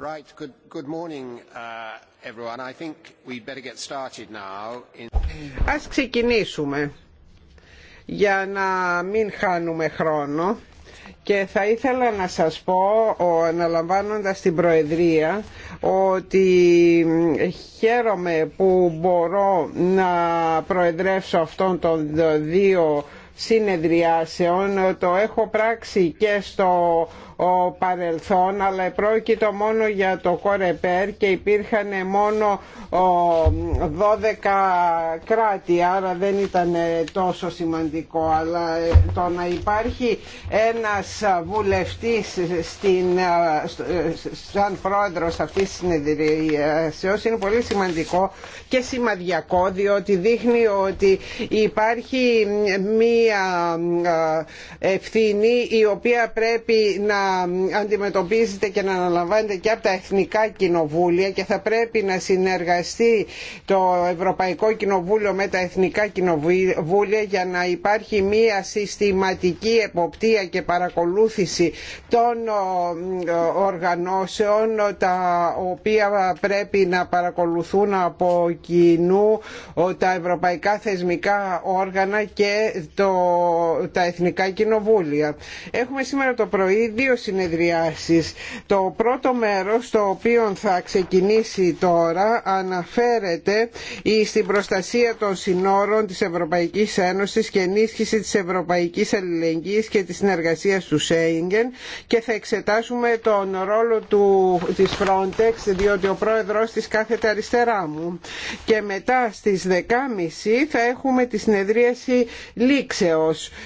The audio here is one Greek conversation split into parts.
Right, Ας ξεκινήσουμε για να μην χάνουμε χρόνο και θα ήθελα να σας πω, αναλαμβάνοντας την Προεδρία, ότι χαίρομαι που μπορώ να προεδρεύσω αυτόν τον δύο συνεδριάσεων. Το έχω πράξει και στο παρελθόν, αλλά πρόκειτο μόνο για το Κορεπέρ και υπήρχαν μόνο 12 κράτη, άρα δεν ήταν τόσο σημαντικό. Αλλά ε, το να υπάρχει ένας βουλευτής στην, ε, ε, σαν πρόεδρος αυτής της συνεδρία είναι πολύ σημαντικό και σημαδιακό, διότι δείχνει ότι υπάρχει μία μία ευθύνη η οποία πρέπει να αντιμετωπίζεται και να αναλαμβάνεται και από τα εθνικά κοινοβούλια και θα πρέπει να συνεργαστεί το Ευρωπαϊκό Κοινοβούλιο με τα εθνικά κοινοβούλια για να υπάρχει μία συστηματική εποπτεία και παρακολούθηση των οργανώσεων τα οποία πρέπει να παρακολουθούν από κοινού τα ευρωπαϊκά θεσμικά όργανα και το τα Εθνικά Κοινοβούλια. Έχουμε σήμερα το πρωί δύο συνεδριάσεις. Το πρώτο μέρος, το οποίο θα ξεκινήσει τώρα, αναφέρεται στην προστασία των συνόρων της Ευρωπαϊκής Ένωσης και ενίσχυση της Ευρωπαϊκής Αλληλεγγύης και της συνεργασίας του Σέιγγεν και θα εξετάσουμε τον ρόλο του, της Frontex, διότι ο πρόεδρος της κάθεται αριστερά μου. Και μετά στις 10.30 θα έχουμε τη συνεδρίαση λήξη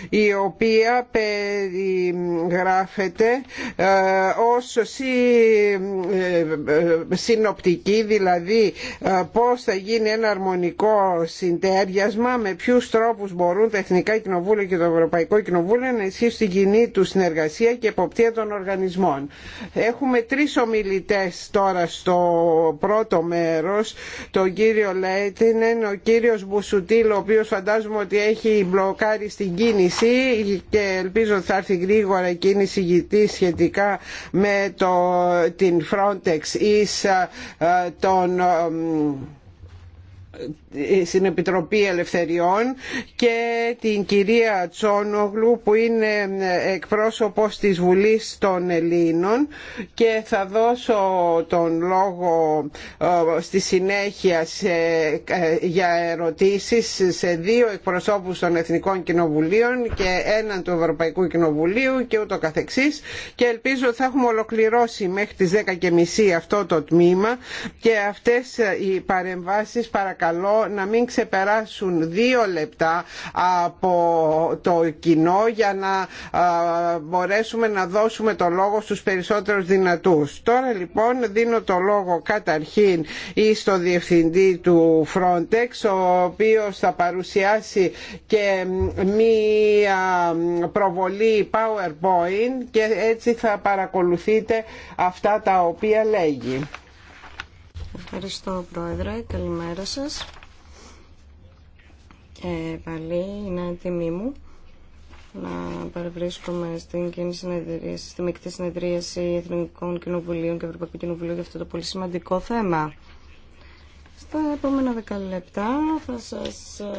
η οποία περιγράφεται ε, ως ε, ε, συνοπτική δηλαδή πώς θα γίνει ένα αρμονικό συντέριασμα με ποιους τρόπους μπορούν τα Εθνικά Κοινοβούλια και το Ευρωπαϊκό Κοινοβούλιο να ισχύσουν την κοινή του συνεργασία και εποπτεία των οργανισμών. Έχουμε τρεις ομιλητές τώρα στο πρώτο μέρος, τον κύριο Λέιτινεν, ο κύριος Μπουσουτήλ, ο οποίος φαντάζομαι ότι έχει μπλοκάρει στην κίνηση και ελπίζω ότι θα έρθει γρήγορα η κίνηση γητή σχετικά με το, την Frontex ή ε, τον ε, στην Επιτροπή Ελευθεριών και την κυρία Τσόνογλου που είναι εκπρόσωπος της Βουλής των Ελλήνων και θα δώσω τον λόγο ε, στη συνέχεια ε, για ερωτήσεις σε δύο εκπροσώπους των Εθνικών Κοινοβουλίων και έναν του Ευρωπαϊκού Κοινοβουλίου και ούτω καθεξής και ελπίζω ότι θα έχουμε ολοκληρώσει μέχρι τις 10.30 αυτό το τμήμα και αυτές οι παρεμβάσεις παρακαλώ να μην ξεπεράσουν δύο λεπτά από το κοινό για να μπορέσουμε να δώσουμε το λόγο στους περισσότερους δυνατούς. Τώρα λοιπόν δίνω το λόγο καταρχήν ή στο Διευθυντή του Frontex ο οποίος θα παρουσιάσει και μία προβολή PowerPoint και έτσι θα παρακολουθείτε αυτά τα οποία λέγει. Ευχαριστώ Πρόεδρε, καλημέρα σας. Και πάλι είναι τιμή μου να παρευρίσκομαι στην κοινή συνεδρίαση, στη μεικτή συνεδρίαση Εθνικών Κοινοβουλίων και Ευρωπαϊκού Κοινοβουλίου για αυτό το πολύ σημαντικό θέμα. Στα επόμενα δεκαλεπτά λεπτά θα σας ε,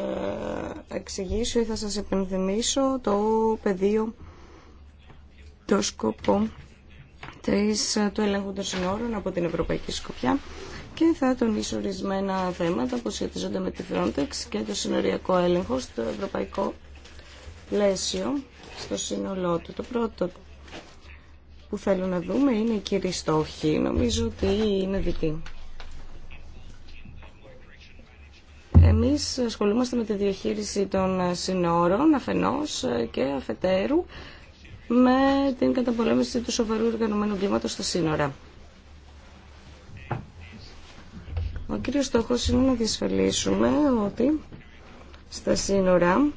εξηγήσω ή θα σας επενθυμίσω το πεδίο, το σκοπό της, ε, του ελέγχου των συνόρων από την Ευρωπαϊκή Σκοπιά και θα τονίσω ορισμένα θέματα που σχετιζόνται με τη Frontex και το συνοριακό έλεγχο στο ευρωπαϊκό πλαίσιο, στο σύνολό του. Το πρώτο που θέλω να δούμε είναι οι κύριοι στόχοι. Νομίζω ότι είναι δυτή. Εμείς ασχολούμαστε με τη διαχείριση των συνόρων αφενός και αφετέρου με την καταπολέμηση του σοβαρού οργανωμένου κλίματος στα σύνορα. Ο κύριος στόχος είναι να διασφαλίσουμε ότι στα σύνορα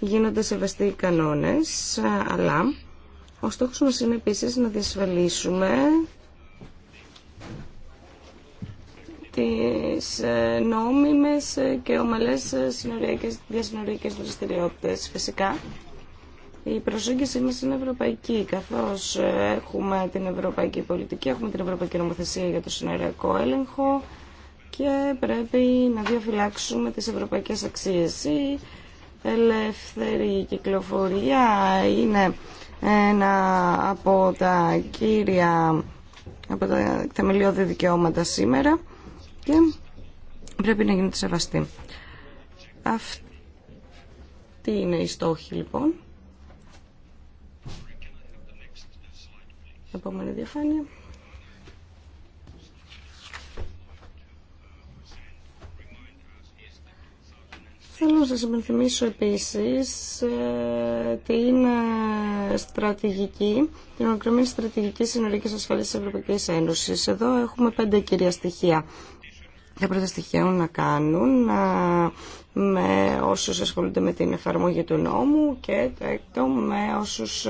γίνονται σεβαστοί οι κανόνες, αλλά ο στόχος μας είναι επίσης να διασφαλίσουμε τις ε, νόμιμες και ομαλές συνοριακές, διασυνοριακές δραστηριότητες. Φυσικά, η προσέγγιση μας είναι ευρωπαϊκή, καθώς έχουμε την ευρωπαϊκή πολιτική, έχουμε την ευρωπαϊκή νομοθεσία για το συνοριακό έλεγχο, και πρέπει να διαφυλάξουμε τις ευρωπαϊκές αξίες. Η ελεύθερη κυκλοφορία είναι ένα από τα κύρια από τα θεμελιώδη δικαιώματα σήμερα και πρέπει να γίνεται σεβαστή. Αυτή είναι η στόχη λοιπόν. Επόμενη διαφάνεια. Θέλω να σας υπενθυμίσω επίσης ε, την ε, στρατηγική, την ολοκληρωμένη στρατηγική συνολικής ασφαλής της Ευρωπαϊκής Ένωσης. Εδώ έχουμε πέντε κυρία στοιχεία. Τα πρώτα στοιχεία να κάνουν ε, με όσους ασχολούνται με την εφαρμογή του νόμου και το με όσους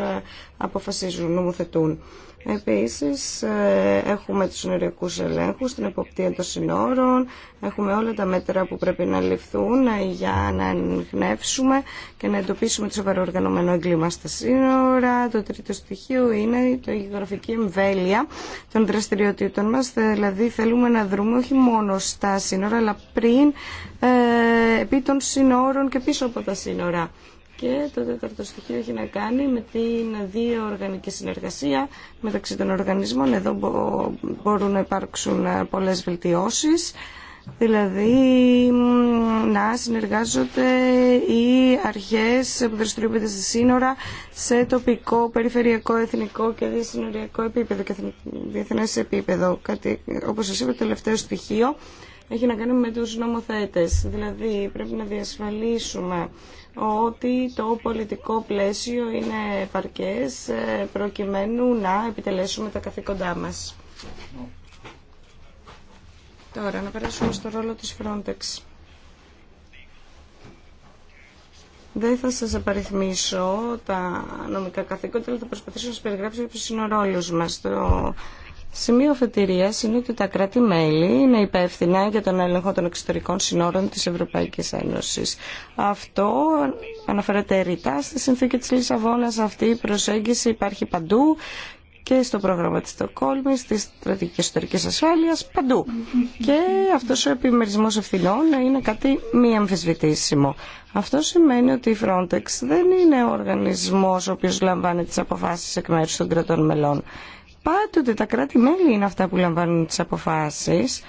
αποφασίζουν, νομοθετούν. Επίσης ε, έχουμε τους συνοριακούς ελέγχους, την εποπτεία των συνόρων, έχουμε όλα τα μέτρα που πρέπει να ληφθούν ε, για να ανοιχνεύσουμε και να εντοπίσουμε το σοβαρό οργανωμένο έγκλημα στα σύνορα. Το τρίτο στοιχείο είναι η γεωγραφική εμβέλεια των δραστηριοτήτων μας, δηλαδή θέλουμε να δρούμε όχι μόνο στα σύνορα αλλά πριν, ε, επί των σύνορων και πίσω από τα σύνορα. Και το τέταρτο στοιχείο έχει να κάνει με την δύο οργανική συνεργασία μεταξύ των οργανισμών. Εδώ μπορούν να υπάρξουν πολλές βελτιώσεις, δηλαδή να συνεργάζονται οι αρχές που δραστηριοποιούνται στη σύνορα σε τοπικό, περιφερειακό, εθνικό και επίπεδο και διεθνές επίπεδο. Κάτι, όπως σας είπα, το τελευταίο στοιχείο έχει να κάνει με τους νομοθέτες. Δηλαδή πρέπει να διασφαλίσουμε ότι το πολιτικό πλαίσιο είναι παρκές ε, προκειμένου να επιτελέσουμε τα καθήκοντά μας. Τώρα, να περάσουμε στο ρόλο της Frontex. Δεν θα σας απαριθμίσω τα νομικά καθήκοντα, αλλά θα προσπαθήσω να σας περιγράψω ποιος είναι ο ρόλος μας. Το Σημείο φετηρία είναι ότι τα κράτη-μέλη είναι υπεύθυνα για τον έλεγχο των εξωτερικών συνόρων τη Ευρωπαϊκή Ένωση. Αυτό αναφέρεται ρητά στη συνθήκη τη Λισαβόνα, Αυτή η προσέγγιση υπάρχει παντού και στο πρόγραμμα τη Στοκόλμη, τη στρατηγική εσωτερική ασφάλειας, παντού. Και αυτό ο επιμερισμό ευθυνών είναι κάτι μη αμφισβητήσιμο. Αυτό σημαίνει ότι η Frontex δεν είναι ο οργανισμό ο οποίος λαμβάνει τι αποφάσει εκ μέρου των κρατών μελών. Πάντοτε τα κράτη-μέλη είναι αυτά που λαμβάνουν τις αποφάσεις,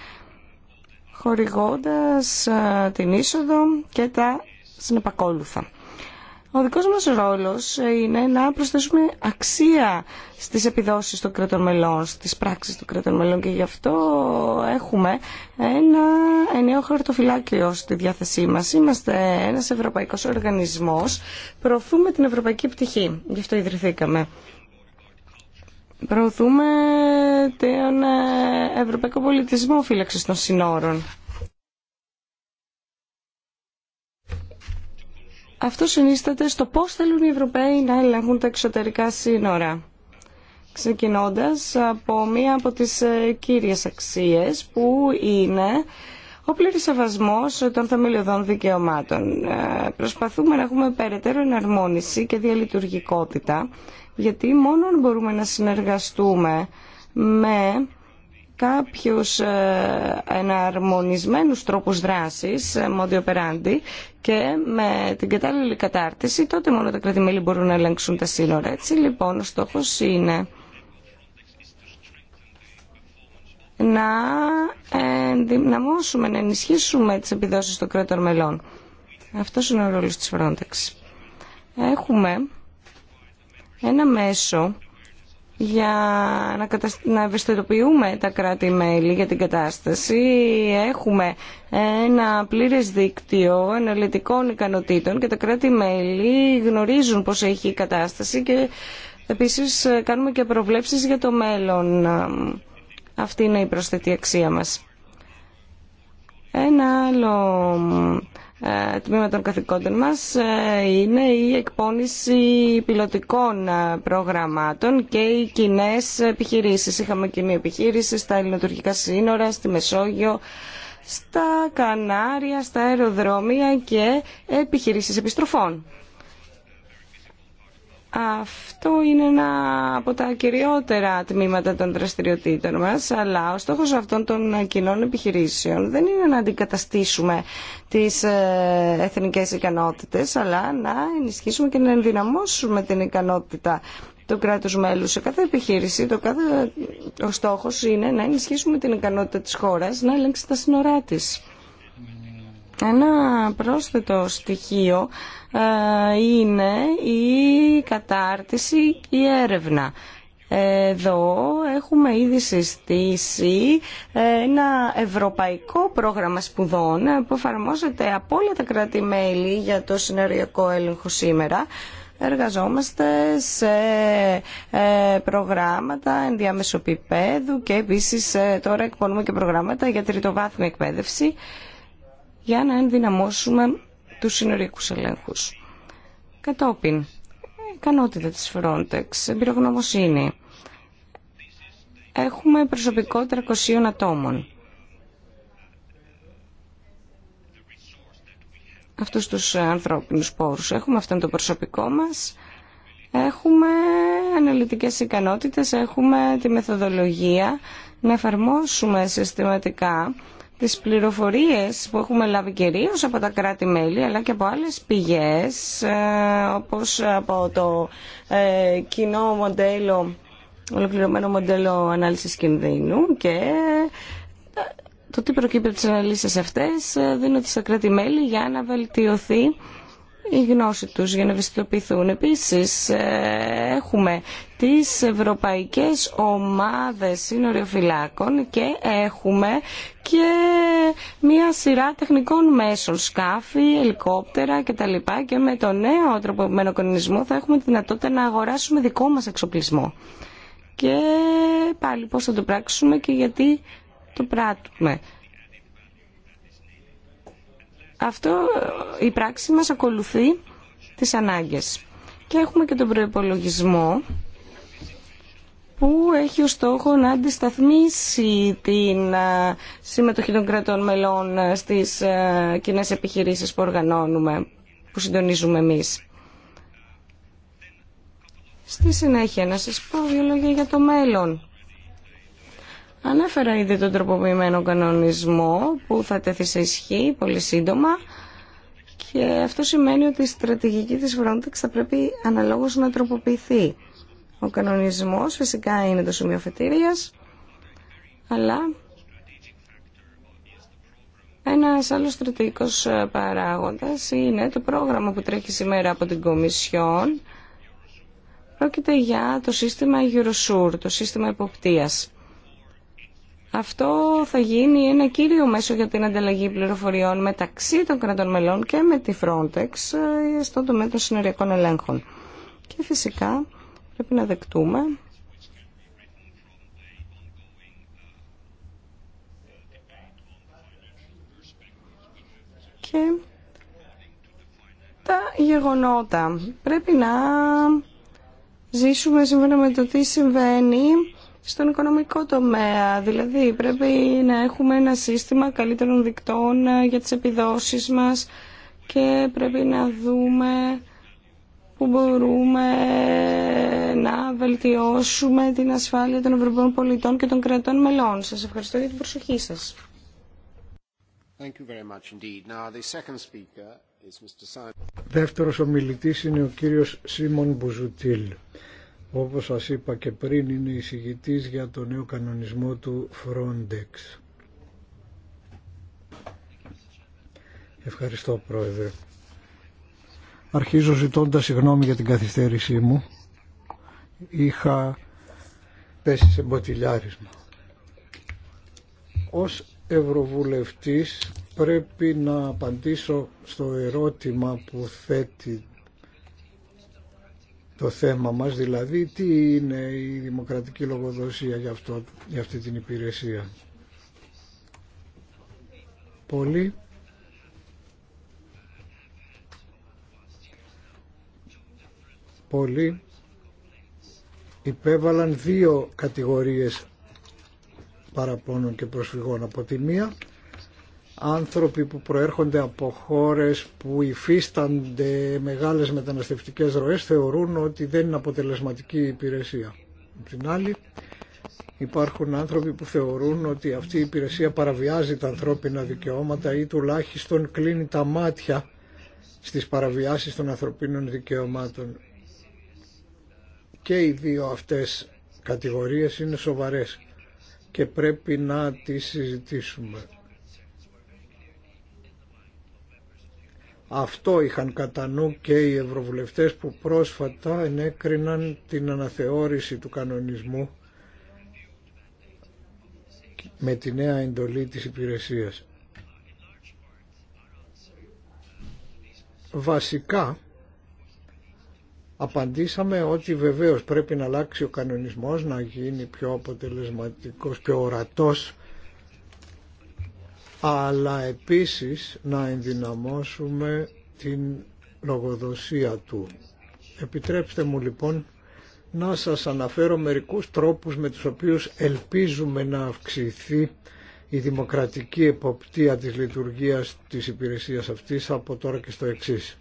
χορηγώντας την είσοδο και τα συνεπακόλουθα. Ο δικός μας ρόλος είναι να προσθέσουμε αξία στις επιδόσεις των κρατών μελών, στις πράξεις των κρατών μελών και γι' αυτό έχουμε ένα ενιαίο χαρτοφυλάκιο στη διάθεσή μας. Είμαστε ένας ευρωπαϊκός οργανισμός, προωθούμε την ευρωπαϊκή πτυχή, γι' αυτό ιδρυθήκαμε προωθούμε τον ε, ευρωπαϊκό πολιτισμό φύλαξη των συνόρων. Αυτό συνίσταται στο πώς θέλουν οι Ευρωπαίοι να ελέγχουν τα εξωτερικά σύνορα. Ξεκινώντας από μία από τις ε, κύριες αξίες που είναι ο πλήρης σεβασμός των θεμελιωδών δικαιωμάτων. Ε, προσπαθούμε να έχουμε περαιτέρω εναρμόνιση και διαλειτουργικότητα γιατί μόνο αν μπορούμε να συνεργαστούμε με κάποιους ε, εναρμονισμένους τρόπους δράσης, μόντιο ε, περάντη, και με την κατάλληλη κατάρτιση, τότε μόνο τα κρατημέλη μπορούν να ελέγξουν τα σύνορα. Έτσι λοιπόν ο στόχος είναι να ενδυναμώσουμε, να ενισχύσουμε τις επιδόσεις των κρατών μελών. Αυτός είναι ο ρόλος της Frontex. Έχουμε ένα μέσο για να, να ευαισθητοποιούμε τα κράτη-μέλη για την κατάσταση. Έχουμε ένα πλήρες δίκτυο αναλυτικών ικανοτήτων και τα κράτη-μέλη γνωρίζουν πώς έχει η κατάσταση και επίσης κάνουμε και προβλέψεις για το μέλλον. Αυτή είναι η προσθετή αξία μας. Ένα άλλο ε, τμήμα των καθηκόντων μας ε, είναι η εκπόνηση πιλωτικών ε, προγραμμάτων και οι κοινέ επιχειρήσεις. Είχαμε κοινή επιχείρηση στα ελληνοτουρκικά σύνορα, στη Μεσόγειο, στα Κανάρια, στα αεροδρόμια και επιχειρήσεις επιστροφών. Αυτό είναι ένα από τα κυριότερα τμήματα των δραστηριοτήτων μας, αλλά ο στόχος αυτών των κοινών επιχειρήσεων δεν είναι να αντικαταστήσουμε τις ε, εθνικές ικανότητες, αλλά να ενισχύσουμε και να ενδυναμώσουμε την ικανότητα του κράτους μέλους. Σε κάθε επιχείρηση το κάθε... ο στόχος είναι να ενισχύσουμε την ικανότητα της χώρας να ελέγξει τα σύνορά της. Ένα πρόσθετο στοιχείο ε, είναι η κατάρτιση και η έρευνα. Εδώ έχουμε ήδη συστήσει ένα ευρωπαϊκό πρόγραμμα σπουδών που εφαρμόζεται από όλα τα κράτη-μέλη για το συνεργειακό έλεγχο σήμερα. Εργαζόμαστε σε ε, προγράμματα ενδιάμεσοπιπέδου και επίσης ε, τώρα εκπονούμε και προγράμματα για τριτοβάθμια εκπαίδευση για να ενδυναμώσουμε τους συνορικούς ελέγχους. Κατόπιν, ικανότητα της Frontex, εμπειρογνωμοσύνη. Έχουμε προσωπικό 300 ατόμων. Αυτούς τους ανθρώπινους πόρους. Έχουμε αυτόν το προσωπικό μας. Έχουμε αναλυτικές ικανότητες, έχουμε τη μεθοδολογία να εφαρμόσουμε συστηματικά τις πληροφορίες που έχουμε λάβει κυρίως από τα κράτη-μέλη αλλά και από άλλες πηγές ε, όπως από το ε, κοινό μοντέλο, ολοκληρωμένο μοντέλο ανάλυσης κινδύνου και ε, το τι προκύπτει από τις αναλύσεις αυτές δίνονται στα κράτη-μέλη για να βελτιωθεί η γνώση τους για να ευαισθητοποιηθούν. Επίσης, ε, έχουμε τις ευρωπαϊκές ομάδες σύνοριοφυλάκων και έχουμε και μία σειρά τεχνικών μέσων, σκάφη, ελικόπτερα κτλ. Και με το νέο τροποποιημένο μενοκονισμού θα έχουμε τη δυνατότητα να αγοράσουμε δικό μας εξοπλισμό. Και πάλι πώς θα το πράξουμε και γιατί το πράττουμε. Αυτό η πράξη μας ακολουθεί τις ανάγκες. Και έχουμε και τον προϋπολογισμό που έχει ως στόχο να αντισταθμίσει την συμμετοχή των κρατών μελών στις κοινέ επιχειρήσεις που οργανώνουμε, που συντονίζουμε εμείς. Στη συνέχεια να σας πω δύο λόγια για το μέλλον. Ανέφερα ήδη τον τροποποιημένο κανονισμό που θα τέθει σε ισχύ πολύ σύντομα και αυτό σημαίνει ότι η στρατηγική της Frontex θα πρέπει αναλόγως να τροποποιηθεί. Ο κανονισμός φυσικά είναι το σημείο φετήριας, αλλά ένας άλλος στρατηγικός παράγοντας είναι το πρόγραμμα που τρέχει σήμερα από την Κομισιόν. Πρόκειται για το σύστημα Eurosur, το σύστημα εποπτείας. Αυτό θα γίνει ένα κύριο μέσο για την ανταλλαγή πληροφοριών μεταξύ των κρατών μελών και με τη Frontex ε, στον τομέα των συνοριακών ελέγχων. Και φυσικά πρέπει να δεκτούμε και τα γεγονότα. Πρέπει να ζήσουμε σύμφωνα με το τι συμβαίνει στον οικονομικό τομέα. Δηλαδή πρέπει να έχουμε ένα σύστημα καλύτερων δικτών ε, για τις επιδόσεις μας και πρέπει να δούμε που μπορούμε ε, να βελτιώσουμε την ασφάλεια των Ευρωπαίων πολιτών και των κρατών μελών. Σας ευχαριστώ για την προσοχή σας. Δεύτερος ομιλητής είναι ο κύριος Σίμων Μπουζουτήλ όπως σας είπα και πριν είναι εισηγητής για το νέο κανονισμό του Frontex. Ευχαριστώ Πρόεδρε. Αρχίζω ζητώντα συγγνώμη για την καθυστέρησή μου. Είχα πέσει σε μποτιλιάρισμα. Ως Ευρωβουλευτής πρέπει να απαντήσω στο ερώτημα που θέτει το θέμα μας, δηλαδή τι είναι η δημοκρατική λογοδοσία για, αυτό, για αυτή την υπηρεσία. Πολύ. πολύ υπέβαλαν δύο κατηγορίες παραπώνων και προσφυγών από τη μία άνθρωποι που προέρχονται από χώρες που υφίστανται μεγάλες μεταναστευτικές ροές θεωρούν ότι δεν είναι αποτελεσματική η υπηρεσία. Από την άλλη υπάρχουν άνθρωποι που θεωρούν ότι αυτή η υπηρεσία παραβιάζει τα ανθρώπινα δικαιώματα ή τουλάχιστον κλείνει τα μάτια στις παραβιάσεις των ανθρωπίνων δικαιωμάτων. Και οι δύο αυτές κατηγορίες είναι σοβαρές και πρέπει να τις συζητήσουμε. Αυτό είχαν κατά νου και οι ευρωβουλευτές που πρόσφατα ενέκριναν την αναθεώρηση του κανονισμού με τη νέα εντολή της υπηρεσίας. Βασικά απαντήσαμε ότι βεβαίως πρέπει να αλλάξει ο κανονισμός, να γίνει πιο αποτελεσματικός, πιο ορατός αλλά επίσης να ενδυναμώσουμε την λογοδοσία του. Επιτρέψτε μου λοιπόν να σας αναφέρω μερικούς τρόπους με τους οποίους ελπίζουμε να αυξηθεί η δημοκρατική εποπτεία της λειτουργίας της υπηρεσίας αυτής από τώρα και στο εξής.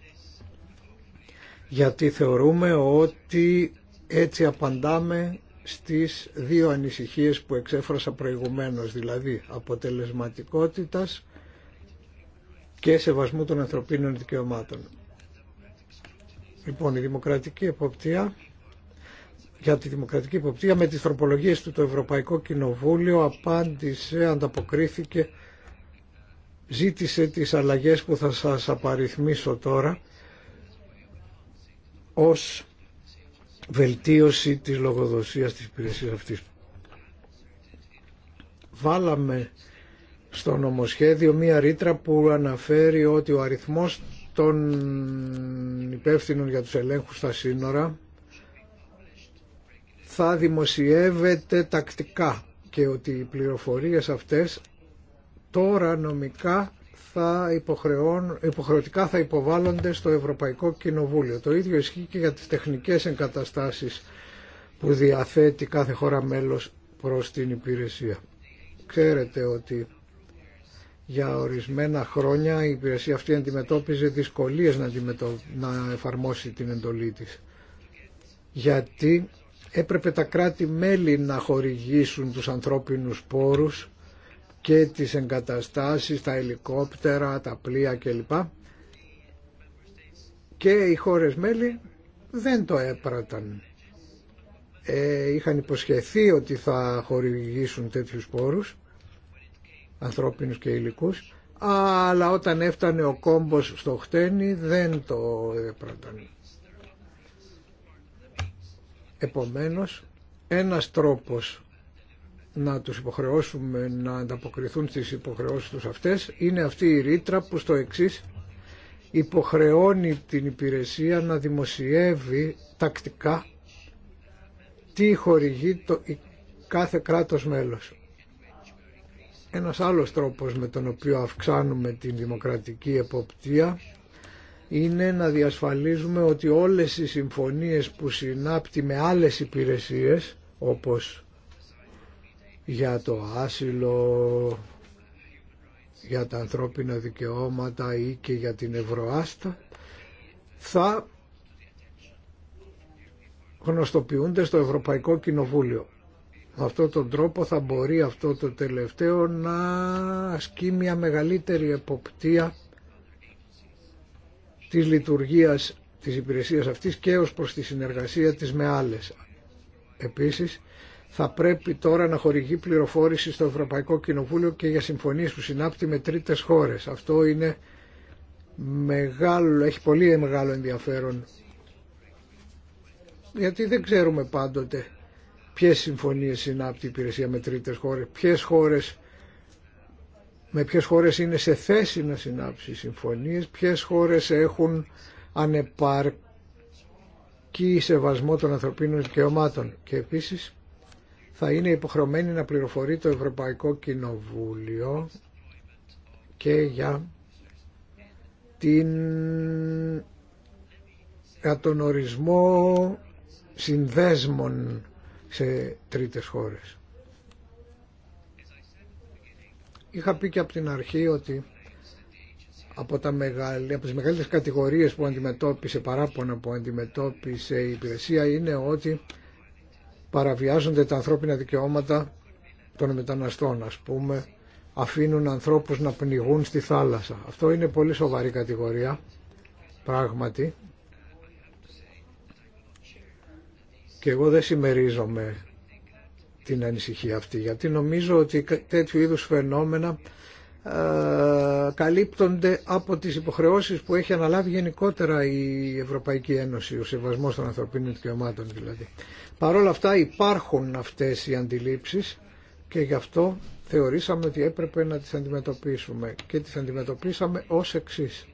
Γιατί θεωρούμε ότι έτσι απαντάμε στις δύο ανησυχίες που εξέφρασα προηγουμένως, δηλαδή αποτελεσματικότητας και σεβασμού των ανθρωπίνων δικαιωμάτων. Λοιπόν, η δημοκρατική εποπτεία, για τη δημοκρατική εποπτεία με τις τροπολογίες του το Ευρωπαϊκό Κοινοβούλιο απάντησε, ανταποκρίθηκε, ζήτησε τις αλλαγές που θα σας απαριθμίσω τώρα ως βελτίωση της λογοδοσίας της υπηρεσίας αυτής. Βάλαμε στο νομοσχέδιο μία ρήτρα που αναφέρει ότι ο αριθμός των υπεύθυνων για τους ελέγχους στα σύνορα θα δημοσιεύεται τακτικά και ότι οι πληροφορίες αυτές τώρα νομικά θα υποχρεωτικά θα υποβάλλονται στο Ευρωπαϊκό Κοινοβούλιο. Το ίδιο ισχύει και για τις τεχνικές εγκαταστάσεις που διαθέτει κάθε χώρα μέλος προς την υπηρεσία. Ξέρετε ότι για ορισμένα χρόνια η υπηρεσία αυτή αντιμετώπιζε δυσκολίες να, να εφαρμόσει την εντολή της. Γιατί έπρεπε τα κράτη-μέλη να χορηγήσουν τους ανθρώπινους πόρους και τις εγκαταστάσεις, τα ελικόπτερα, τα πλοία κλπ. Και οι χώρες μέλη δεν το έπραταν. Ε, είχαν υποσχεθεί ότι θα χορηγήσουν τέτοιους πόρους, ανθρώπινους και υλικούς, αλλά όταν έφτανε ο κόμπος στο χτένι δεν το έπραταν. Επομένως, ένας τρόπος να τους υποχρεώσουμε να ανταποκριθούν στις υποχρεώσεις τους αυτές είναι αυτή η ρήτρα που στο εξή υποχρεώνει την υπηρεσία να δημοσιεύει τακτικά τι χορηγεί το κάθε κράτος μέλος. Ένας άλλος τρόπος με τον οποίο αυξάνουμε την δημοκρατική εποπτεία είναι να διασφαλίζουμε ότι όλες οι συμφωνίες που συνάπτει με άλλες υπηρεσίες όπως για το άσυλο, για τα ανθρώπινα δικαιώματα ή και για την Ευρωάστα θα γνωστοποιούνται στο Ευρωπαϊκό Κοινοβούλιο. Με αυτόν τον τρόπο θα μπορεί αυτό το τελευταίο να ασκεί μια μεγαλύτερη εποπτεία της λειτουργίας της υπηρεσίας αυτής και ως προς τη συνεργασία της με άλλες. Επίσης, θα πρέπει τώρα να χορηγεί πληροφόρηση στο Ευρωπαϊκό Κοινοβούλιο και για συμφωνίες που συνάπτει με τρίτες χώρες. Αυτό είναι μεγάλο, έχει πολύ μεγάλο ενδιαφέρον. Γιατί δεν ξέρουμε πάντοτε ποιες συμφωνίες συνάπτει η υπηρεσία με τρίτες χώρες, ποιες χώρες με ποιες χώρες είναι σε θέση να συνάψει συμφωνίες, ποιες χώρες έχουν ανεπαρκή σεβασμό των ανθρωπίνων δικαιωμάτων. Και επίσης θα είναι υποχρεωμένη να πληροφορεί το Ευρωπαϊκό Κοινοβούλιο και για την για τον ορισμό συνδέσμων σε τρίτες χώρες. Είχα πει και από την αρχή ότι από, τα μεγάλη, από τις μεγαλύτερες κατηγορίες που αντιμετώπισε, παράπονα που αντιμετώπισε η υπηρεσία είναι ότι παραβιάζονται τα ανθρώπινα δικαιώματα των μεταναστών, ας πούμε, αφήνουν ανθρώπους να πνιγούν στη θάλασσα. Αυτό είναι πολύ σοβαρή κατηγορία, πράγματι. Και εγώ δεν συμμερίζομαι την ανησυχία αυτή, γιατί νομίζω ότι τέτοιου είδους φαινόμενα ε, καλύπτονται από τις υποχρεώσεις που έχει αναλάβει γενικότερα η Ευρωπαϊκή Ένωση, ο σεβασμός των ανθρωπίνων δικαιωμάτων δηλαδή. Παρ' όλα αυτά υπάρχουν αυτές οι αντιλήψεις και γι' αυτό θεωρήσαμε ότι έπρεπε να τις αντιμετωπίσουμε και τις αντιμετωπίσαμε ως εξής.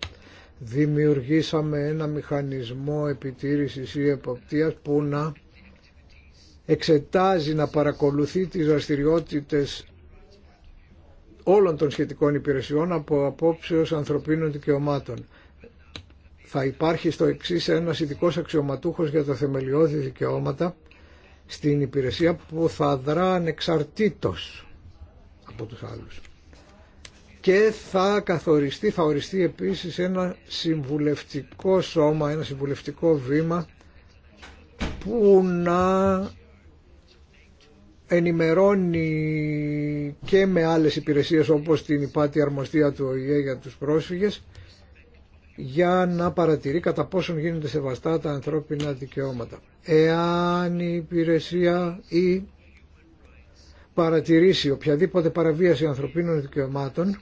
Δημιουργήσαμε ένα μηχανισμό επιτήρησης ή εποπτείας που να εξετάζει, να παρακολουθεί τις δραστηριότητες όλων των σχετικών υπηρεσιών από απόψεως ανθρωπίνων δικαιωμάτων. Θα υπάρχει στο εξής ένας ειδικός αξιωματούχος για τα θεμελιώδη δικαιώματα στην υπηρεσία που θα δρά ανεξαρτήτως από τους άλλους. Και θα καθοριστεί, θα οριστεί επίσης ένα συμβουλευτικό σώμα, ένα συμβουλευτικό βήμα που να ενημερώνει και με άλλες υπηρεσίες όπως την υπάτη αρμοστία του ΟΗΕ για τους πρόσφυγες για να παρατηρεί κατά πόσον γίνονται σεβαστά τα ανθρώπινα δικαιώματα. Εάν η υπηρεσία ή παρατηρήσει οποιαδήποτε παραβίαση ανθρωπίνων δικαιωμάτων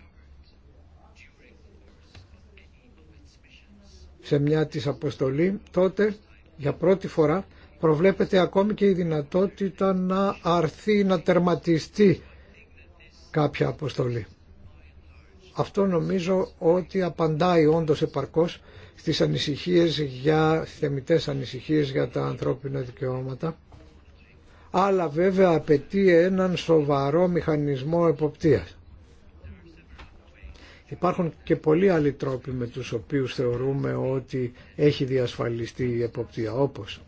σε μια της αποστολή, τότε για πρώτη φορά προβλέπεται ακόμη και η δυνατότητα να αρθεί, να τερματιστεί κάποια αποστολή. Αυτό νομίζω ότι απαντάει όντως επαρκώς στις ανησυχίες για θεμητές ανησυχίες για τα ανθρώπινα δικαιώματα αλλά βέβαια απαιτεί έναν σοβαρό μηχανισμό εποπτείας. Υπάρχουν και πολλοί άλλοι τρόποι με τους οποίους θεωρούμε ότι έχει διασφαλιστεί η εποπτεία όπως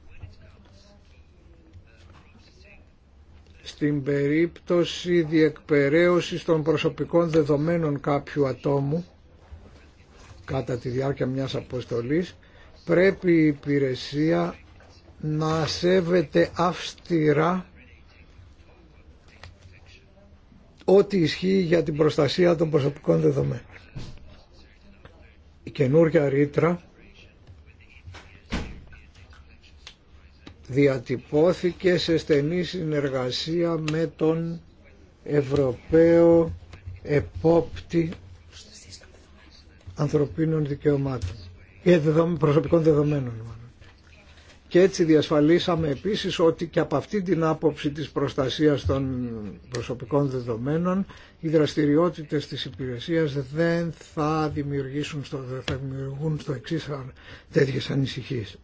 στην περίπτωση διεκπαιρέωσης των προσωπικών δεδομένων κάποιου ατόμου κατά τη διάρκεια μιας αποστολής πρέπει η υπηρεσία να σέβεται αυστηρά ό,τι ισχύει για την προστασία των προσωπικών δεδομένων. Η καινούργια ρήτρα διατυπώθηκε σε στενή συνεργασία με τον Ευρωπαίο Επόπτη Ανθρωπίνων Δικαιωμάτων και προσωπικών δεδομένων. Και έτσι διασφαλίσαμε επίσης ότι και από αυτή την άποψη της προστασίας των προσωπικών δεδομένων οι δραστηριότητες της υπηρεσίας δεν θα δημιουργήσουν στο, δημιουργούν στο εξής τέτοιες ανησυχίες.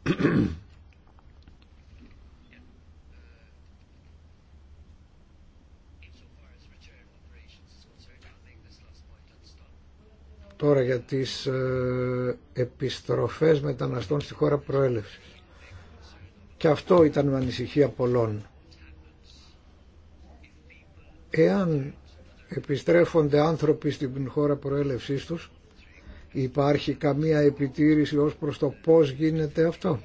Τώρα για τις ε, επιστροφές μεταναστών στη χώρα προέλευσης. Και αυτό ήταν με ανησυχία πολλών. Εάν επιστρέφονται άνθρωποι στην χώρα προέλευσής τους, υπάρχει καμία επιτήρηση ως προς το πώς γίνεται αυτό.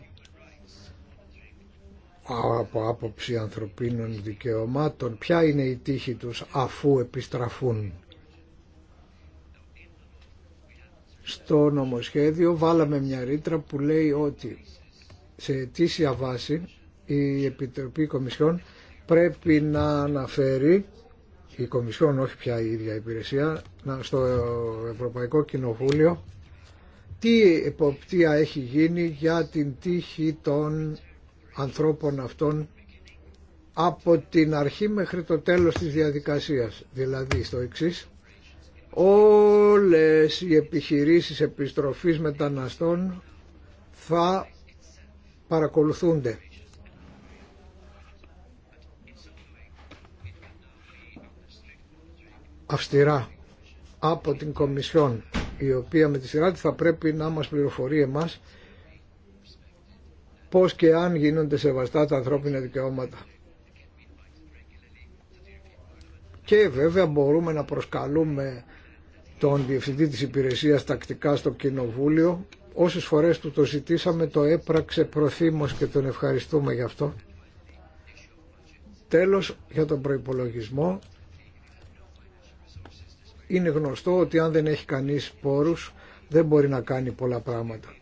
Από άποψη ανθρωπίνων δικαιωμάτων, ποια είναι η τύχη τους αφού επιστραφούν. στο νομοσχέδιο βάλαμε μια ρήτρα που λέει ότι σε αιτήσια βάση η Επιτροπή Κομισιόν πρέπει να αναφέρει η Κομισιόν, όχι πια η ίδια υπηρεσία, στο Ευρωπαϊκό Κοινοβούλιο τι εποπτεία έχει γίνει για την τύχη των ανθρώπων αυτών από την αρχή μέχρι το τέλος της διαδικασίας. Δηλαδή στο εξής, όλες οι επιχειρήσεις επιστροφής μεταναστών θα παρακολουθούνται. Αυστηρά από την Κομισιόν η οποία με τη σειρά θα πρέπει να μας πληροφορεί εμάς πώς και αν γίνονται σεβαστά τα ανθρώπινα δικαιώματα. Και βέβαια μπορούμε να προσκαλούμε τον Διευθυντή της Υπηρεσίας τακτικά στο Κοινοβούλιο. Όσες φορές του το ζητήσαμε το έπραξε προθήμως και τον ευχαριστούμε γι' αυτό. Τέλος, για τον προϋπολογισμό, είναι γνωστό ότι αν δεν έχει κανείς πόρους δεν μπορεί να κάνει πολλά πράγματα.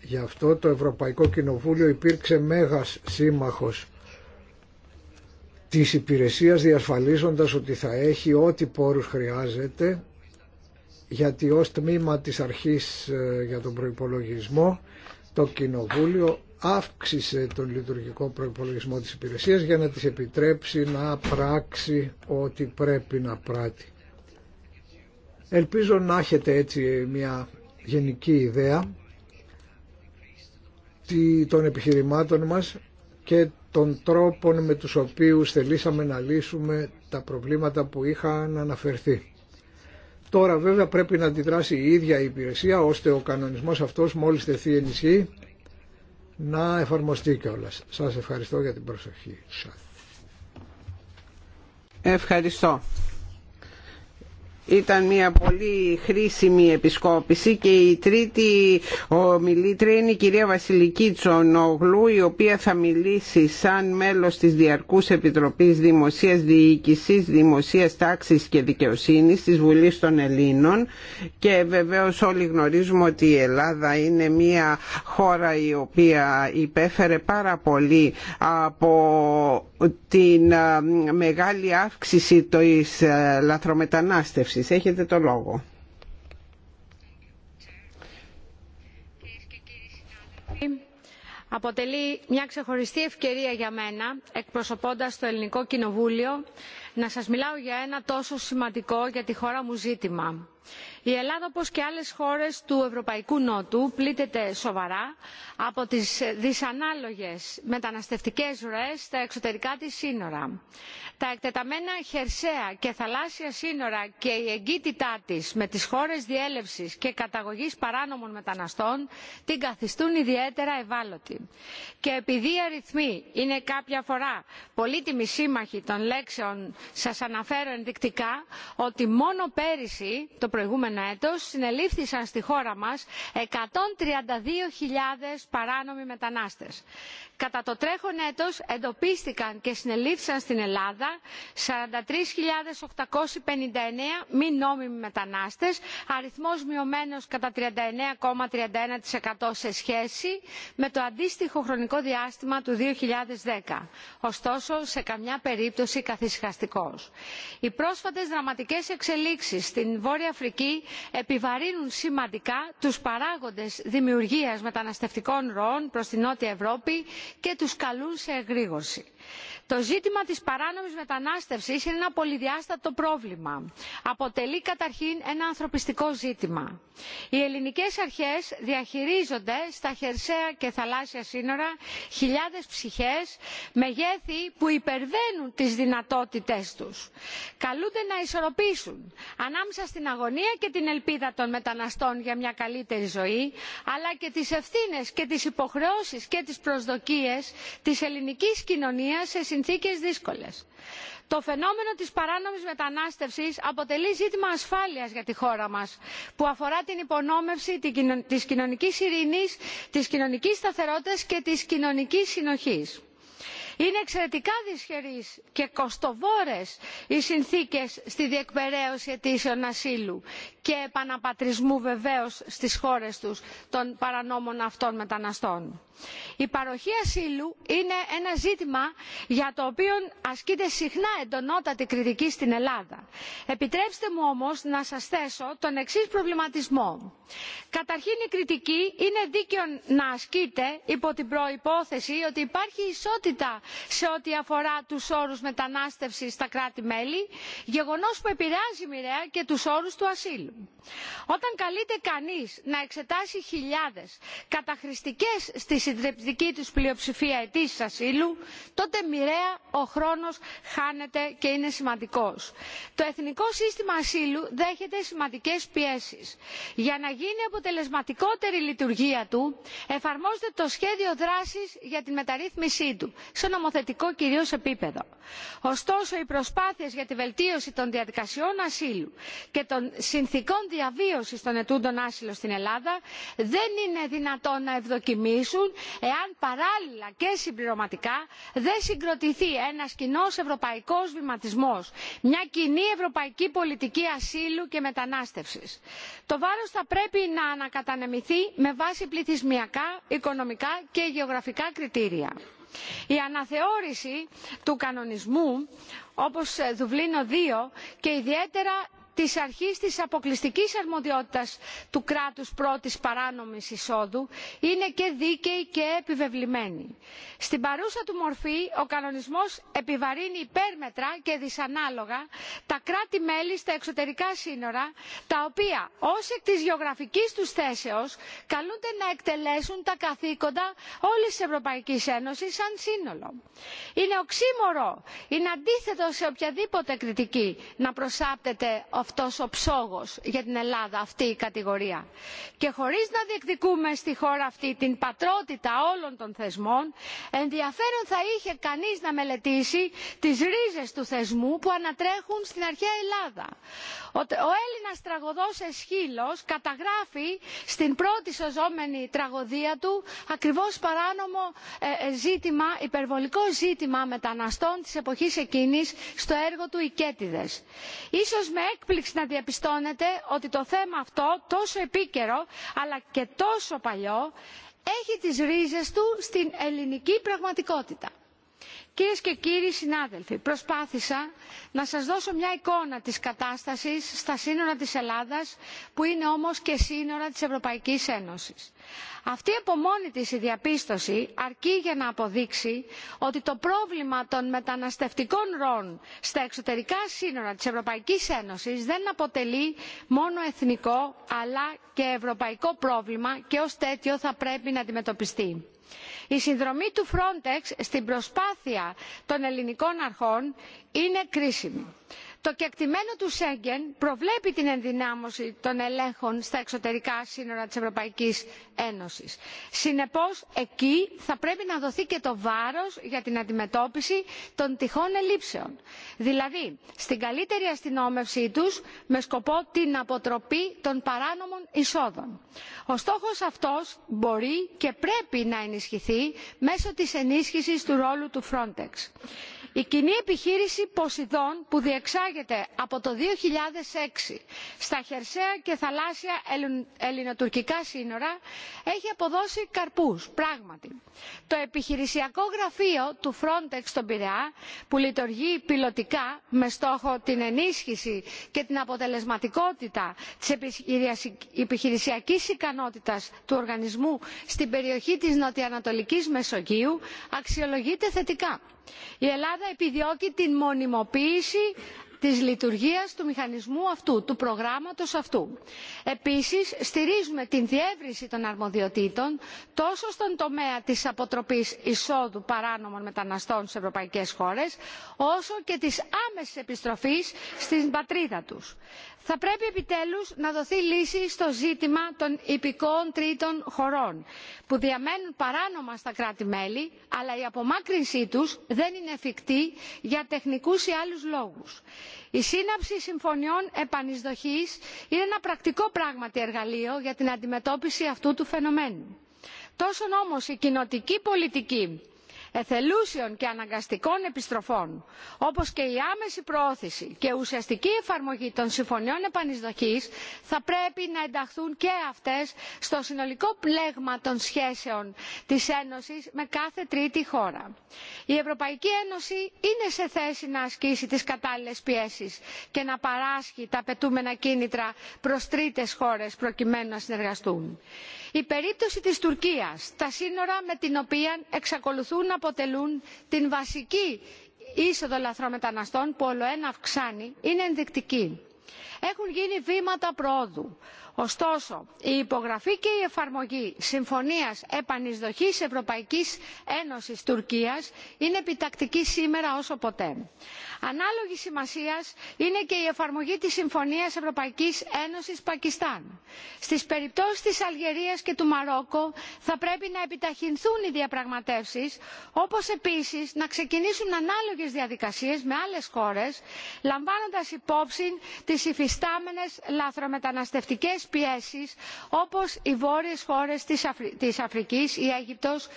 Γι' αυτό το Ευρωπαϊκό Κοινοβούλιο υπήρξε μέγας σύμμαχος της υπηρεσίας διασφαλίζοντας ότι θα έχει ό,τι πόρους χρειάζεται γιατί ως τμήμα της αρχής ε, για τον προϋπολογισμό το Κοινοβούλιο αύξησε τον λειτουργικό προϋπολογισμό της υπηρεσίας για να της επιτρέψει να πράξει ό,τι πρέπει να πράττει. Ελπίζω να έχετε έτσι μια γενική ιδέα των επιχειρημάτων μας και των τρόπων με τους οποίους θελήσαμε να λύσουμε τα προβλήματα που είχαν αναφερθεί. Τώρα βέβαια πρέπει να αντιδράσει η ίδια η υπηρεσία ώστε ο κανονισμός αυτός μόλις θεθεί ενισχύ να εφαρμοστεί κιόλα. Σας ευχαριστώ για την προσοχή Ευχαριστώ. Ήταν μια πολύ χρήσιμη επισκόπηση και η τρίτη ομιλήτρια είναι η κυρία Βασιλική Τσονογλού η οποία θα μιλήσει σαν μέλος της Διαρκούς Επιτροπής Δημοσίας Διοίκησης, Δημοσίας Τάξης και Δικαιοσύνης της Βουλής των Ελλήνων και βεβαίως όλοι γνωρίζουμε ότι η Ελλάδα είναι μια χώρα η οποία υπέφερε πάρα πολύ από την ε, μεγάλη αύξηση της ε, λαθρομετανάστευσης Έχετε το λόγο. Αποτελεί μια ξεχωριστή ευκαιρία για μένα, εκπροσωπώντας το Ελληνικό Κοινοβούλιο, να σας μιλάω για ένα τόσο σημαντικό για τη χώρα μου ζήτημα η ελλάδα όπως και άλλες χώρες του ευρωπαϊκού νότου πλήττεται σοβαρά από τις δυσανάλογες μεταναστευτικές ροές στα εξωτερικά της σύνορα. τα εκτεταμένα χερσαία και θαλάσσια σύνορα και η εγκύτητά της με τις χώρες διέλευσης και καταγωγής παράνομων μεταναστών την καθιστούν ιδιαίτερα ευάλωτη. και επειδή οι αριθμοί είναι κάποια φορά πολύτιμοι σύμμαχοι των λέξεων σας αναφέρω ενδεικτικά ότι μόνο πέρυσι το προηγούμενο προηγούμενο έτος συνελήφθησαν στη χώρα μας χιλιάδες παράνομοι μετανάστες κατά το τρέχον έτος εντοπίστηκαν και συνελήφθησαν στην ελλάδα 43.859 μη νόμιμοι μετανάστες αριθμός μειωμένος κατά 39,31% σε σχέση με το αντίστοιχο χρονικό διάστημα του 2010 ωστόσο σε καμιά περίπτωση καθησυχαστικός. οι πρόσφατες δραματικές εξελίξεις στην βόρεια αφρική επιβαρύνουν σημαντικά τους παράγοντες δημιουργίας μεταναστευτικών ροών προς την νότια ευρώπη και τους καλούν σε εγρήγορση το ζήτημα της παράνομης μετανάστευσης είναι ένα πολυδιάστατο πρόβλημα. αποτελεί καταρχήν ένα ανθρωπιστικό ζήτημα. οι ελληνικές αρχές διαχειρίζονται στα χερσαία και θαλάσσια σύνορα χιλιάδες ψυχές μεγέθη που υπερβαίνουν τις δυνατότητές τους. καλούνται να ισορροπήσουν ανάμεσα στην αγωνία και την ελπίδα των μεταναστών για μια καλύτερη ζωή αλλά και τις ευθύνες και τις υποχρεώσεις και τις προσδοκίες της ελληνικής κοινωνίας σε συνθήκες δύσκολες. Το φαινόμενο της παράνομης μετανάστευσης αποτελεί ζήτημα ασφάλειας για τη χώρα μας, που αφορά την υπονόμευση της κοινωνικής ειρήνης, της κοινωνικής σταθερότητας και της κοινωνικής συνοχής είναι εξαιρετικά δυσχερείς και κοστοβόρες οι συνθήκες στη διεκπαιρέωση αιτήσεων ασύλου και επαναπατρισμού βεβαίως στις χώρες τους των παρανόμων αυτών μεταναστών. Η παροχή ασύλου είναι ένα ζήτημα για το οποίο ασκείται συχνά εντονότατη κριτική στην Ελλάδα. Επιτρέψτε μου όμως να σας θέσω τον εξής προβληματισμό. Καταρχήν η κριτική είναι δίκαιο να ασκείται υπό την προϋπόθεση ότι υπάρχει ισότητα σε ό,τι αφορά τους όρους μετανάστευσης στα κράτη-μέλη, γεγονός που επηρεάζει μοιραία και τους όρους του ασύλου όταν καλείται κανείς να εξετάσει χιλιάδες καταχρηστικές στη συντριπτική τους πλειοψηφία αιτήσεις ασύλου, τότε μοιραία ο χρόνος χάνεται και είναι σημαντικός. Το Εθνικό Σύστημα Ασύλου δέχεται σημαντικές πιέσεις. Για να γίνει αποτελεσματικότερη η λειτουργία του, εφαρμόζεται το σχέδιο δράσης για την μεταρρύθμισή του, σε νομοθετικό κυρίως επίπεδο. Ωστόσο, οι προσπάθειες για τη βελτίωση των διαδικασιών ασύλου και των συνθηκών συνθηκών διαβίωση των ετούντων άσυλο στην Ελλάδα δεν είναι δυνατόν να ευδοκιμήσουν εάν παράλληλα και συμπληρωματικά δεν συγκροτηθεί ένας κοινό ευρωπαϊκός βηματισμός, μια κοινή ευρωπαϊκή πολιτική ασύλου και μετανάστευσης. Το βάρος θα πρέπει να ανακατανεμηθεί με βάση πληθυσμιακά, οικονομικά και γεωγραφικά κριτήρια. Η αναθεώρηση του κανονισμού όπως Δουβλίνο 2 και ιδιαίτερα της αρχής της αποκλειστικής αρμοδιότητας του κράτους πρώτης παράνομης εισόδου είναι και δίκαιη και επιβεβλημένη. Στην παρούσα του μορφή ο κανονισμός επιβαρύνει υπέρμετρα και δυσανάλογα τα κράτη-μέλη στα εξωτερικά σύνορα τα οποία ως εκ της γεωγραφικής τους θέσεως καλούνται να εκτελέσουν τα καθήκοντα όλης της Ευρωπαϊκής Ένωσης σαν σύνολο. Είναι οξύμορο, είναι αντίθετο σε οποιαδήποτε κριτική να προσάπτεται αυτός ο ψόγος για την Ελλάδα αυτή η κατηγορία. Και χωρίς να διεκδικούμε στη χώρα αυτή την πατρότητα όλων των θεσμών, ενδιαφέρον θα είχε κανείς να μελετήσει τις ρίζες του θεσμού που ανατρέχουν στην αρχαία Ελλάδα. Ο Έλληνας τραγωδό Εσχύλος καταγράφει στην πρώτη σωζόμενη τραγωδία του ακριβώς παράνομο ε, ε, ζήτημα, υπερβολικό ζήτημα μεταναστών τη εποχή εκείνη στο έργο του «Οικέτιδες». Ίσως με έκπληξη έκπληξη να διαπιστώνεται ότι το θέμα αυτό τόσο επίκαιρο αλλά και τόσο παλιό έχει τις ρίζες του στην ελληνική πραγματικότητα. Κυρίες και κύριοι συνάδελφοι, προσπάθησα να σας δώσω μια εικόνα της κατάστασης στα σύνορα της Ελλάδας, που είναι όμως και σύνορα της Ευρωπαϊκής Ένωσης. Αυτή από μόνη της η διαπίστωση αρκεί για να αποδείξει ότι το πρόβλημα των μεταναστευτικών ροών στα εξωτερικά σύνορα της Ευρωπαϊκής Ένωσης δεν αποτελεί μόνο εθνικό αλλά και ευρωπαϊκό πρόβλημα και ως τέτοιο θα πρέπει να αντιμετωπιστεί η συνδρομή του frontex στην προσπάθεια των ελληνικών αρχών είναι κρίσιμη το κεκτημένο του σέγγεν προβλέπει την ενδυνάμωση των ελέγχων στα εξωτερικά σύνορα της ευρωπαϊκής ένωσης. συνεπώς εκεί θα πρέπει να δοθεί και το βάρος για την αντιμετώπιση των τυχών ελλείψεων δηλαδή στην καλύτερη αστυνόμευσή τους με σκοπό την αποτροπή των παράνομων εισόδων. ο στόχος αυτός μπορεί και πρέπει να ενισχυθεί μέσω της ενίσχυσης του ρόλου του frontex η κοινή επιχείρηση ποσειδών που διεξάγεται από το 2006 στα χερσαία και θαλάσσια ελληνοτουρκικά σύνορα έχει αποδώσει καρπούς πράγματι. το επιχειρησιακό γραφείο του frontex στον πειραιά που λειτουργεί πιλωτικά με στόχο την ενίσχυση και την αποτελεσματικότητα της επιχειρησιακής ικανότητας του οργανισμού στην περιοχή της νοτιοανατολικής μεσογείου αξιολογείται θετικά η ελλάδα επιδιώκει την μονιμοποίηση της λειτουργίας του μηχανισμού αυτού του προγράμματος αυτού. επίσης στηρίζουμε την διεύρυνση των αρμοδιοτήτων τόσο στον τομέα της αποτροπής εισόδου παράνομων μεταναστών σε ευρωπαϊκές χώρες όσο και της άμεσης επιστροφής στην πατρίδα τους θα πρέπει επιτέλους να δοθεί λύση στο ζήτημα των υπηκόων τρίτων χωρών που διαμένουν παράνομα στα κράτη μέλη αλλά η απομάκρυνσή τους δεν είναι εφικτή για τεχνικούς ή άλλους λόγους. η σύναψη συμφωνιών επανεισδοχής είναι ένα πρακτικό πράγματι εργαλείο για την αντιμετώπιση αυτού του φαινομένου. τόσο όμως η κοινοτική πολιτική εθελούσιων και αναγκαστικών επιστροφών όπως και η άμεση προώθηση και ουσιαστική εφαρμογή των συμφωνιών επανεισδοχής θα πρέπει να ενταχθούν και αυτές στο συνολικό πλέγμα των σχέσεων της ένωσης με κάθε τρίτη χώρα. η ευρωπαϊκή ένωση είναι σε θέση να ασκήσει τις κατάλληλες πιέσεις και να παράσχει τα απαιτούμενα κίνητρα προς τρίτες χώρες προκειμένου να συνεργαστούν η περίπτωση της τουρκίας τα σύνορα με την οποία εξακολουθούν να αποτελούν την βασική είσοδο λαθρομεταναστών που ολοένα αυξάνει είναι ενδεικτική έχουν γίνει βήματα προόδου. ωστόσο η υπογραφή και η εφαρμογή συμφωνίας επανεισδοχής ευρωπαϊκής ένωσης τουρκίας είναι επιτακτική σήμερα όσο ποτέ. ανάλογη σημασίας είναι και η εφαρμογή της συμφωνίας ευρωπαϊκής ένωσης πακιστάν. στις περιπτώσεις της αλγερίας και του μαρόκο θα πρέπει να επιταχυνθούν οι διαπραγματεύσεις όπως επίσης να ξεκινήσουν ανάλογες διαδικασίες με άλλες χώρες λαμβάνοντας υπόψη τις υφιστάμενες λαθρομεταναστευτικές πιέσεις όπως οι βόρειες χώρες της, αφρικής η αίγυπτος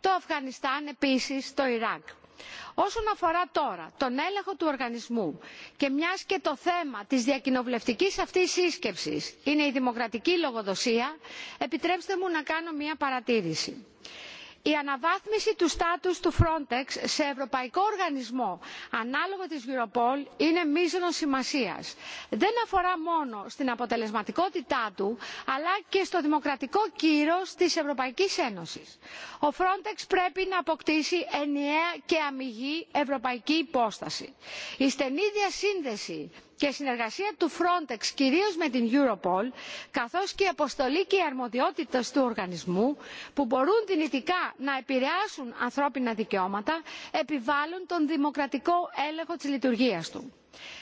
το αφγανιστάν επίσης το ιράκ. Όσον αφορά τώρα τον έλεγχο του οργανισμού και μιας και το θέμα της διακοινοβουλευτικής αυτής σύσκεψης είναι η δημοκρατική λογοδοσία, επιτρέψτε μου να κάνω μια παρατήρηση η αναβάθμιση του στάτους του frontex σε ευρωπαϊκό οργανισμό ανάλογο της europol είναι μείζωνος σημασίας. δεν αφορά μόνο στην αποτελεσματικότητά του αλλά και στο δημοκρατικό κύρος της ευρωπαϊκής ένωσης. ο frontex πρέπει να αποκτήσει ενιαία και αμυγή ευρωπαϊκή υπόσταση. η στενή διασύνδεση και συνεργασία του frontex κυρίως με την europol καθώς και η αποστολή και οι αρμοδιότητες του οργανισμού που μπορούν δυνητικά να επηρεάσουν ανθρώπινα δικαιώματα επιβάλλουν τον δημοκρατικό έλεγχο της λειτουργίας του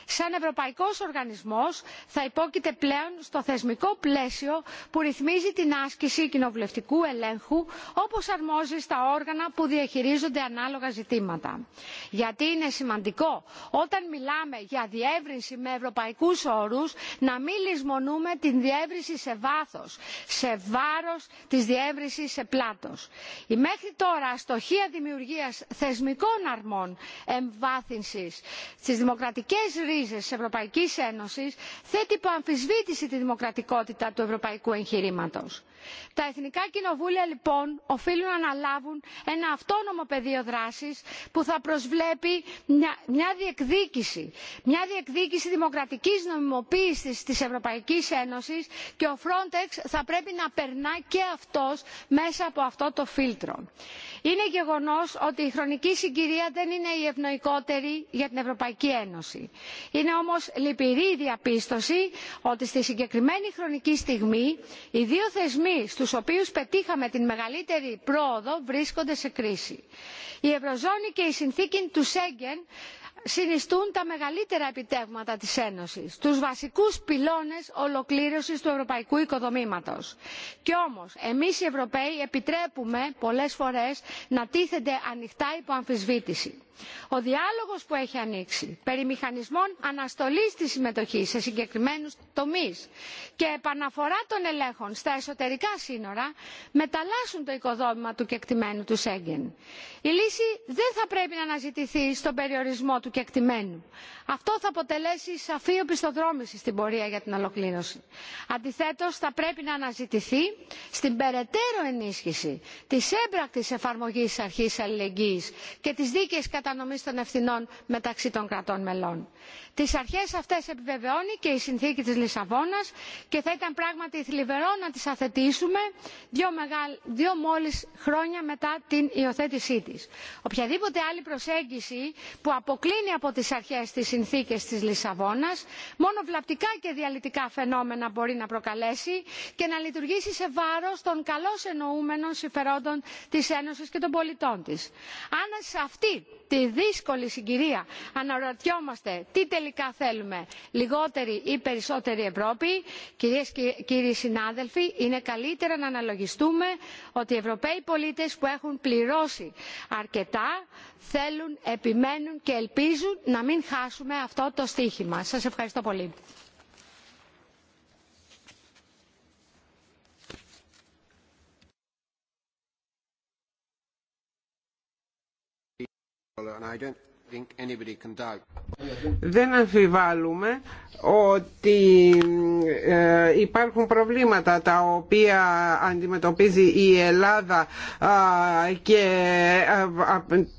σαν ευρωπαϊκός οργανισμός θα υπόκειται πλέον στο θεσμικό πλαίσιο που ρυθμίζει την άσκηση κοινοβουλευτικού ελέγχου όπως αρμόζει στα όργανα που διαχειρίζονται ανάλογα ζητήματα. γιατί είναι σημαντικό όταν μιλάμε για διεύρυνση με ευρωπαϊκούς όρους να μην λησμονούμε την διεύρυνση σε βάθος σε βάρος της διεύρυνσης σε πλάτος. η μέχρι τώρα αστοχία δημιουργίας θεσμικών αρμών εμβάθυνσης στις δημοκρατικές οι ρίζες της Ευρωπαϊκής Ένωσης θέτει υπό αμφισβήτηση τη δημοκρατικότητα του ευρωπαϊκού εγχειρήματο. Τα εθνικά κοινοβούλια λοιπόν οφείλουν να αναλάβουν ένα αυτόνομο πεδίο δράσης που θα προσβλέπει μια, μια διεκδίκηση, μια διεκδίκηση δημοκρατικής νομιμοποίησης της Ευρωπαϊκής Ένωσης και ο Frontex θα πρέπει να περνά και αυτός μέσα από αυτό το φίλτρο. Είναι γεγονός ότι η χρονική συγκυρία δεν είναι η ευνοϊκότερη για την Ευρωπαϊκή Ένωση. Είναι όμως λυπηρή η διαπίστωση ότι στη συγκεκριμένη χρονική στιγμή οι δύο θεσμοί στους οποίους πετύχαμε την μεγαλύτερη πρόοδο βρίσκονται σε κρίση. Η Ευρωζώνη και η συνθήκη του Σέγγεν συνιστούν τα μεγαλύτερα επιτεύγματα της ένωσης τους βασικούς πυλώνες ολοκλήρωσης του ευρωπαϊκού οικοδομήματος. κι όμως εμείς οι ευρωπαίοι επιτρέπουμε πολλές φορές να τίθενται ανοιχτά υπό αμφισβήτηση. ο διάλογος που έχει ανοίξει περί μηχανισμών αναστολής της συμμετοχής σε συγκεκριμένους τομείς και επαναφορά των ελέγχων στα εσωτερικά σύνορα μεταλλάσσουν το οικοδόμημα του κεκτημένου του σέγγεν η λύση δεν θα πρέπει να αναζητηθεί στον περιορισμό του κεκτημένου. αυτό θα αποτελέσει σαφή οπισθοδρόμηση στην πορεία για την ολοκλήρωση. αντιθέτως θα πρέπει να αναζητηθεί στην περαιτέρω ενίσχυση της έμπρακτης εφαρμογής αρχής αλληλεγγύης και της δίκαιης κατανομής των ευθυνών μεταξύ των κρατών μελών. τις αρχές αυτές επιβεβαιώνει και η συνθήκη της λισαβόνας και θα ήταν πράγματι θλιβερό να τις αθετήσουμε δύο, μεγάλ... χρόνια μετά την υιοθέτησή Οποιαδήποτε άλλη προσέγγιση που αποκλίνει από τις αρχές της συνθήκες της Λισαβόνας μόνο βλαπτικά και διαλυτικά φαινόμενα μπορεί να προκαλέσει και να λειτουργήσει σε βάρος των καλώς εννοούμενων συμφερόντων της Ένωσης και των πολιτών της. Αν σε αυτή τη δύσκολη συγκυρία αναρωτιόμαστε τι τελικά θέλουμε, λιγότερη ή περισσότερη Ευρώπη, κυρίες και κύριοι συνάδελφοι, είναι καλύτερα να αναλογιστούμε ότι οι Ευρωπαίοι πολίτες που έχουν πληρώσει αρκετά θέλουν επιμένουν και ελπίζουν να μην χάσουμε αυτό το στίχημα. σας ευχαριστώ πολύ. Δεν αμφιβάλλουμε ότι ε, υπάρχουν προβλήματα τα οποία αντιμετωπίζει η Ελλάδα και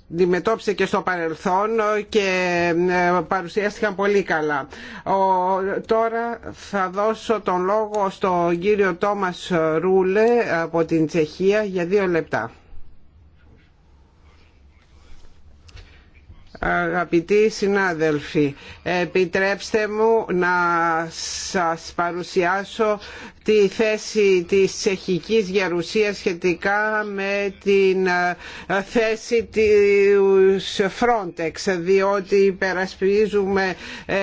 αντιμετώπισε και στο παρελθόν και ε, παρουσιάστηκαν πολύ καλά. Τώρα θα δώσω τον λόγο στον κύριο Τόμας Ρούλε από την Τσεχία για δύο λεπτά. Αγαπητοί συνάδελφοι, επιτρέψτε μου να σας παρουσιάσω τη θέση της τσεχικής γερουσίας σχετικά με την ε, θέση της Frontex, διότι υπερασπίζουμε ε,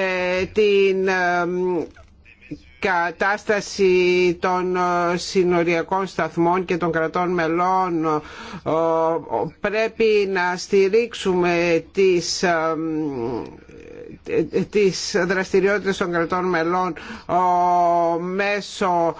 την ε, κατάσταση των ε, συνοριακών σταθμών και των κρατών μελών ε, πρέπει να στηρίξουμε τις ε, τις δραστηριότητες των κρατών μελών μέσω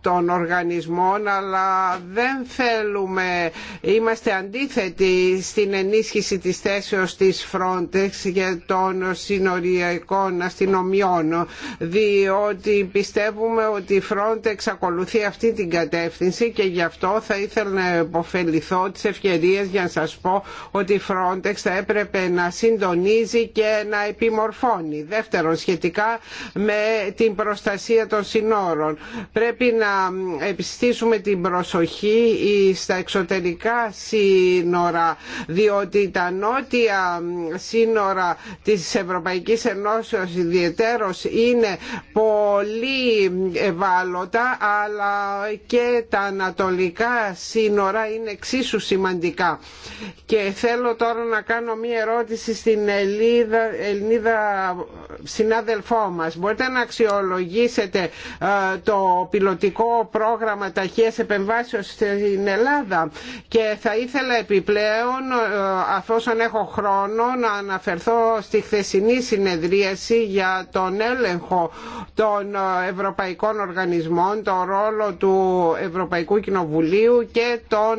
των οργανισμών αλλά δεν θέλουμε, είμαστε αντίθετοι στην ενίσχυση της θέσεως της Frontex για των συνοριακών αστυνομιών διότι πιστεύουμε ότι η Frontex ακολουθεί αυτή την κατεύθυνση και γι' αυτό θα ήθελα να υποφεληθώ τις ευκαιρίες για να σας πω ότι η Frontex θα έπρεπε να συντονίζει και να επιμορφώνει. Δεύτερον, σχετικά με την προστασία των συνόρων. Πρέπει να επιστήσουμε την προσοχή στα εξωτερικά σύνορα, διότι τα νότια σύνορα της Ευρωπαϊκής Ενώσεως ιδιαιτέρως είναι πολύ ευάλωτα, αλλά και τα ανατολικά σύνορα είναι εξίσου σημαντικά. Και θέλω τώρα να κάνω μία ερώτηση στην Ελίδα Ελληνίδα συνάδελφό μας. Μπορείτε να αξιολογήσετε ε, το πιλωτικό πρόγραμμα ταχείας επεμβάσεως στην Ελλάδα και θα ήθελα επιπλέον ε, αν έχω χρόνο να αναφερθώ στη χθεσινή συνεδρίαση για τον έλεγχο των ε, ευρωπαϊκών οργανισμών, τον ρόλο του Ευρωπαϊκού Κοινοβουλίου και των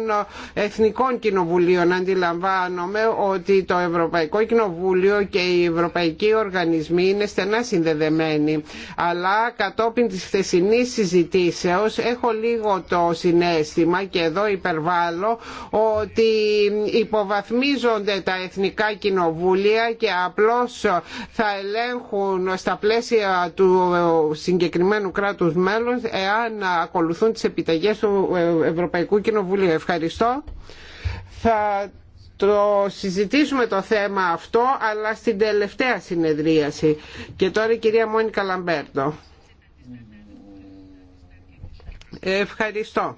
Εθνικών Κοινοβουλίων. Αντιλαμβάνομαι ότι το Ευρωπαϊκό Κοινοβούλιο και οι ευρωπαϊκοί οργανισμοί είναι στενά συνδεδεμένοι αλλά κατόπιν της χθεσινής συζητήσεως έχω λίγο το συνέστημα και εδώ υπερβάλλω ότι υποβαθμίζονται τα εθνικά κοινοβούλια και απλώς θα ελέγχουν στα πλαίσια του συγκεκριμένου κράτους μέλους εάν ακολουθούν τις επιταγές του Ευρωπαϊκού Κοινοβουλίου. Ευχαριστώ το συζητήσουμε το θέμα αυτό αλλά στην τελευταία συνεδρίαση και τώρα η κυρία Μόνικα Λαμπέρτο Ευχαριστώ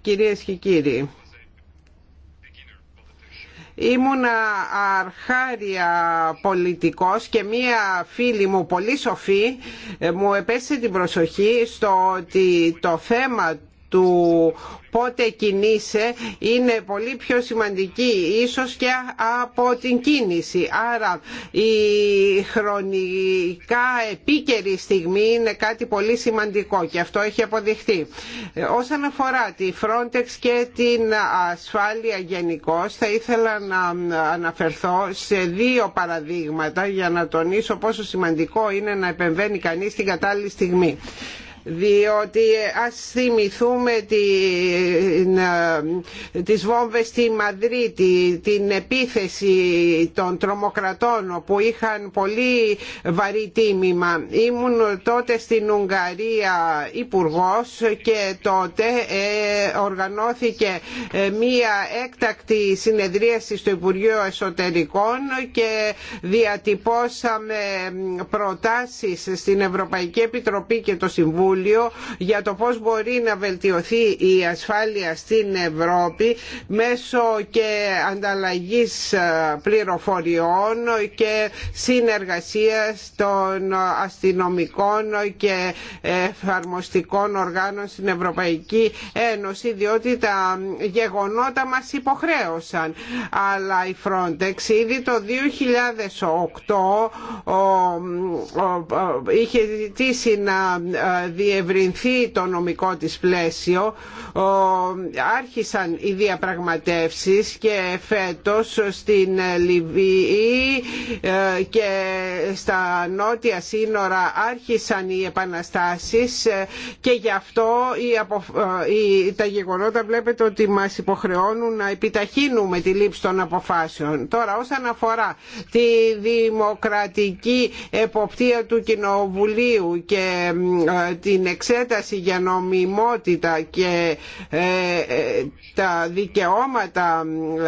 Κυρίες και κύριοι Ήμουνα αρχάρια πολιτικός και μία φίλη μου πολύ σοφή μου επέστησε την προσοχή στο ότι το θέμα του πότε κινείσαι είναι πολύ πιο σημαντική ίσως και από την κίνηση. Άρα η χρονικά επίκαιρη στιγμή είναι κάτι πολύ σημαντικό και αυτό έχει αποδειχθεί. Όσον αφορά τη Frontex και την ασφάλεια γενικώ, θα ήθελα να αναφερθώ σε δύο παραδείγματα για να τονίσω πόσο σημαντικό είναι να επεμβαίνει κανείς την κατάλληλη στιγμή διότι ας θυμηθούμε την, ε, τις βόμβες στη Μαδρίτη, την επίθεση των τρομοκρατών που είχαν πολύ βαρύ τίμημα. Ήμουν τότε στην Ουγγαρία υπουργό και τότε ε, οργανώθηκε ε, μία έκτακτη συνεδρίαση στο Υπουργείο Εσωτερικών και διατυπώσαμε προτάσεις στην Ευρωπαϊκή Επιτροπή και το Συμβούλιο για το πώς μπορεί να βελτιωθεί η ασφάλεια στην Ευρώπη μέσω και ανταλλαγής ε, πληροφοριών και συνεργασίας των αστυνομικών και εφαρμοστικών οργάνων στην Ευρωπαϊκή Ένωση διότι τα γεγονότα μας υποχρέωσαν αλλά η Frontex ήδη το 2008 είχε ζητήσει να ε, διευρυνθεί το νομικό της πλαίσιο άρχισαν οι διαπραγματεύσεις και φέτος στην Λιβύη ε, και στα νότια σύνορα άρχισαν οι επαναστάσεις ε, και γι' αυτό ε, τα γεγονότα βλέπετε ότι μας υποχρεώνουν να επιταχύνουμε τη λήψη των αποφάσεων. Τώρα όσον αφορά τη δημοκρατική εποπτεία του Κοινοβουλίου και τη την εξέταση για νομιμότητα και ε, ε, τα δικαιώματα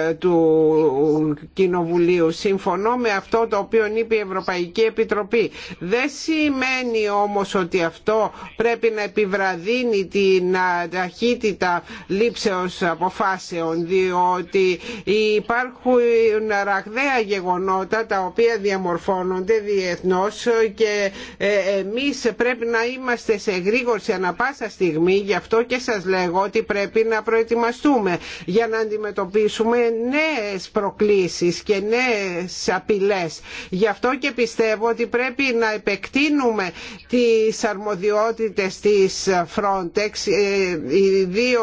ε, του Κοινοβουλίου. Συμφωνώ με αυτό το οποίο είπε η Ευρωπαϊκή Επιτροπή. Δεν σημαίνει όμως ότι αυτό πρέπει να επιβραδύνει την ταχύτητα λήψεως αποφάσεων διότι υπάρχουν ραγδαία γεγονότα τα οποία διαμορφώνονται διεθνώς και εμείς πρέπει να είμαστε σε εγρήγορση ανα πάσα στιγμή γι' αυτό και σας λέγω ότι πρέπει να προετοιμαστούμε για να αντιμετωπίσουμε νέες προκλήσεις και νέες απειλές γι' αυτό και πιστεύω ότι πρέπει να επεκτείνουμε τις αρμοδιότητες της Frontex ε, ιδίω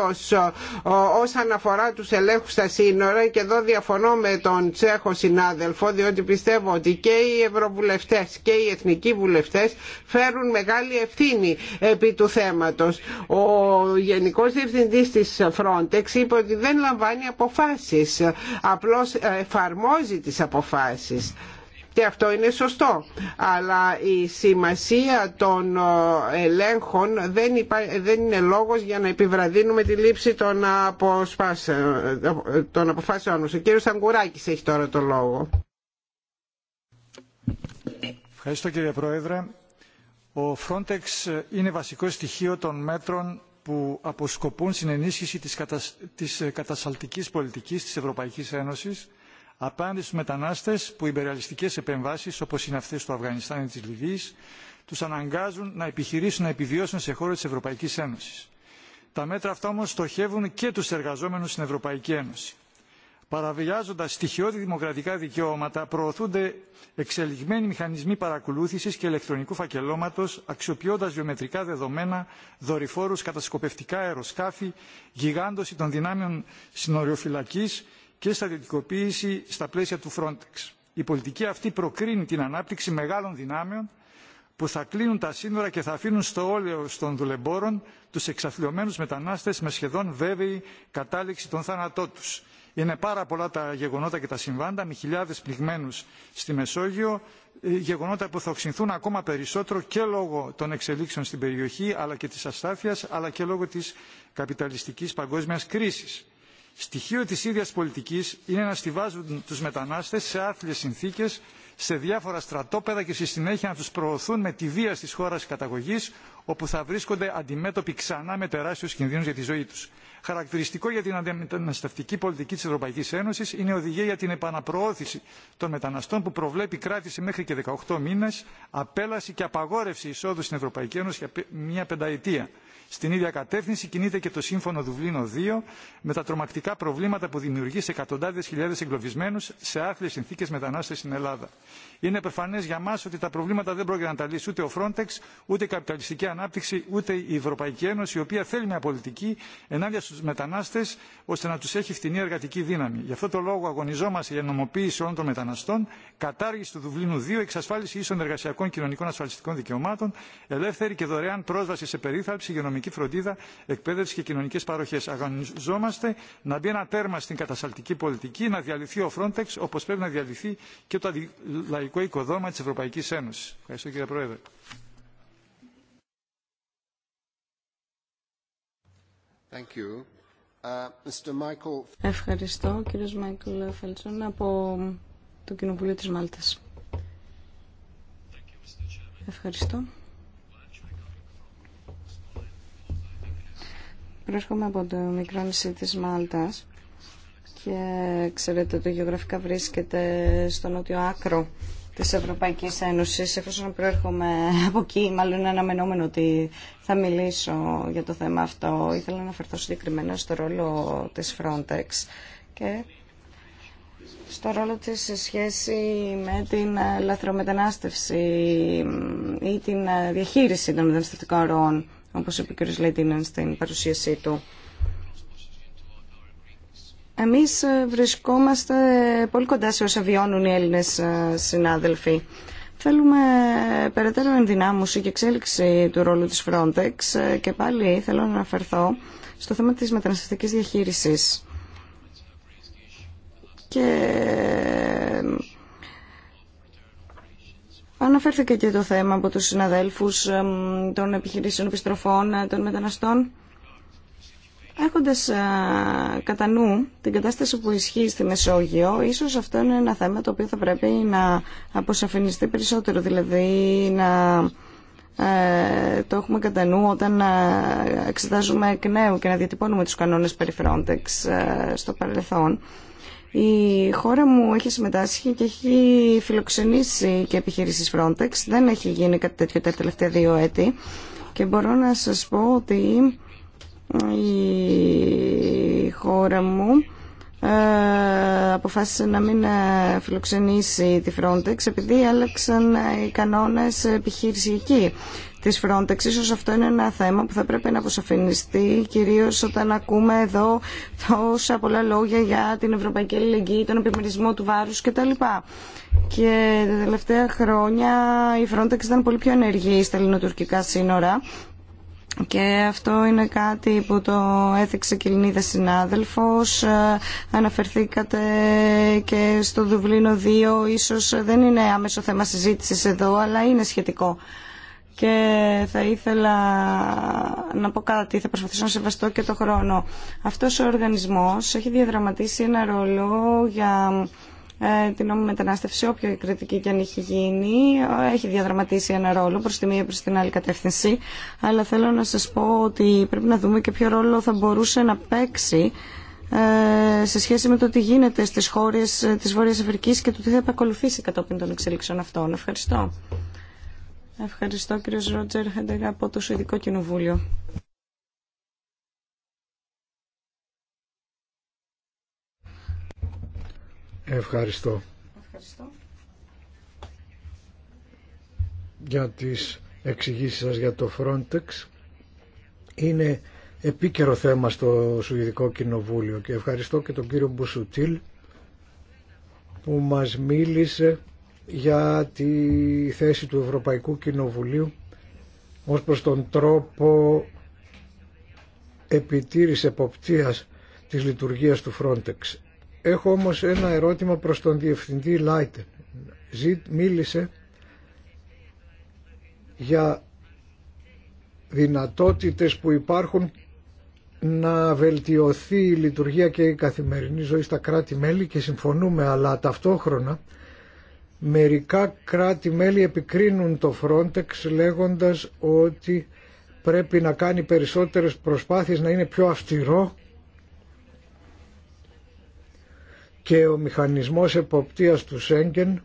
όσον αφορά τους ελέγχους στα σύνορα και εδώ διαφωνώ με τον Τσέχο συνάδελφο διότι πιστεύω ότι και οι ευρωβουλευτές και οι εθνικοί βουλευτές φέρουν μεγάλη ευθύνη επί του θέματος. Ο Γενικός Διευθυντής της Frontex είπε ότι δεν λαμβάνει αποφάσεις, απλώς εφαρμόζει τις αποφάσεις και αυτό είναι σωστό αλλά η σημασία των ελέγχων δεν, δεν είναι λόγος για να επιβραδύνουμε τη λήψη των, αποφάσεων Ο κύριος Αγκουράκης έχει τώρα το λόγο. Ευχαριστώ κύριε Πρόεδρε. Ο Frontex ε, είναι βασικό στοιχείο των μέτρων που αποσκοπούν στην ενίσχυση της, ε, κατασταλτικής της πολιτικής της Ευρωπαϊκής Ένωσης απέναντι στους μετανάστες που υπεραλιστικές επεμβάσεις όπως είναι αυτές του Αφγανιστάν ή της Λιβύης τους αναγκάζουν να επιχειρήσουν να επιβιώσουν σε χώρες της Ευρωπαϊκής Ένωσης. Τα μέτρα αυτά όμως στοχεύουν και τους εργαζόμενους στην Ευρωπαϊκή Ένωση παραβιάζοντας στοιχειώδη δημοκρατικά δικαιώματα προωθούνται εξελιγμένοι μηχανισμοί παρακολούθησης και ηλεκτρονικού φακελώματος αξιοποιώντας βιομετρικά δεδομένα δορυφόρου κατασκοπευτικά αεροσκάφη γιγάντωση των δυνάμεων συνοριοφυλακής και στρατιωτικοποίηση στα πλαίσια του frontex. η πολιτική αυτή προκρίνει την ανάπτυξη μεγάλων δυνάμεων που θα κλείνουν τα σύνορα και θα αφήνουν στο όλιο των δουλεμπόρων του εξαθλιωμένους μετανάστες με σχεδόν βέβαιη κατάληξη των θάνατό τους είναι πάρα πολλά τα γεγονότα και τα συμβάντα με χιλιάδες πληγμένους στη Μεσόγειο, ε, γεγονότα που θα οξυνθούν ακόμα περισσότερο και λόγω των εξελίξεων στην περιοχή, αλλά και της αστάθειας, αλλά και λόγω της καπιταλιστικής παγκόσμιας κρίσης. Στοιχείο της ίδιας πολιτικής είναι να στηβάζουν τους μετανάστες σε άθλιες συνθήκες σε διάφορα στρατόπεδα και στη συνέχεια να τους προωθούν με τη βία στις χώρες καταγωγής όπου θα βρίσκονται αντιμέτωποι ξανά με τεράστιους κινδύνους για τη ζωή τους. Χαρακτηριστικό για την αντιμεταναστευτική πολιτική της Ευρωπαϊκής Ένωσης είναι η οδηγία για την επαναπροώθηση των μεταναστών που προβλέπει κράτηση μέχρι και 18 μήνες, απέλαση και απαγόρευση εισόδου στην Ευρωπαϊκή Ένωση για μια πενταετία. Στην ίδια κατεύθυνση κινείται και το Σύμφωνο Δουβλίνο 2 με τα τρομακτικά προβλήματα που δημιουργεί σε εκατοντάδες χιλιάδες εγκλωβισμένους σε άθλιες συνθήκες μετανάστες στην Ελλάδα. Είναι προφανέ για μα ότι τα προβλήματα δεν πρόκειται να τα λύσει ούτε ο Frontex, ούτε η καπιταλιστική ανάπτυξη, ούτε η Ευρωπαϊκή Ένωση, η οποία θέλει μια πολιτική ενάντια στου μετανάστε ώστε να του έχει φτηνή εργατική δύναμη. Γι' αυτό το λόγο αγωνιζόμαστε για νομοποίηση όλων των μεταναστών, κατάργηση του Δουβλίνου 2, εξασφάλιση ίσων εργασιακών κοινωνικών ασφαλιστικών δικαιωμάτων, ελεύθερη και δωρεάν πρόσβαση σε περίθαλψη, υγειονομική φροντίδα, εκπαίδευση και κοινωνικέ παροχέ. Αγωνιζόμαστε να μπει ένα τέρμα στην κατασταλτική πολιτική, να διαλυθεί ο Frontex όπω πρέπει να διαλυθεί και το λαϊκό οικοδόμα της Ευρωπαϊκής Ένωσης. Ευχαριστώ κύριε Πρόεδρε. Uh, Ευχαριστώ κύριος Μάικλ Φελτσόν από το Κοινοβούλιο της Μάλτας. Ευχαριστώ. Προέρχομαι από το μικρό νησί της Μάλτας και ξέρετε ότι γεωγραφικά βρίσκεται στο νότιο άκρο της Ευρωπαϊκής Ένωσης. Εφόσον προέρχομαι από εκεί, μάλλον είναι αναμενόμενο ότι θα μιλήσω για το θέμα αυτό. Ήθελα να αναφερθώ συγκεκριμένα στο ρόλο της Frontex και στο ρόλο της σε σχέση με την λαθρομετανάστευση ή την διαχείριση των μεταναστευτικών ροών, όπως είπε ο κ. Λέτινεν στην παρουσίασή του. Εμείς ε, βρισκόμαστε πολύ κοντά σε όσα βιώνουν οι Έλληνες ε, συνάδελφοι. Θέλουμε ε, περαιτέρω ενδυνάμωση και εξέλιξη του ρόλου της Frontex και πάλι θέλω να αναφερθώ στο θέμα της μεταναστευτικής διαχείρισης. Και αναφέρθηκε και το θέμα από τους συναδέλφους των επιχειρήσεων επιστροφών των μεταναστών. Έχοντας κατά νου την κατάσταση που ισχύει στη Μεσόγειο, ίσως αυτό είναι ένα θέμα το οποίο θα πρέπει να αποσαφινιστεί περισσότερο, δηλαδή να ε, το έχουμε κατά νου όταν εξετάζουμε εκ νέου και να διατυπώνουμε τους κανόνες περί Frontex στο παρελθόν. Η χώρα μου έχει συμμετάσχει και έχει φιλοξενήσει και επιχειρήσεις Frontex. Δεν έχει γίνει κάτι τέτοιο τα τελευταία δύο έτη και μπορώ να σας πω ότι η χώρα μου ε, αποφάσισε να μην ε, φιλοξενήσει τη Frontex επειδή άλλαξαν ε, οι κανόνες επιχειρησιακοί της Frontex. Ίσως αυτό είναι ένα θέμα που θα πρέπει να αποσαφινιστεί κυρίως όταν ακούμε εδώ τόσα πολλά λόγια για την Ευρωπαϊκή Ελληνική, τον επιμερισμό του βάρους κτλ. Και τα τελευταία χρόνια η Frontex ήταν πολύ πιο ενεργή στα ελληνοτουρκικά σύνορα και αυτό είναι κάτι που το έθιξε και η Ελληνίδα συνάδελφος. Ε, αναφερθήκατε και στο Δουβλίνο 2. Ίσως δεν είναι άμεσο θέμα συζήτησης εδώ, αλλά είναι σχετικό. Και θα ήθελα να πω κάτι, θα προσπαθήσω να σεβαστώ και το χρόνο. Αυτός ο οργανισμός έχει διαδραματίσει ένα ρόλο για ε, την νόμιμη μετανάστευση, όποια κριτική και αν έχει γίνει, έχει διαδραματίσει ένα ρόλο προς τη μία προ την άλλη κατεύθυνση. Αλλά θέλω να σας πω ότι πρέπει να δούμε και ποιο ρόλο θα μπορούσε να παίξει ε, σε σχέση με το τι γίνεται στις χώρες ε, της Βόρειας Αφρικής και το τι θα επακολουθήσει κατόπιν των εξελίξεων αυτών. Ευχαριστώ. Ευχαριστώ κύριος Ρότζερ Χέντεγα από το Σουηδικό Κοινοβούλιο. Ευχαριστώ. Για τις εξηγήσεις σας για το Frontex. Είναι επίκαιρο θέμα στο Σουηδικό Κοινοβούλιο και ευχαριστώ και τον κύριο Μπουσουτήλ που μας μίλησε για τη θέση του Ευρωπαϊκού Κοινοβουλίου ως προς τον τρόπο επιτήρηση εποπτείας της λειτουργίας του Frontex. Έχω όμως ένα ερώτημα προς τον Διευθυντή Λάιτεν. Μίλησε για δυνατότητες που υπάρχουν να βελτιωθεί η λειτουργία και η καθημερινή ζωή στα κράτη-μέλη και συμφωνούμε, αλλά ταυτόχρονα μερικά κράτη-μέλη επικρίνουν το Frontex λέγοντας ότι πρέπει να κάνει περισσότερες προσπάθειες να είναι πιο αυστηρό και ο μηχανισμός εποπτείας του Σέγγεν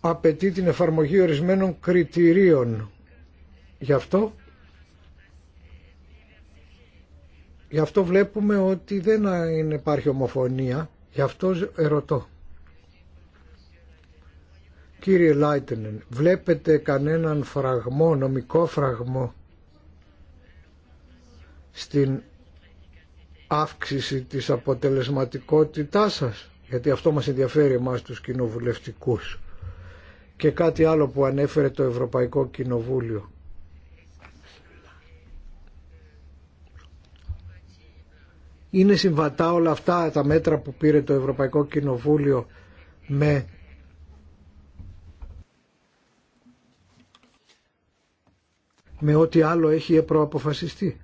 απαιτεί την εφαρμογή ορισμένων κριτηρίων. Γι' αυτό, γι αυτό βλέπουμε ότι δεν υπάρχει ομοφωνία. Γι' αυτό ερωτώ. Κύριε Λάιτενεν, βλέπετε κανέναν φραγμό, νομικό φραγμό στην αύξηση της αποτελεσματικότητάς σας γιατί αυτό μας ενδιαφέρει εμάς τους κοινοβουλευτικούς και κάτι άλλο που ανέφερε το Ευρωπαϊκό Κοινοβούλιο Είναι συμβατά όλα αυτά τα μέτρα που πήρε το Ευρωπαϊκό Κοινοβούλιο με με ό,τι άλλο έχει προαποφασιστεί.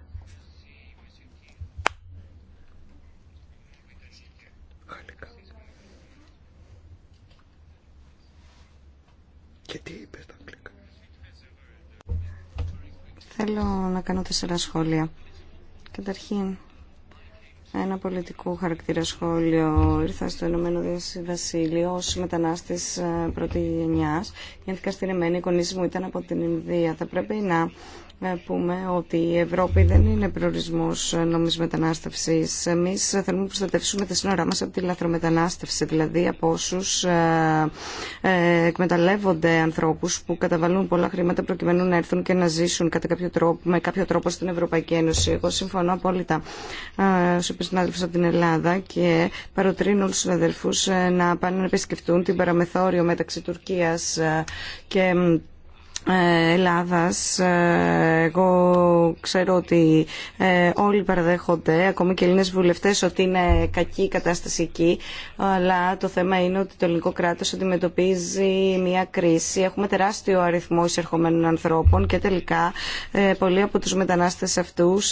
Θέλω να κάνω τέσσερα σχόλια. Καταρχήν, ένα πολιτικού χαρακτήρα σχόλιο. Ήρθα στο Ηνωμένο Βασίλειο ω μετανάστης ε, πρώτη γενιά. Γεννήθηκα στην Εμένη, η μου ήταν από την Ινδία. Θα πρέπει να πούμε ότι η Ευρώπη δεν είναι προορισμός νόμιμης μετανάστευσης. Εμείς θέλουμε να προστατεύσουμε τα σύνορά μας από τη λαθρομετανάστευση, δηλαδή από όσου ε, ε, εκμεταλλεύονται ανθρώπους που καταβαλούν πολλά χρήματα προκειμένου να έρθουν και να ζήσουν κατά κάποιο τρόπο, με κάποιο τρόπο στην Ευρωπαϊκή Ένωση. Εγώ συμφωνώ απόλυτα ε, στους συνάδελφους από την Ελλάδα και παροτρύνω όλους τους αδελφούς να πάνε να επισκεφτούν την παραμεθόριο μεταξύ Τουρκίας και ε, Ελλάδας ε, εγώ ξέρω ότι ε, όλοι παραδέχονται ακόμη και Έλληνες βουλευτές ότι είναι κακή η κατάσταση εκεί αλλά το θέμα είναι ότι το ελληνικό κράτος αντιμετωπίζει μια κρίση έχουμε τεράστιο αριθμό εισερχομένων ανθρώπων και τελικά πολλοί από τους μετανάστες αυτούς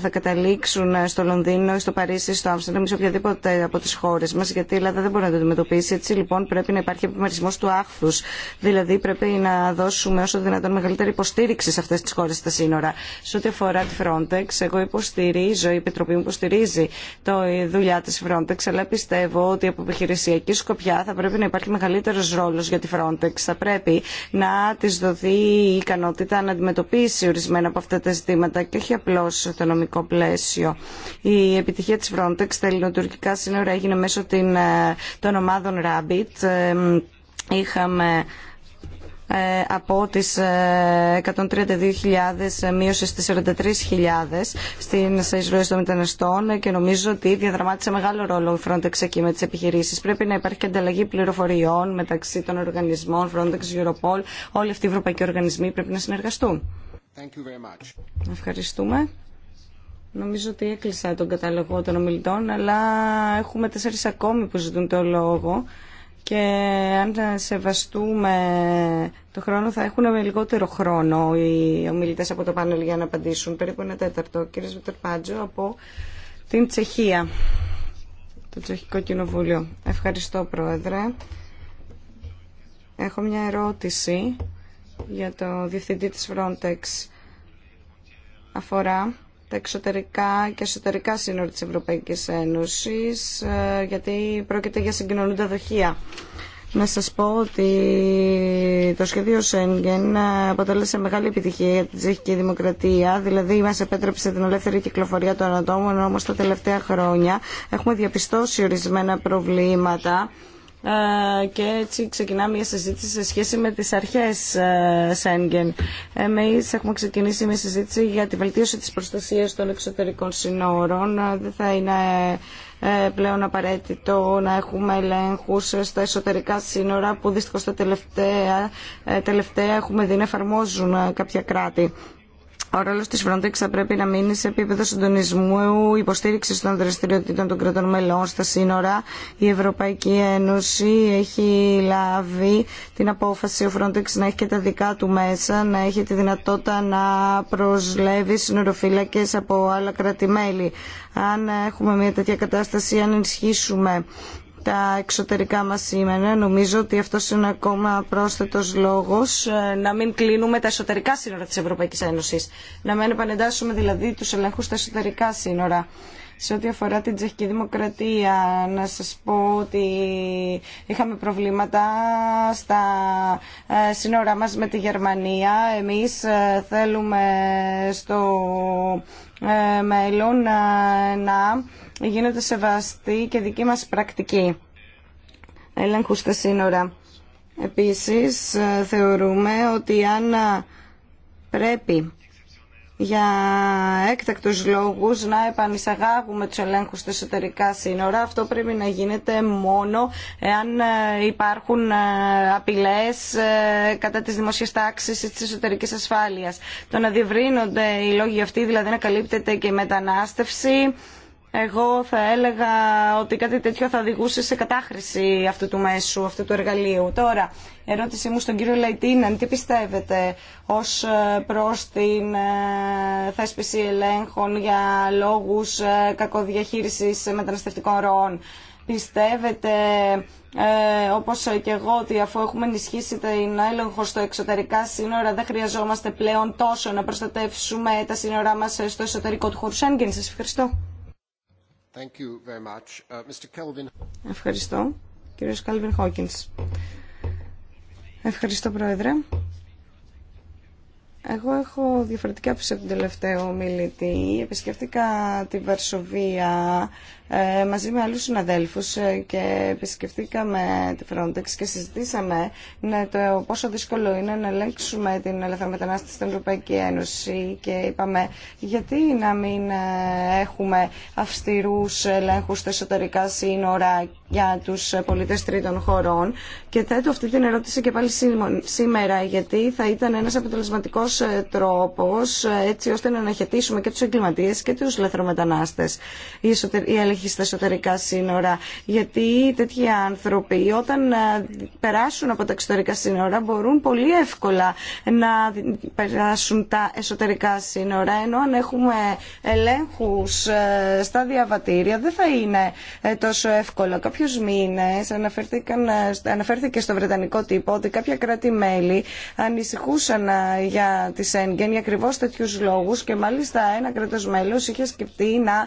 θα καταλήξουν στο Λονδίνο, στο Παρίσι, στο Άμστερνταμ ή σε οποιαδήποτε από τις χώρες μας γιατί η Ελλάδα δεν μπορεί να το αντιμετωπίσει έτσι λοιπόν πρέπει να υπάρχει επιμερισμό του άχθους δηλαδή πρέπει να δώσουμε όσο δυνατόν μεγαλύτερη υποστήριξη σε αυτές τις χώρε στα σύνορα. Σε ό,τι αφορά τη Frontex, εγώ υποστηρίζω, η Επιτροπή μου υποστηρίζει το δουλειά τη Frontex, αλλά πιστεύω ότι από επιχειρησιακή σκοπιά θα πρέπει να υπάρχει μεγαλύτερο ρόλο για τη Frontex. Θα πρέπει να τη δοθεί η ικανότητα να αντιμετωπίσει ορισμένα από αυτά τα ζητήματα και όχι απλώ το νομικό πλαίσιο. Η επιτυχία τη Frontex στα ελληνοτουρκικά σύνορα έγινε μέσω ε, των ομάδων Rabbit. Ε, είχαμε ε, από τις 132.000 ε, μείωσε στις 43.000 στις εισρωές των μεταναστών και νομίζω ότι διαδραμάτισε μεγάλο ρόλο η Frontex εκεί με τις επιχειρήσεις. Πρέπει να υπάρχει και ανταλλαγή πληροφοριών μεταξύ των οργανισμών Frontex, Europol, όλοι αυτοί οι ευρωπαϊκοί οργανισμοί πρέπει να συνεργαστούν. Ευχαριστούμε. Νομίζω ότι έκλεισα τον καταλογό των ομιλητών, αλλά έχουμε τέσσερις ακόμη που ζητούν το λόγο και αν σεβαστούμε το χρόνο θα έχουν με λιγότερο χρόνο οι ομιλητές από το πάνελ για να απαντήσουν. Περίπου ένα τέταρτο. Κύριε Πάντζο από την Τσεχία, το Τσεχικό Κοινοβούλιο. Ευχαριστώ Πρόεδρε. Έχω μια ερώτηση για το Διευθυντή της Frontex. Αφορά τα εξωτερικά και εσωτερικά σύνορα της Ευρωπαϊκής Ένωσης ε, γιατί πρόκειται για συγκοινωνούντα δοχεία. Να σας πω ότι το σχέδιο Σέγγεν ε, αποτέλεσε μεγάλη επιτυχία για την τσεχική δημοκρατία, δηλαδή μας επέτρεψε την ελεύθερη κυκλοφορία των ατόμων, όμως τα τελευταία χρόνια έχουμε διαπιστώσει ορισμένα προβλήματα ε, και έτσι ξεκινά μια συζήτηση σε σχέση με τις αρχές ε, Σέγγεν. Εμείς έχουμε ξεκινήσει μια συζήτηση για τη βελτίωση της προστασίας των εξωτερικών συνόρων. Δεν θα είναι ε, πλέον απαραίτητο να έχουμε ελέγχου στα εσωτερικά σύνορα που δυστυχώς τα τελευταία, τελευταία έχουμε δει να εφαρμόζουν κάποια κράτη ο ρόλο της Frontex θα πρέπει να μείνει σε επίπεδο συντονισμού, υποστήριξη των δραστηριοτήτων των κρατών μελών στα σύνορα. Η Ευρωπαϊκή Ένωση έχει λάβει την απόφαση ο Frontex να έχει και τα δικά του μέσα, να έχει τη δυνατότητα να προσλευει συνοροφυλακε συνοροφύλακες από άλλα κράτη-μέλη. Αν έχουμε μια τέτοια κατάσταση, αν ενισχύσουμε τα εξωτερικά μας σήμερα Νομίζω ότι αυτό είναι ακόμα πρόσθετος λόγος ε, να μην κλείνουμε τα εσωτερικά σύνορα της Ευρωπαϊκής Ένωσης. Να μην επανεντάσουμε δηλαδή τους ελέγχους στα εσωτερικά σύνορα. Σε ό,τι αφορά την τσεχική δημοκρατία, να σας πω ότι είχαμε προβλήματα στα ε, σύνορά μας με τη Γερμανία. Εμείς ε, θέλουμε στο ε, μέλων ε, να γίνεται σεβαστή και δική μας πρακτική έλεγχου στα σύνορα. Επίσης ε, θεωρούμε ότι αν πρέπει για έκτακτους λόγους να επανεισαγάγουμε τους ελέγχους στα εσωτερικά σύνορα. Αυτό πρέπει να γίνεται μόνο εάν ε, υπάρχουν ε, απειλές ε, κατά της δημοσίας τάξης ή της εσωτερικής ασφάλειας. Το να διευρύνονται οι λόγοι αυτοί, δηλαδή να καλύπτεται και η μετανάστευση, εγώ θα έλεγα ότι κάτι τέτοιο θα οδηγούσε σε κατάχρηση αυτού του μέσου, αυτού του εργαλείου. Τώρα, ερώτησή μου στον κύριο Λαϊτίναν, τι πιστεύετε ως ε, προς την ε, θέσπιση ελέγχων για λόγους ε, κακοδιαχείρισης μεταναστευτικών ροών. Πιστεύετε, ε, όπως και εγώ, ότι αφού έχουμε ενισχύσει την έλεγχο στο εξωτερικά σύνορα, δεν χρειαζόμαστε πλέον τόσο να προστατεύσουμε τα σύνορά μας στο εσωτερικό του χώρου Σέγγεν. Σας ευχαριστώ. Uh, Ευχαριστώ. Κύριος Κάλβιν Χόκκινς. Ευχαριστώ, Πρόεδρε. Εγώ έχω διαφορετική άποψη από τον τελευταίο ομιλητή. Επισκεφτήκα τη Βαρσοβία ε, μαζί με άλλους συναδέλφους ε, και επισκεφτήκαμε τη Frontex και συζητήσαμε ναι, το πόσο δύσκολο είναι να ελέγξουμε την ελευθερομετανάστευση στην Ευρωπαϊκή Ένωση και είπαμε γιατί να μην ε, έχουμε αυστηρούς ελέγχους στα εσωτερικά σύνορα για τους πολίτες τρίτων χωρών και θέτω αυτή την ερώτηση και πάλι σήμερα γιατί θα ήταν ένας αποτελεσματικός τρόπος έτσι ώστε να αναχαιτήσουμε και τους εγκληματίες και τους ελευθερομετανάστες. Η στα εσωτερικά σύνορα. Γιατί τέτοιοι άνθρωποι όταν ε, περάσουν από τα εξωτερικά σύνορα μπορούν πολύ εύκολα να περάσουν τα εσωτερικά σύνορα. Ενώ αν έχουμε ελέγχου ε, στα διαβατήρια δεν θα είναι ε, τόσο εύκολο. Κάποιου μήνε αναφέρθηκε στο Βρετανικό τύπο ότι κάποια κράτη-μέλη ανησυχούσαν για τη Σέγγεν για ακριβώ τέτοιου λόγου και μάλιστα ένα κράτο μέλο είχε σκεφτεί να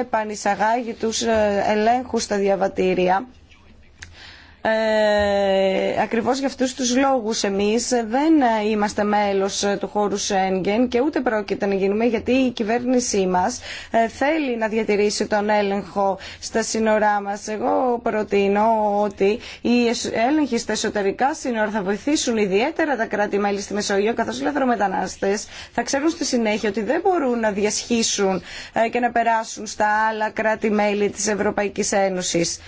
επανεισαγάγει τους ε, ελέγχους στα διαβατήρια ε, ακριβώς για αυτούς τους λόγους εμείς δεν είμαστε μέλος ε, του χώρου Σέγγεν και ούτε πρόκειται να γίνουμε γιατί η κυβέρνησή μας ε, θέλει να διατηρήσει τον έλεγχο στα σύνορά μας. Εγώ προτείνω ότι οι έλεγχοι στα εσωτερικά σύνορα θα βοηθήσουν ιδιαίτερα τα κράτη-μέλη στη Μεσόγειο καθώς οι λαθρομετανάστες θα ξέρουν στη συνέχεια ότι δεν μπορούν να διασχίσουν ε, και να περάσουν στα άλλα κράτη-μέλη της Ευρωπαϊκής Ένωσης.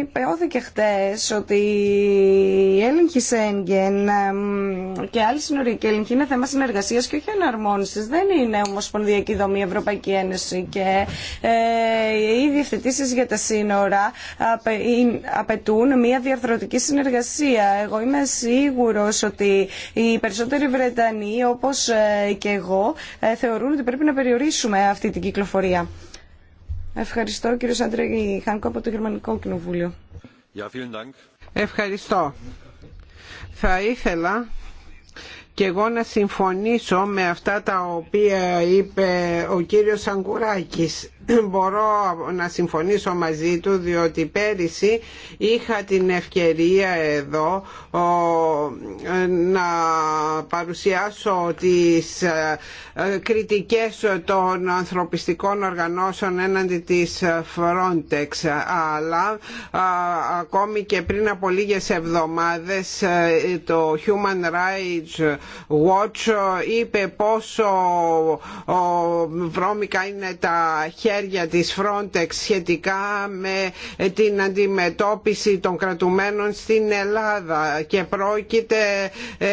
Υπεώθηκε χτες ότι η έλεγχη Σέγγεν και άλλοι συνορική έλεγχη είναι θέμα συνεργασία και όχι εναρμόνισης Δεν είναι ομοσπονδιακή δομή η Ευρωπαϊκή Ένωση και ε, οι διευθετήσει για τα σύνορα απαιτούν μια διαρθρωτική συνεργασία. Εγώ είμαι σίγουρο ότι οι περισσότεροι Βρετανοί, όπω ε, και εγώ, ε, θεωρούν ότι πρέπει να περιορίσουμε αυτή την κυκλοφορία. Ευχαριστώ κύριο Αντρέγη Χάνκο από το Γερμανικό Κοινοβούλιο. Ευχαριστώ. Θα ήθελα και εγώ να συμφωνήσω με αυτά τα οποία είπε ο κύριος Αγκουράκης μπορώ να συμφωνήσω μαζί του διότι πέρυσι είχα την ευκαιρία εδώ να παρουσιάσω τις ε, κριτικές των ανθρωπιστικών οργανώσεων έναντι της Frontex αλλά ε, ακόμη και πριν από λίγες εβδομάδες ε, το Human Rights Watch είπε πόσο βρώμικα είναι τα χέρια χέρια της Frontex σχετικά με ε, την αντιμετώπιση των κρατουμένων στην Ελλάδα και πρόκειται ε,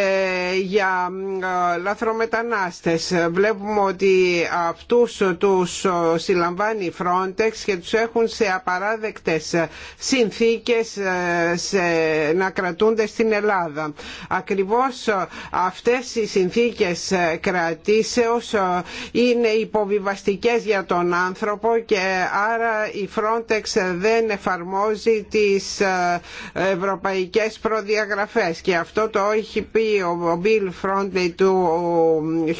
για ε, λαθρομετανάστες. Βλέπουμε ότι αυτούς τους συλλαμβάνει η Frontex και τους έχουν σε απαράδεκτες συνθήκες να κρατούνται στην Ελλάδα. Ακριβώς αυτές οι συνθήκες κρατήσεως είναι υποβιβαστικές για τον άνθρωπο και άρα η Frontex δεν εφαρμόζει τις ε, ευρωπαϊκές προδιαγραφές και αυτό το έχει πει ο Bill Frontley του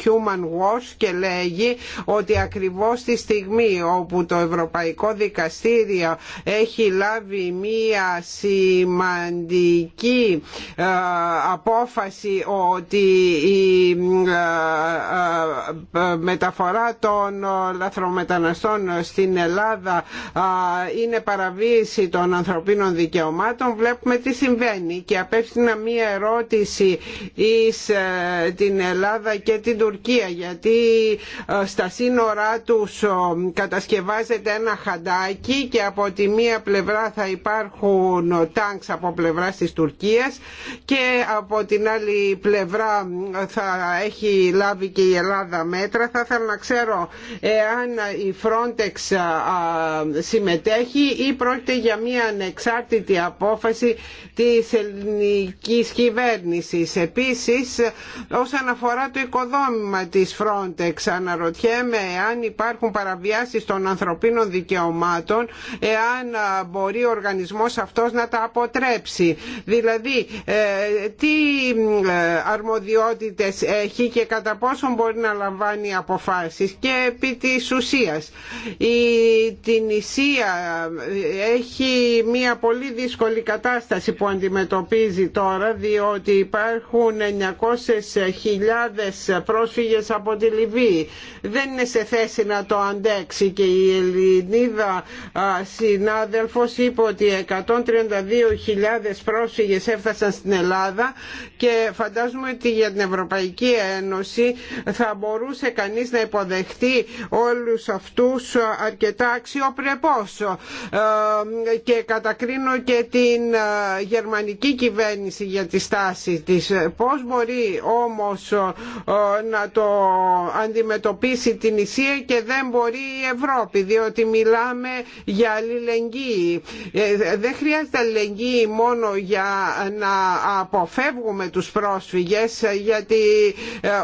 Human Watch και λέγει ότι ακριβώς τη στιγμή όπου το Ευρωπαϊκό Δικαστήριο έχει λάβει μία σημαντική ε, απόφαση ότι η ε, μεταφορά των λαθρομεταναστών στην Ελλάδα είναι παραβίαση των ανθρωπίνων δικαιωμάτων βλέπουμε τι συμβαίνει και να μία ερώτηση εις ε, την Ελλάδα και την Τουρκία γιατί ε, στα σύνορά τους ε, κατασκευάζεται ένα χαντάκι και από τη μία πλευρά θα υπάρχουν τάγκς από πλευρά της Τουρκίας και από την άλλη πλευρά θα έχει λάβει και η Ελλάδα μέτρα θα ήθελα να ξέρω εάν η Frontex Frontex συμμετέχει ή πρόκειται για μια ανεξάρτητη απόφαση της ελληνικής κυβέρνησης. Επίσης, όσον αφορά το οικοδόμημα της Frontex, αναρωτιέμαι αν υπάρχουν παραβιάσεις των ανθρωπίνων δικαιωμάτων, εάν μπορεί ο οργανισμός αυτός να τα αποτρέψει. Δηλαδή, ε, τι ε, αρμοδιότητες έχει και κατά πόσο μπορεί να λαμβάνει αποφάσεις και επί της ουσίας. Η Τινησία έχει μια πολύ δύσκολη κατάσταση που αντιμετωπίζει τώρα διότι υπάρχουν 900.000 πρόσφυγες από τη Λιβύη. Δεν είναι σε θέση να το αντέξει και η Ελληνίδα συνάδελφος είπε ότι 132.000 πρόσφυγες έφτασαν στην Ελλάδα και φαντάζομαι ότι για την Ευρωπαϊκή Ένωση θα μπορούσε κανείς να υποδεχτεί όλους αυτούς αρκετά αξιοπρεπώς ε, και κατακρίνω και την ε, γερμανική κυβέρνηση για τη στάση της. Πώς μπορεί όμως ε, να το αντιμετωπίσει την Ισία και δεν μπορεί η Ευρώπη διότι μιλάμε για αλληλεγγύη. Δεν χρειάζεται αλληλεγγύη μόνο για να αποφεύγουμε τους πρόσφυγες γιατί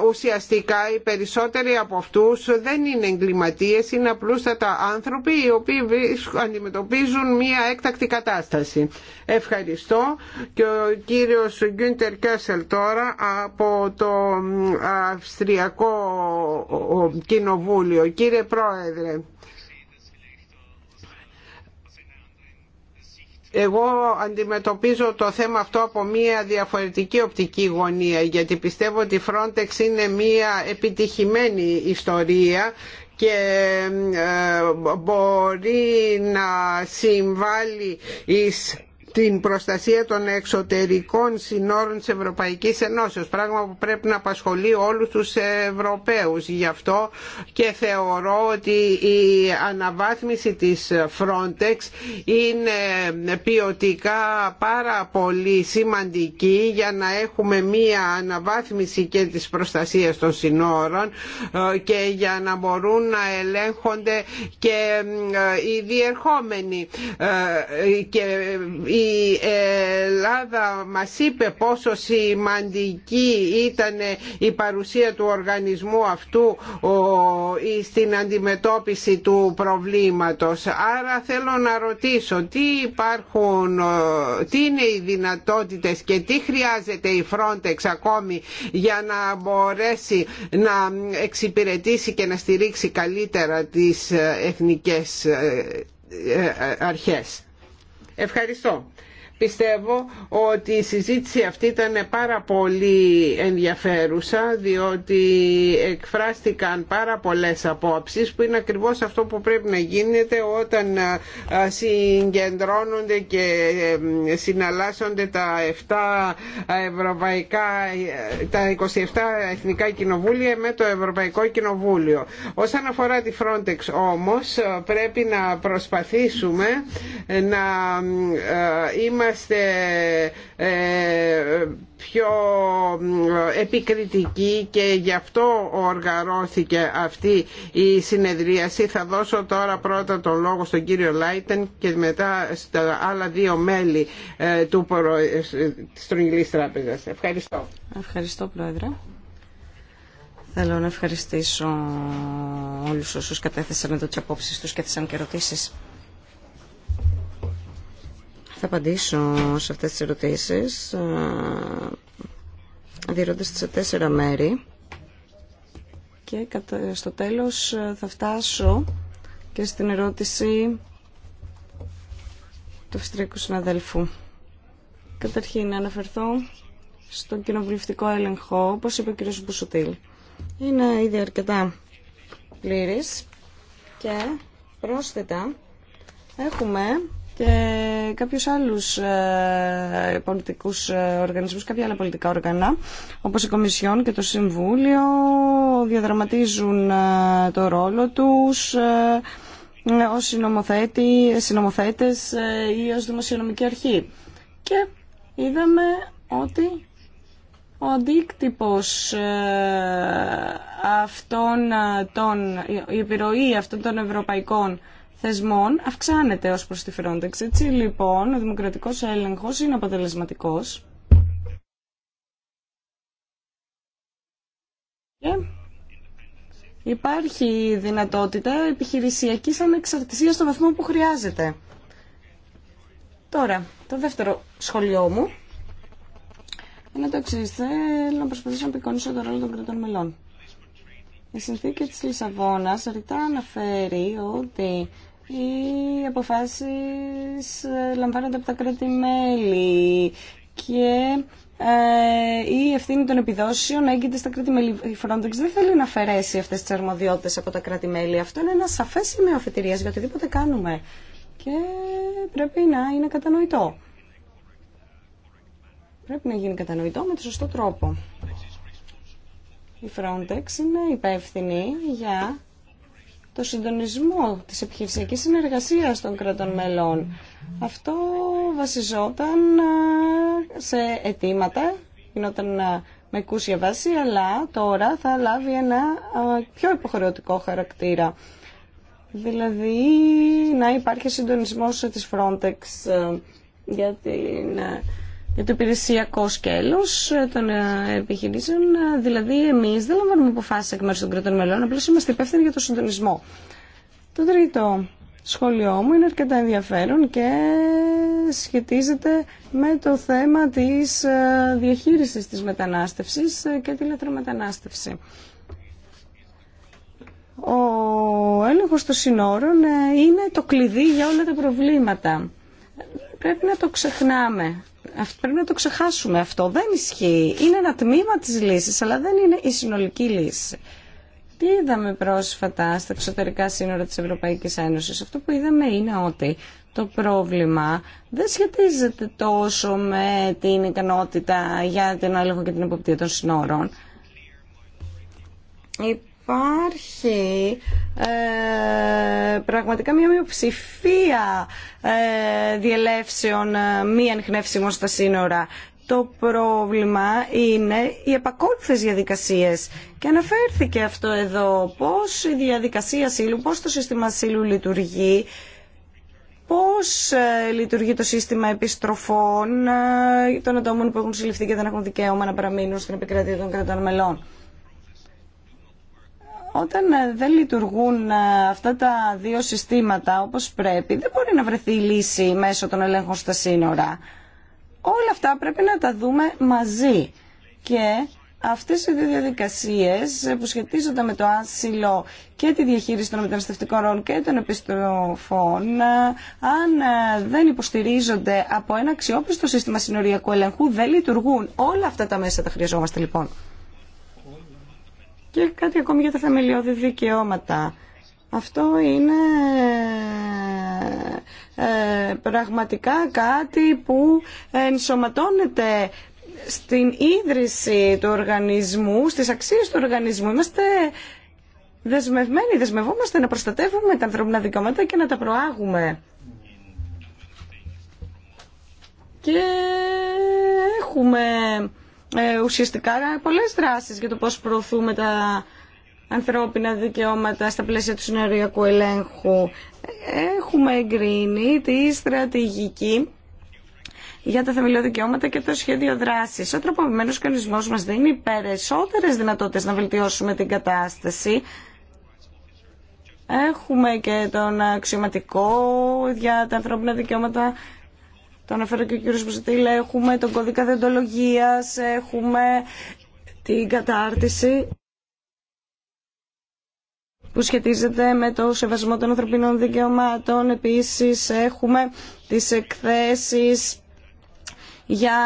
ουσιαστικά οι περισσότεροι από αυτούς δεν είναι εγκληματίες, είναι σε άνθρωποι οι οποίοι αντιμετωπίζουν μια έκτακτη κατάσταση. Ευχαριστώ και ο κύριος Γκίντερ Κέσελ τώρα από το Αυστριακό Κοινοβούλιο. Κύριε Πρόεδρε, Εγώ αντιμετωπίζω το θέμα αυτό από μια διαφορετική οπτική γωνία γιατί πιστεύω ότι η Frontex είναι μια επιτυχημένη ιστορία και ε, μπορεί να συμβάλλει εις την προστασία των εξωτερικών συνόρων της Ευρωπαϊκής Ενώσεως πράγμα που πρέπει να απασχολεί όλους τους Ευρωπαίους γι' αυτό και θεωρώ ότι η αναβάθμιση της Frontex είναι ποιοτικά πάρα πολύ σημαντική για να έχουμε μία αναβάθμιση και της προστασίας των συνόρων ε, και για να μπορούν να ελέγχονται και ε, οι διερχόμενοι ε, και η Ελλάδα μας είπε πόσο σημαντική ήταν η παρουσία του οργανισμού αυτού στην αντιμετώπιση του προβλήματος. Άρα θέλω να ρωτήσω τι υπάρχουν, τι είναι οι δυνατότητες και τι χρειάζεται η Frontex ακόμη για να μπορέσει να εξυπηρετήσει και να στηρίξει καλύτερα τις ε, εθνικές ε, ε, αρχές. Ευχαριστώ. Πιστεύω ότι η συζήτηση αυτή ήταν πάρα πολύ ενδιαφέρουσα διότι εκφράστηκαν πάρα πολλές απόψεις που είναι ακριβώς αυτό που πρέπει να γίνεται όταν ε, ε, συγκεντρώνονται και ε, συναλλάσσονται τα 7 ευρωπαϊκά, τα 27 εθνικά κοινοβούλια με το Ευρωπαϊκό Κοινοβούλιο. Όσον αφορά τη Frontex όμως πρέπει να προσπαθήσουμε να είμαστε είμαστε ε, πιο επικριτικοί και γι' αυτό οργανώθηκε αυτή η συνεδρίαση. Θα δώσω τώρα πρώτα τον λόγο στον κύριο Λάιτεν και μετά στα άλλα δύο μέλη ε, του προ... Ε, της Τράπεζας. Ευχαριστώ. Ευχαριστώ Πρόεδρε. Θέλω να ευχαριστήσω όλους όσους κατέθεσαν εδώ τις απόψεις τους και τις ερωτήσει. Θα απαντήσω σε αυτές τις ερωτήσεις ε, διερώντας σε τέσσερα μέρη και στο τέλος ε, θα φτάσω και στην ερώτηση του Αυστριακού συναδέλφου. Καταρχήν, να αναφερθώ στον κοινοβουλευτικό έλεγχο, όπως είπε ο κ. Μπουσουτήλ. Είναι ήδη αρκετά πλήρης και πρόσθετα έχουμε και κάποιους άλλους ε, πολιτικούς ε, οργανισμούς, κάποια άλλα πολιτικά όργανα, όπως η Κομισιόν και το Συμβούλιο, διαδραματίζουν ε, το ρόλο τους ως συνομοθέτες ή ως δημοσιονομική αρχή. Και είδαμε ότι ο αντίκτυπος αυτών των, η επιρροή αυτών των ευρωπαϊκών θεσμών αυξάνεται ως προς τη Frontex. Έτσι λοιπόν ο δημοκρατικός έλεγχος είναι αποτελεσματικός. Και υπάρχει δυνατότητα επιχειρησιακής ανεξαρτησίας στο βαθμό που χρειάζεται. Τώρα, το δεύτερο σχολείο μου είναι το εξή. Θέλω να προσπαθήσω να πεικονίσω το ρόλο των κρατών μελών. Η συνθήκη της Λισαβόνας ρητά αναφέρει ότι οι αποφάσεις ε, λαμβάνονται από τα κράτη-μέλη και ε, η ευθύνη των επιδόσεων έγκυται στα κράτη-μέλη. Η Frontex δεν θέλει να αφαιρέσει αυτές τις αρμοδιότητες από τα κράτη-μέλη. Αυτό είναι ένα σαφές σημείο αφετηρίας για οτιδήποτε κάνουμε και πρέπει να είναι κατανοητό. Πρέπει να γίνει κατανοητό με τον σωστό τρόπο. Η Frontex είναι υπεύθυνη για το συντονισμό της επιχειρησιακής συνεργασίας των κρατών μελών. Αυτό βασιζόταν σε αιτήματα, γινόταν με κούσια βάση, αλλά τώρα θα λάβει ένα πιο υποχρεωτικό χαρακτήρα. Δηλαδή να υπάρχει συντονισμός της Frontex για την για το υπηρεσιακό σκέλο ε, των ε, επιχειρήσεων. Ε, δηλαδή, εμείς δεν λαμβάνουμε αποφάσει εκ μέρου των κρατών μελών, απλώ είμαστε υπεύθυνοι για το συντονισμό. Το τρίτο σχόλιο μου είναι αρκετά ενδιαφέρον και σχετίζεται με το θέμα της διαχείρισης της μετανάστευσης και τη λατρομετανάστευση. Ο έλεγχος των συνόρων είναι το κλειδί για όλα τα προβλήματα. Πρέπει να το ξεχνάμε Πρέπει να το ξεχάσουμε αυτό. Δεν ισχύει. Είναι ένα τμήμα της λύσης, αλλά δεν είναι η συνολική λύση. Τι είδαμε πρόσφατα στα εξωτερικά σύνορα της Ευρωπαϊκής Ένωσης. Αυτό που είδαμε είναι ότι το πρόβλημα δεν σχετίζεται τόσο με την ικανότητα για την έλεγχο και την εποπτεία των συνόρων υπάρχει ε, πραγματικά μια μειοψηφία ε, διελεύσεων ε, μη ανιχνεύσιμων στα σύνορα. Το πρόβλημα είναι οι επακόλουθες διαδικασίες. Και αναφέρθηκε αυτό εδώ, πώς η διαδικασία ασύλου, πώς το σύστημα ασύλου λειτουργεί, πώς ε, λειτουργεί το σύστημα επιστροφών ε, των ατόμων που έχουν συλληφθεί και δεν έχουν δικαίωμα να παραμείνουν στην επικρατεία των κρατών μελών. Όταν ε, δεν λειτουργούν ε, αυτά τα δύο συστήματα όπως πρέπει, δεν μπορεί να βρεθεί λύση μέσω των ελέγχων στα σύνορα. Όλα αυτά πρέπει να τα δούμε μαζί. Και αυτές οι δύο διαδικασίες ε, που σχετίζονται με το άσυλο και τη διαχείριση των μεταναστευτικών ρόλων και των επιστροφών, αν δεν υποστηρίζονται από ένα αξιόπιστο σύστημα συνοριακού ελεγχού, δεν λειτουργούν. Όλα αυτά τα μέσα τα χρειαζόμαστε λοιπόν και κάτι ακόμη για τα θεμελιώδη δικαιώματα. Αυτό είναι ε, πραγματικά κάτι που ενσωματώνεται στην ίδρυση του οργανισμού, στις αξίες του οργανισμού. Είμαστε δεσμευμένοι, δεσμευόμαστε να προστατεύουμε τα ανθρώπινα δικαιώματα και να τα προάγουμε. Και έχουμε ε, ουσιαστικά πολλές δράσεις για το πώς προωθούμε τα ανθρώπινα δικαιώματα στα πλαίσια του συνοριακού ελέγχου. Έχουμε εγκρίνει τη στρατηγική για τα θεμελιώδη δικαιώματα και το σχέδιο δράση. Ο τροποποιημένο κανονισμό μα δίνει περισσότερε δυνατότητε να βελτιώσουμε την κατάσταση. Έχουμε και τον αξιωματικό για τα ανθρώπινα δικαιώματα το αναφέρω και ο κύριος Μπουζετήλα, έχουμε τον κώδικα διοντολογίας, έχουμε την κατάρτιση που σχετίζεται με το σεβασμό των ανθρωπίνων δικαιωμάτων. Επίσης έχουμε τις εκθέσεις για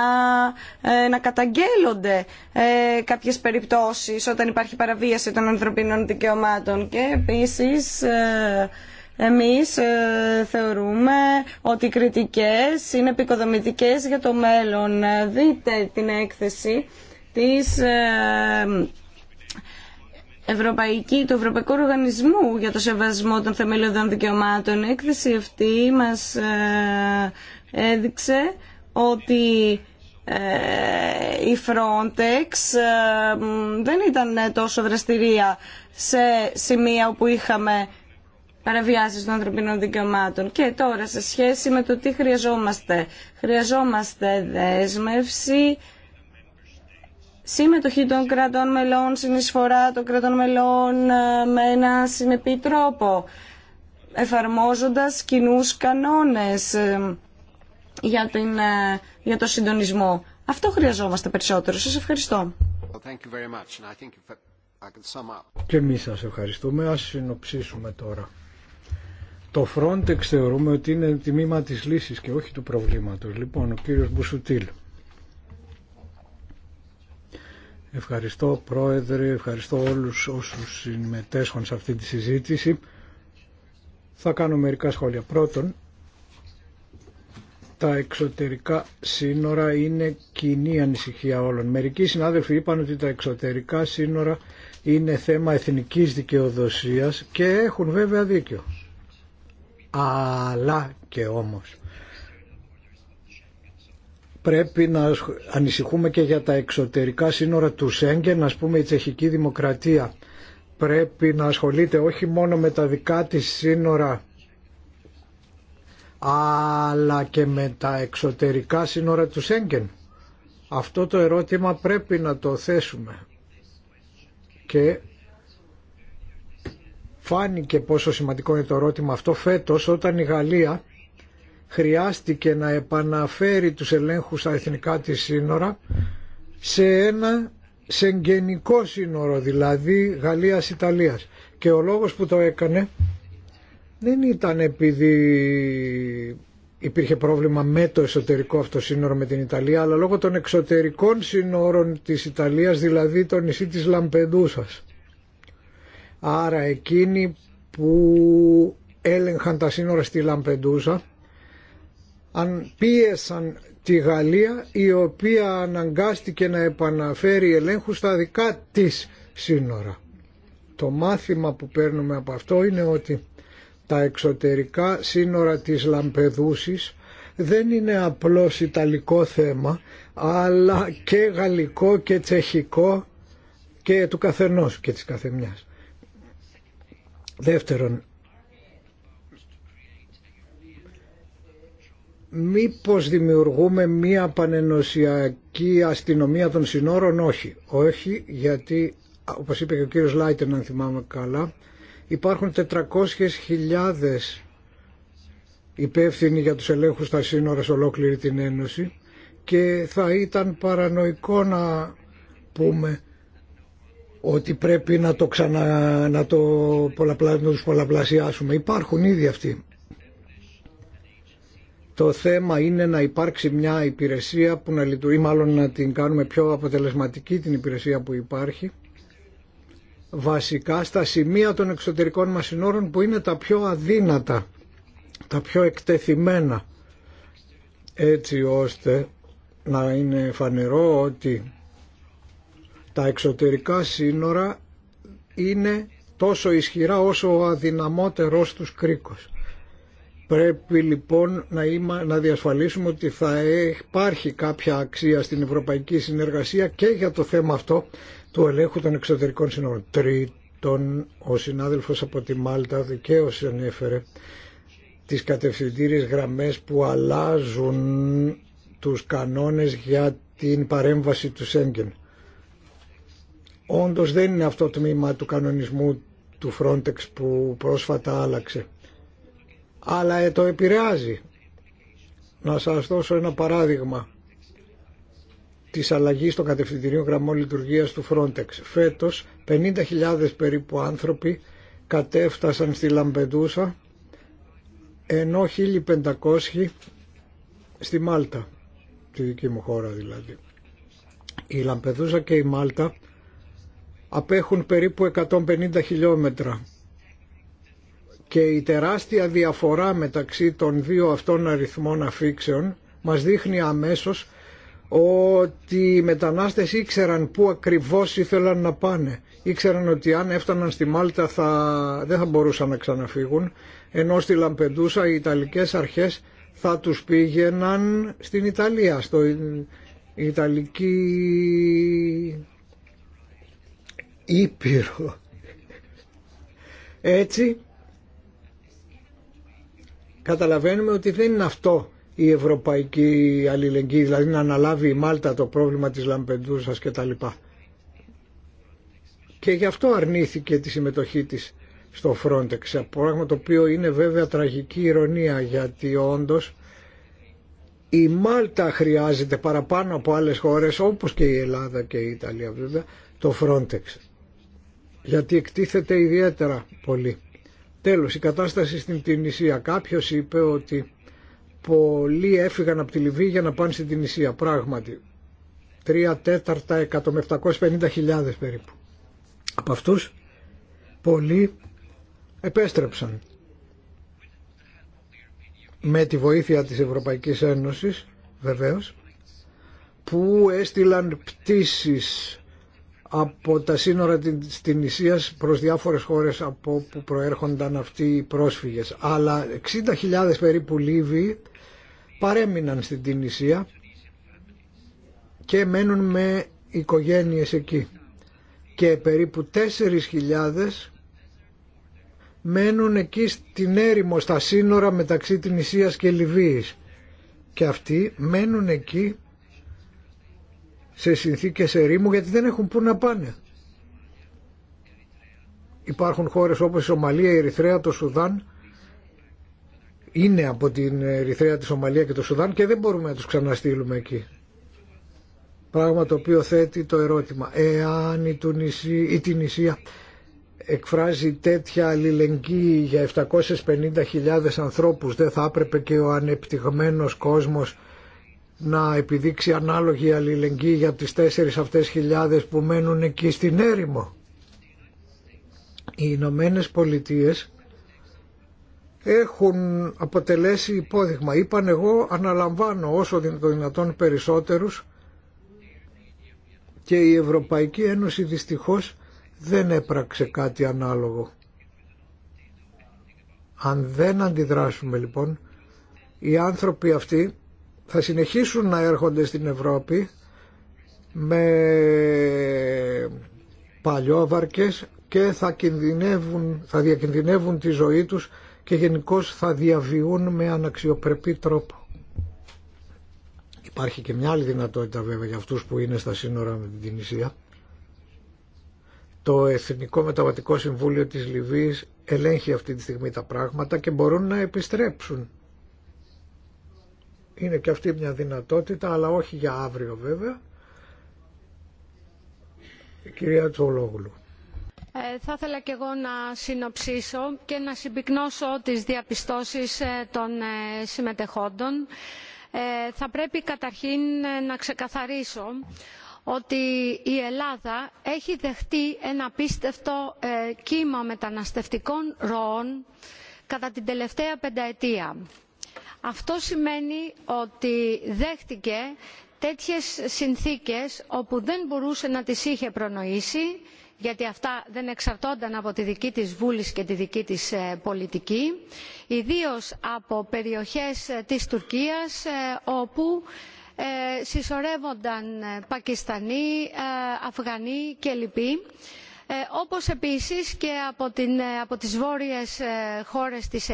ε, να καταγγέλλονται ε, κάποιες περιπτώσεις όταν υπάρχει παραβίαση των ανθρωπίνων δικαιωμάτων. Και επίσης ε, εμείς ε, θεωρούμε ότι οι κριτικές είναι επικοδομητικές για το μέλλον. Ε, δείτε την έκθεση της ε, Ευρωπαϊκή, του Ευρωπαϊκού Οργανισμού για το Σεβασμό των Θεμελιωδών Δικαιωμάτων. Η έκθεση αυτή μας έδειξε ότι η Frontex δεν ήταν τόσο δραστηρία σε σημεία όπου είχαμε παραβιάσεις των ανθρωπίνων δικαιωμάτων. Και τώρα σε σχέση με το τι χρειαζόμαστε. Χρειαζόμαστε δέσμευση, συμμετοχή των κρατών μελών, συνεισφορά των κρατών μελών ε, με ένα συνεπή τρόπο, εφαρμόζοντας κοινού κανόνες ε, για, την, ε, για το συντονισμό. Αυτό χρειαζόμαστε περισσότερο. Σας ευχαριστώ. Και εμείς σας ευχαριστούμε. Ας συνοψίσουμε τώρα. Το Frontex θεωρούμε ότι είναι τιμήμα της λύσης και όχι του προβλήματος. Λοιπόν, ο κύριος Μπουσουτήλ. Ευχαριστώ Πρόεδρε, ευχαριστώ όλους όσους συμμετέσχουν σε αυτή τη συζήτηση. Θα κάνω μερικά σχόλια. Πρώτον, τα εξωτερικά σύνορα είναι κοινή ανησυχία όλων. Μερικοί συνάδελφοι είπαν ότι τα εξωτερικά σύνορα είναι θέμα εθνικής δικαιοδοσίας και έχουν βέβαια δίκιο. Αλλά και όμως πρέπει να ανησυχούμε και για τα εξωτερικά σύνορα του Σέγγεν, ας πούμε η τσεχική δημοκρατία πρέπει να ασχολείται όχι μόνο με τα δικά της σύνορα αλλά και με τα εξωτερικά σύνορα του Σέγγεν. Αυτό το ερώτημα πρέπει να το θέσουμε και Φάνηκε πόσο σημαντικό είναι το ερώτημα αυτό φέτος όταν η Γαλλία χρειάστηκε να επαναφέρει τους ελέγχους στα εθνικά της σύνορα σε ένα σεγγενικό σύνορο, δηλαδή Γαλλίας-Ιταλίας. Και ο λόγος που το έκανε δεν ήταν επειδή υπήρχε πρόβλημα με το εσωτερικό αυτό σύνορο με την Ιταλία, αλλά λόγω των εξωτερικών σύνορων της Ιταλίας, δηλαδή το νησί της Λαμπεντούσας. Άρα εκείνοι που έλεγχαν τα σύνορα στη Λαμπεντούζα αν πίεσαν τη Γαλλία η οποία αναγκάστηκε να επαναφέρει ελέγχου στα δικά της σύνορα. Το μάθημα που παίρνουμε από αυτό είναι ότι τα εξωτερικά σύνορα της Λαμπεδούσης δεν είναι απλώς ιταλικό θέμα αλλά και γαλλικό και τσεχικό και του καθενός και της καθεμιάς. Δεύτερον, μήπως δημιουργούμε μία πανενοσιακή αστυνομία των συνόρων, όχι. Όχι, γιατί, όπως είπε και ο κύριος Λάιτεν, αν θυμάμαι καλά, υπάρχουν 400.000 υπεύθυνοι για τους ελέγχους στα σύνορα σε ολόκληρη την Ένωση και θα ήταν παρανοϊκό να πούμε ότι πρέπει να το, ξανα, να το πολλαπλασιάσουμε. Υπάρχουν ήδη αυτοί. Το θέμα είναι να υπάρξει μια υπηρεσία που να λειτουργεί, μάλλον να την κάνουμε πιο αποτελεσματική την υπηρεσία που υπάρχει, βασικά στα σημεία των εξωτερικών μας συνόρων που είναι τα πιο αδύνατα, τα πιο εκτεθειμένα, έτσι ώστε να είναι φανερό ότι τα εξωτερικά σύνορα είναι τόσο ισχυρά όσο ο αδυναμότερος τους κρίκος. Πρέπει λοιπόν να, είμα, να διασφαλίσουμε ότι θα υπάρχει κάποια αξία στην ευρωπαϊκή συνεργασία και για το θέμα αυτό του ελέγχου των εξωτερικών σύνορων. Τρίτον, ο συνάδελφος από τη Μάλτα δικαίως ανέφερε τις κατευθυντήριες γραμμές που αλλάζουν τους κανόνες για την παρέμβαση του Σέγγεν. Όντως δεν είναι αυτό το τμήμα του κανονισμού του Frontex που πρόσφατα άλλαξε. Αλλά ε, το επηρεάζει. Να σας δώσω ένα παράδειγμα της αλλαγής των κατευθυντηρίων γραμμών λειτουργίας του Frontex. Φέτος 50.000 περίπου άνθρωποι κατέφτασαν στη Λαμπεντούσα ενώ 1.500 στη Μάλτα, τη δική μου χώρα δηλαδή. Η Λαμπεδούσα και η Μάλτα απέχουν περίπου 150 χιλιόμετρα και η τεράστια διαφορά μεταξύ των δύο αυτών αριθμών αφήξεων μας δείχνει αμέσως ότι οι μετανάστες ήξεραν πού ακριβώς ήθελαν να πάνε. Ήξεραν ότι αν έφταναν στη Μάλτα θα... δεν θα μπορούσαν να ξαναφύγουν, ενώ στη Λαμπεντούσα οι Ιταλικές αρχές θα τους πήγαιναν στην Ιταλία, στο Ιταλική Ήπειρο. Έτσι καταλαβαίνουμε ότι δεν είναι αυτό η ευρωπαϊκή αλληλεγγύη, δηλαδή να αναλάβει η Μάλτα το πρόβλημα της Λαμπεντούσας και τα λοιπά. Και γι' αυτό αρνήθηκε τη συμμετοχή της στο Frontex, πράγμα το οποίο είναι βέβαια τραγική ηρωνία γιατί όντως η Μάλτα χρειάζεται παραπάνω από άλλες χώρες όπως και η Ελλάδα και η Ιταλία βέβαια το Frontex γιατί εκτίθεται ιδιαίτερα πολύ. Τέλος, η κατάσταση στην Τινησία. Κάποιος είπε ότι πολλοί έφυγαν από τη Λιβύη για να πάνε στην Τινησία. Πράγματι, 3 τέταρτα πενήντα περίπου. Από αυτούς, πολλοί επέστρεψαν με τη βοήθεια της Ευρωπαϊκής Ένωσης, βεβαίως, που έστειλαν πτήσεις από τα σύνορα της Τινησίας προς διάφορες χώρες από που προέρχονταν αυτοί οι πρόσφυγες. Αλλά 60.000 περίπου Λίβοι παρέμειναν στην Τινησία και μένουν με οικογένειες εκεί. Και περίπου 4.000 μένουν εκεί στην έρημο στα σύνορα μεταξύ Τινησίας και Λιβύης. Και αυτοί μένουν εκεί σε συνθήκες ερήμου γιατί δεν έχουν που να πάνε. Υπάρχουν χώρες όπως η Σομαλία, η Ερυθρέα, το Σουδάν είναι από την Ερυθρέα, τη Σομαλία και το Σουδάν και δεν μπορούμε να τους ξαναστείλουμε εκεί. Πράγμα το οποίο θέτει το ερώτημα εάν η, Τουνησία, η Τινησία εκφράζει τέτοια αλληλεγγύη για 750.000 ανθρώπους δεν θα έπρεπε και ο ανεπτυγμένος κόσμος να επιδείξει ανάλογη αλληλεγγύη για τις τέσσερις αυτές χιλιάδες που μένουν εκεί στην έρημο. Οι Ηνωμένε Πολιτείες έχουν αποτελέσει υπόδειγμα. Είπαν εγώ αναλαμβάνω όσο το δυνατόν περισσότερους και η Ευρωπαϊκή Ένωση δυστυχώς δεν έπραξε κάτι ανάλογο. Αν δεν αντιδράσουμε λοιπόν, οι άνθρωποι αυτοί θα συνεχίσουν να έρχονται στην Ευρώπη με παλιόβαρκες και θα, κινδυνεύουν, θα διακινδυνεύουν τη ζωή τους και γενικώ θα διαβιούν με αναξιοπρεπή τρόπο. Υπάρχει και μια άλλη δυνατότητα βέβαια για αυτούς που είναι στα σύνορα με την Τινησία. Το Εθνικό Μεταβατικό Συμβούλιο της Λιβύης ελέγχει αυτή τη στιγμή τα πράγματα και μπορούν να επιστρέψουν είναι και αυτή μια δυνατότητα, αλλά όχι για αύριο βέβαια. κυρία Τσολόγλου. Ε, θα ήθελα και εγώ να συνοψίσω και να συμπυκνώσω τις διαπιστώσεις ε, των ε, συμμετεχόντων. θα πρέπει καταρχήν να ξεκαθαρίσω ότι η Ελλάδα έχει δεχτεί ένα απίστευτο κύμα μεταναστευτικών ροών κατά την τελευταία πενταετία αυτό σημαίνει ότι δέχτηκε τέτοιες συνθήκες όπου δεν μπορούσε να τις είχε προνοήσει γιατί αυτά δεν εξαρτώνταν από τη δική της βούληση και τη δική της ε, πολιτική ιδίως από περιοχές ε, της τουρκίας ε, όπου συσσωρεύονταν πακιστανοί αφγανοί και λοιποί όπως επίσης και από τις βόρειες χώρες της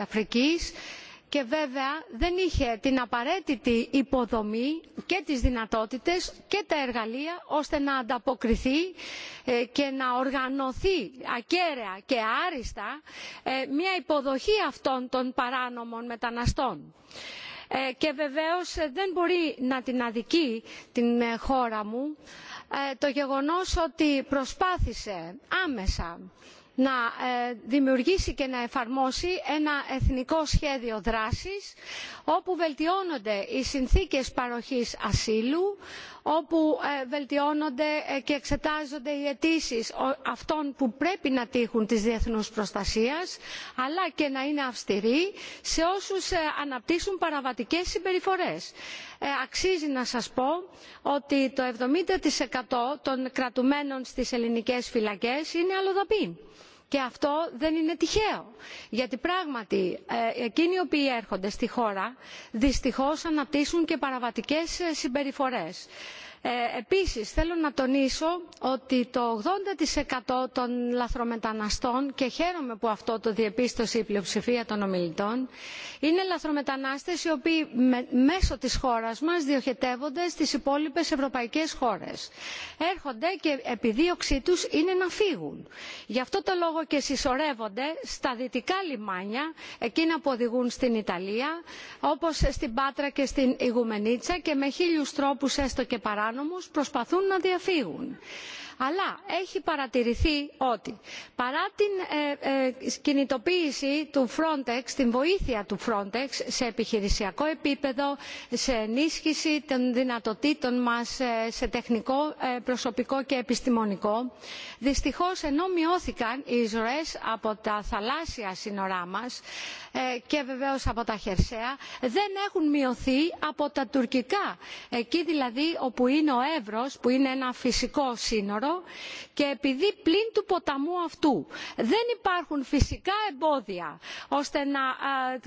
αφρικής και βέβαια δεν είχε την απαραίτητη υποδομή και τις δυνατότητες και τα εργαλεία ώστε να ανταποκριθεί ε, και να οργανωθεί ακέραια και άριστα ε, μια υποδοχή αυτών των παράνομων μεταναστών ε, και βεβαίως δεν μπορεί να την αδικεί την χώρα μου το γεγονός ότι προσπάθησε άμεσα να ε, δημιουργήσει και να εφαρμόσει ένα εθνικό σχέδιο δράσης όπου βελτιώνονται οι συνθήκες παροχής ασύλου όπου ε, βελτιώνονται ε, και εξετάζονται οι αιτήσει αυτών που πρέπει να τύχουν της διεθνούς προστασίας αλλά και να είναι αυστηροί σε όσους αναπτύσσουν παραβατικές συμπεριφορές. Ε, αξίζει να σας πω ότι το 70% των κρατουμένων στις ελληνικές φυλακές είναι αλλοδαποί και αυτό δεν είναι τυχαίο γιατί πράγματι ε, εκείνοι οι οποίοι έρχονται στη χώρα δυστυχώς αναπτύσσουν και παραβατικές ε, συμπεριφορές. Ε, επίσης θέλω να τονίσω ότι το 80% των λαθρομεταναστών και χαίρομαι που αυτό το διεπίστωσε η πλειοψηφία των ομιλητών είναι λαθρομετανάστες οι οποίοι μέσω της χώρας μας διοχετεύονται στις υπόλοιπες ευρωπαϊκές χώρες. έρχονται και επιδίωξή τους είναι να φύγουν. γι' αυτό το λόγο και συσσωρεύονται στα δυτικά λιμάνια εκείνα που οδηγούν στην ιταλία όπως στην πάτρα και στην ιγουμενίτσα και με χίλιους τρόπους έστω και παράνομους παράνομους προσπαθούν να διαφύγουν. Αλλά έχει παρατηρηθεί ότι παρά την ε, ε, κινητοποίηση του Frontex, την βοήθεια του Frontex σε επιχειρησιακό επίπεδο, σε ενίσχυση των δυνατοτήτων μας, ε, σε τεχνικό, προσωπικό και επιστημονικό, δυστυχώς ενώ μειώθηκαν οι εισρωές από τα θαλάσσια σύνορά μας, ε, και βεβαίως από τα χερσαία δεν έχουν μειωθεί από τα τουρκικά εκεί δηλαδή όπου είναι ο εύρος που είναι ένα φυσικό σύνορο και επειδή πλην του ποταμού αυτού δεν υπάρχουν φυσικά εμπόδια ώστε να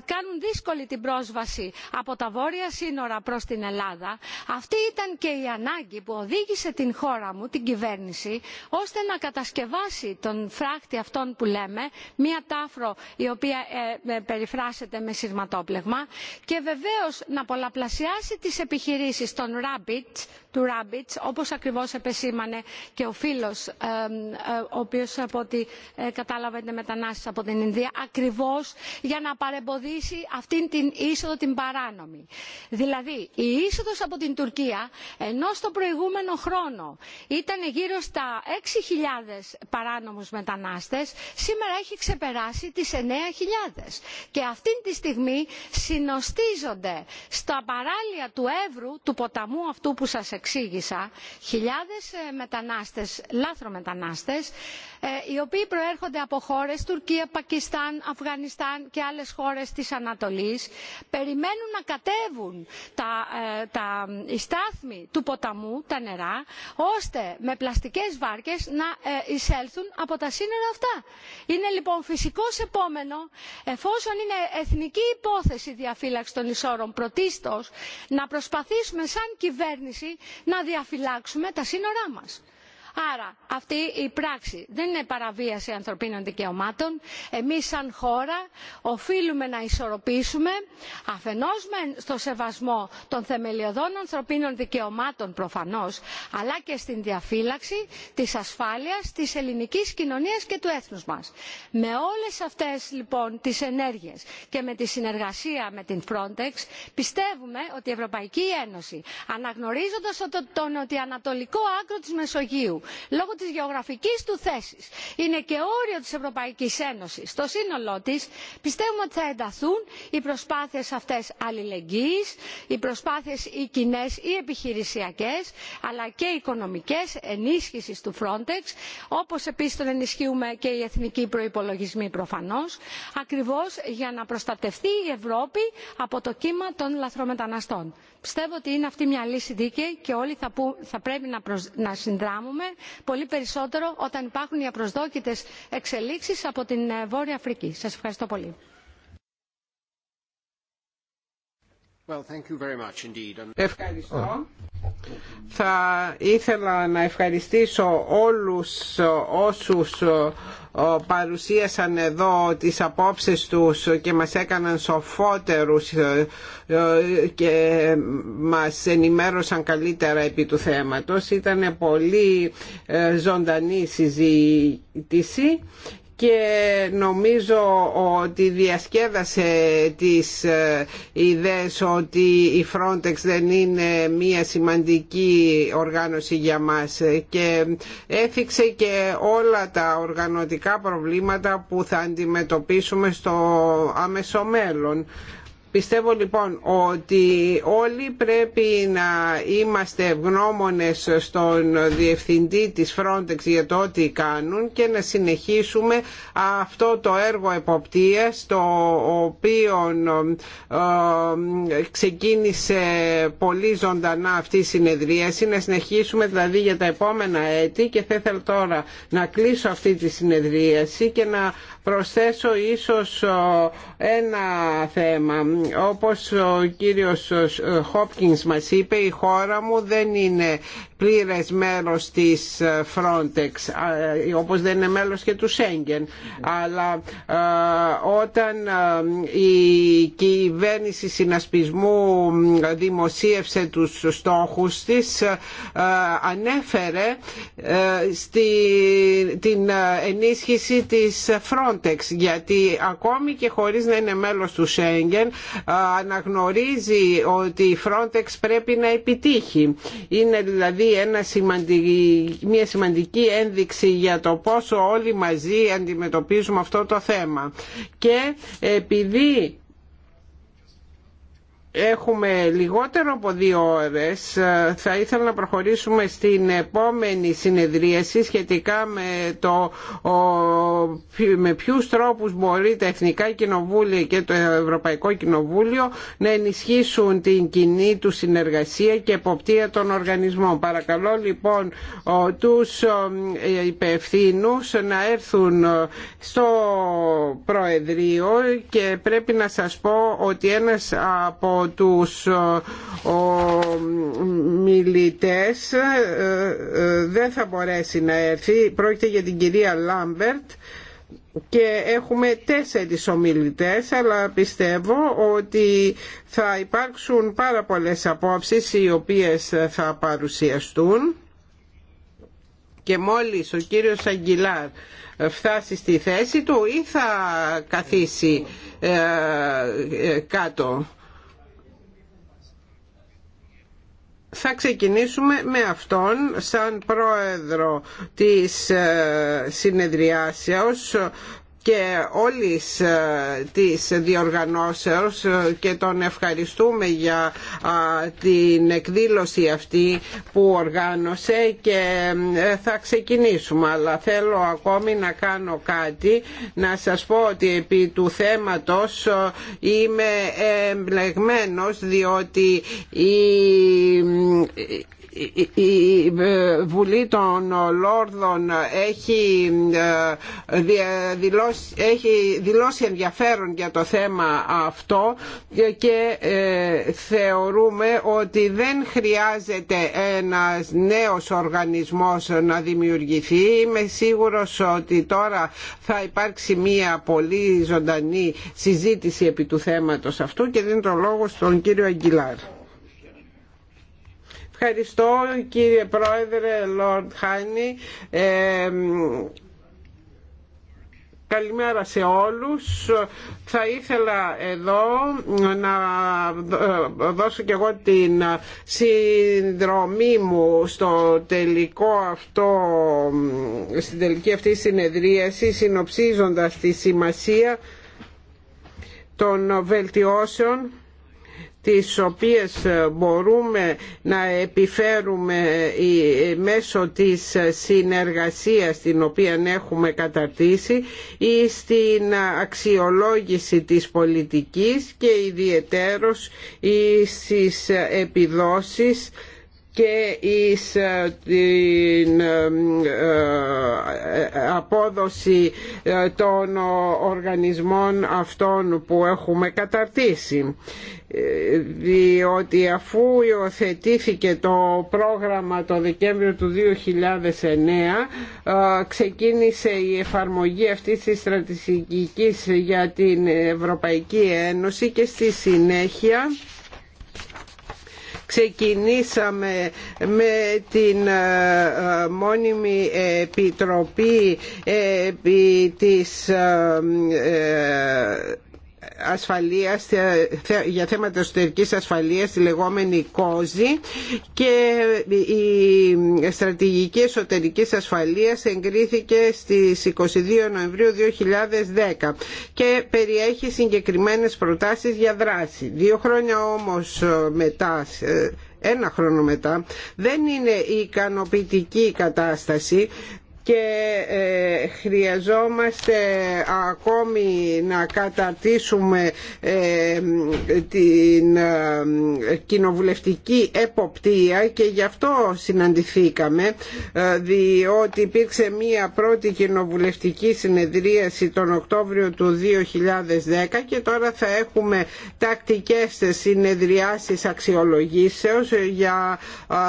κάνουν δύσκολη την πρόσβαση από τα βόρεια σύνορα προς την Ελλάδα αυτή ήταν και η ανάγκη που οδήγησε την χώρα μου, την κυβέρνηση ώστε να κατασκευάσει τον φράχτη αυτόν που λέμε μια τάφρο η οποία ε, περιφράσετε με σειρματόπλεγμα και βεβαίως να πολλαπλασιάσει τις επιχειρήσεις των «rabbits» του ακριβώ όπως ακριβώς επεσήμανε και ο φίλος ε, ο οποίος από ό,τι ε, κατάλαβα είναι μετανάστης από την Ινδία, ακριβώς για να παρεμποδίσει αυτήν την είσοδο την παράνομη. Δηλαδή, η είσοδος από την Τουρκία, ενώ στο προηγούμενο χρόνο ήταν γύρω στα 6.000 παράνομους μετανάστες, σήμερα έχει ξεπεράσει τις 9.000. Και αυτή τη στιγμή συνοστίζονται στα παράλια του Εύρου, του ποταμού αυτού που σας εξήγησα χιλιάδες ε, μετανάστες λάθρομετανάστες ε, οι οποίοι προέρχονται από χώρες τουρκία πακιστάν αφγανιστάν και άλλες χώρες της ανατολής περιμένουν να κατέβουν τα, ε, τα, του ποταμού τα νερά ώστε με πλαστικές βάρκες να εισέλθουν από τα σύνορα αυτά. είναι λοιπόν φυσικό επόμενο εφόσον είναι εθνική υπόθεση διαφύλαξη των ισόρων πρωτίστως να προσπαθήσουμε σαν κυβέρνηση να διαφυλάξουμε τα σύνορά μας άρα αυτή η πράξη δεν είναι παραβίαση ανθρωπίνων δικαιωμάτων εμείς σαν χώρα οφείλουμε να ισορροπήσουμε αφενός μεν στο σεβασμό των θεμελιωδών ανθρωπίνων δικαιωμάτων προφανώς αλλά και στην διαφύλαξη της ασφάλειας της ελληνικής κοινωνίας και του έθνους μας. με όλες αυτές λοιπόν τις ενέργειες και με τη συνεργασία με την frontex πιστεύουμε ότι η ευρωπαϊκή ένωση αναγνωρίζοντας τον ότι ανατολικό άκρο της μεσογείου λόγω της γεωγραφικής του θέσης είναι και όριο της Ευρωπαϊκής Ένωσης στο σύνολό της, πιστεύουμε ότι θα ενταθούν οι προσπάθειες αυτές αλληλεγγύης, οι προσπάθειες οι κοινέ ή επιχειρησιακές, αλλά και οι οικονομικές ενίσχυσης του Frontex, όπως επίσης τον ενισχύουμε και οι εθνικοί προϋπολογισμοί προφανώς, ακριβώς για να προστατευτεί η Ευρώπη από το κύμα των λαθρομεταναστών πιστεύω ότι είναι αυτή μια λύση δίκαιη και όλοι θα, πρέπει να, συνδράμουμε πολύ περισσότερο όταν υπάρχουν οι απροσδόκητες εξελίξεις από την ε, βόρεια αφρική. σας ευχαριστώ πολύ. Ευχαριστώ. Θα ήθελα να ευχαριστήσω όλους όσους ε, ε, παρουσίασαν εδώ τις απόψεις τους και μας έκαναν σοφότερους ε, και μας ενημέρωσαν καλύτερα επί του θέματος. Ήταν πολύ ζωντανή συζήτηση και νομίζω ότι διασκέδασε τις ε, ιδέες ότι η Frontex δεν είναι μία σημαντική οργάνωση για μας και έφυξε και όλα τα οργανωτικά προβλήματα που θα αντιμετωπίσουμε στο άμεσο μέλλον. Πιστεύω λοιπόν ότι όλοι πρέπει να είμαστε ευγνώμονες στον διευθυντή της Frontex για το ότι κάνουν και να συνεχίσουμε αυτό το έργο εποπτείας το οποίο ε, ξεκίνησε πολύ ζωντανά αυτή η συνεδρίαση να συνεχίσουμε δηλαδή για τα επόμενα έτη και θα ήθελα τώρα να κλείσω αυτή τη συνεδρίαση και να προσθέσω ίσως ε, ένα θέμα. Όπως ο κύριος Χόπκινς μας είπε, η χώρα μου δεν είναι πλήρες μέρος της ε, Frontex ε, όπως δεν είναι μέλος και του Σέγγεν αλλά ε, όταν η κυβέρνηση συνασπισμού δημοσίευσε τους στόχους της ανέφερε στη, την ενίσχυση της Frontex γιατί ακόμη και χωρίς να είναι μέλος του Σέγγεν αναγνωρίζει ότι η Frontex πρέπει να επιτύχει είναι δηλαδή μια σημαντική ένδειξη για το πόσο όλοι μαζί αντιμετωπίζουμε αυτό το θέμα. Και επειδή Έχουμε λιγότερο από δύο ώρες. Θα ήθελα να προχωρήσουμε στην επόμενη συνεδρίαση σχετικά με το με ποιους τρόπους μπορεί τα Εθνικά Κοινοβούλια και το Ευρωπαϊκό Κοινοβούλιο να ενισχύσουν την κοινή του συνεργασία και εποπτεία των οργανισμών. Παρακαλώ λοιπόν τους υπευθύνους να έρθουν στο Προεδρείο και πρέπει να σας πω ότι ένας από τους ε, μιλητές ε, ε, δεν θα μπορέσει να έρθει. Πρόκειται για την κυρία Λάμπερτ και έχουμε τέσσερις ομιλητές αλλά πιστεύω ότι θα υπάρξουν πάρα πολλές απόψεις οι οποίες θα παρουσιαστούν και μόλις ο κύριος Αγγιλάρ φτάσει στη θέση του ή θα καθίσει κάτω. θα ξεκινήσουμε με αυτόν σαν πρόεδρο της ε, συνεδριάσεως και όλης ε, της διοργανώσεως ε, και τον ευχαριστούμε για την εκδήλωση αυτή που οργάνωσε και ε, θα ξεκινήσουμε αλλά θέλω ακόμη να κάνω κάτι να σας πω ότι επί του θέματος είμαι εμπλεγμένος διότι η η Βουλή των Λόρδων έχει ε, δηλώσει, έχει δηλώσει ενδιαφέρον για το θέμα αυτό και ε, θεωρούμε ότι δεν χρειάζεται ένας νέος οργανισμός να δημιουργηθεί. Είμαι σίγουρος ότι τώρα θα υπάρξει μία πολύ ζωντανή συζήτηση επί του θέματος αυτού και δίνω το λόγο στον κύριο Αγγιλάρ. Ευχαριστώ κύριε Πρόεδρε Λόρντ Χάνι. Ε, καλημέρα σε όλους. Θα ήθελα εδώ να δώσω και εγώ την συνδρομή μου στο τελικό αυτό, στην τελική αυτή συνεδρίαση, συνοψίζοντας τη σημασία των βελτιώσεων τις οποίες ε, μπορούμε να επιφέρουμε ε, ε, μέσω της συνεργασίας την οποία έχουμε καταρτήσει ή στην αξιολόγηση της πολιτικής και ιδιαιτέρως ή στις επιδόσεις και εις ε, την ε, ε, απόδοση των οργανισμών αυτών που έχουμε καταρτήσει διότι αφού υιοθετήθηκε το πρόγραμμα το Δεκέμβριο του 2009 ξεκίνησε η εφαρμογή αυτής της στρατηγικής για την Ευρωπαϊκή Ένωση και στη συνέχεια Ξεκινήσαμε με την ε, ε, μόνιμη επιτροπή ε, επί της για θέματα εσωτερικής ασφαλείας, τη λεγόμενη κόζη και η στρατηγική εσωτερικής ασφαλείας εγκρίθηκε στις 22 Νοεμβρίου 2010 και περιέχει συγκεκριμένες προτάσεις για δράση. Δύο χρόνια όμως ε, μετά ε, ένα χρόνο μετά δεν είναι ικανοποιητική η κατάσταση και ε, χρειαζόμαστε ακόμη να καταρτήσουμε ε, την ε, κοινοβουλευτική εποπτεία και γι' αυτό συναντηθήκαμε διότι υπήρξε μία πρώτη κοινοβουλευτική συνεδρίαση τον Οκτώβριο του 2010 και τώρα θα έχουμε τακτικές συνεδριάσεις αξιολογήσεως για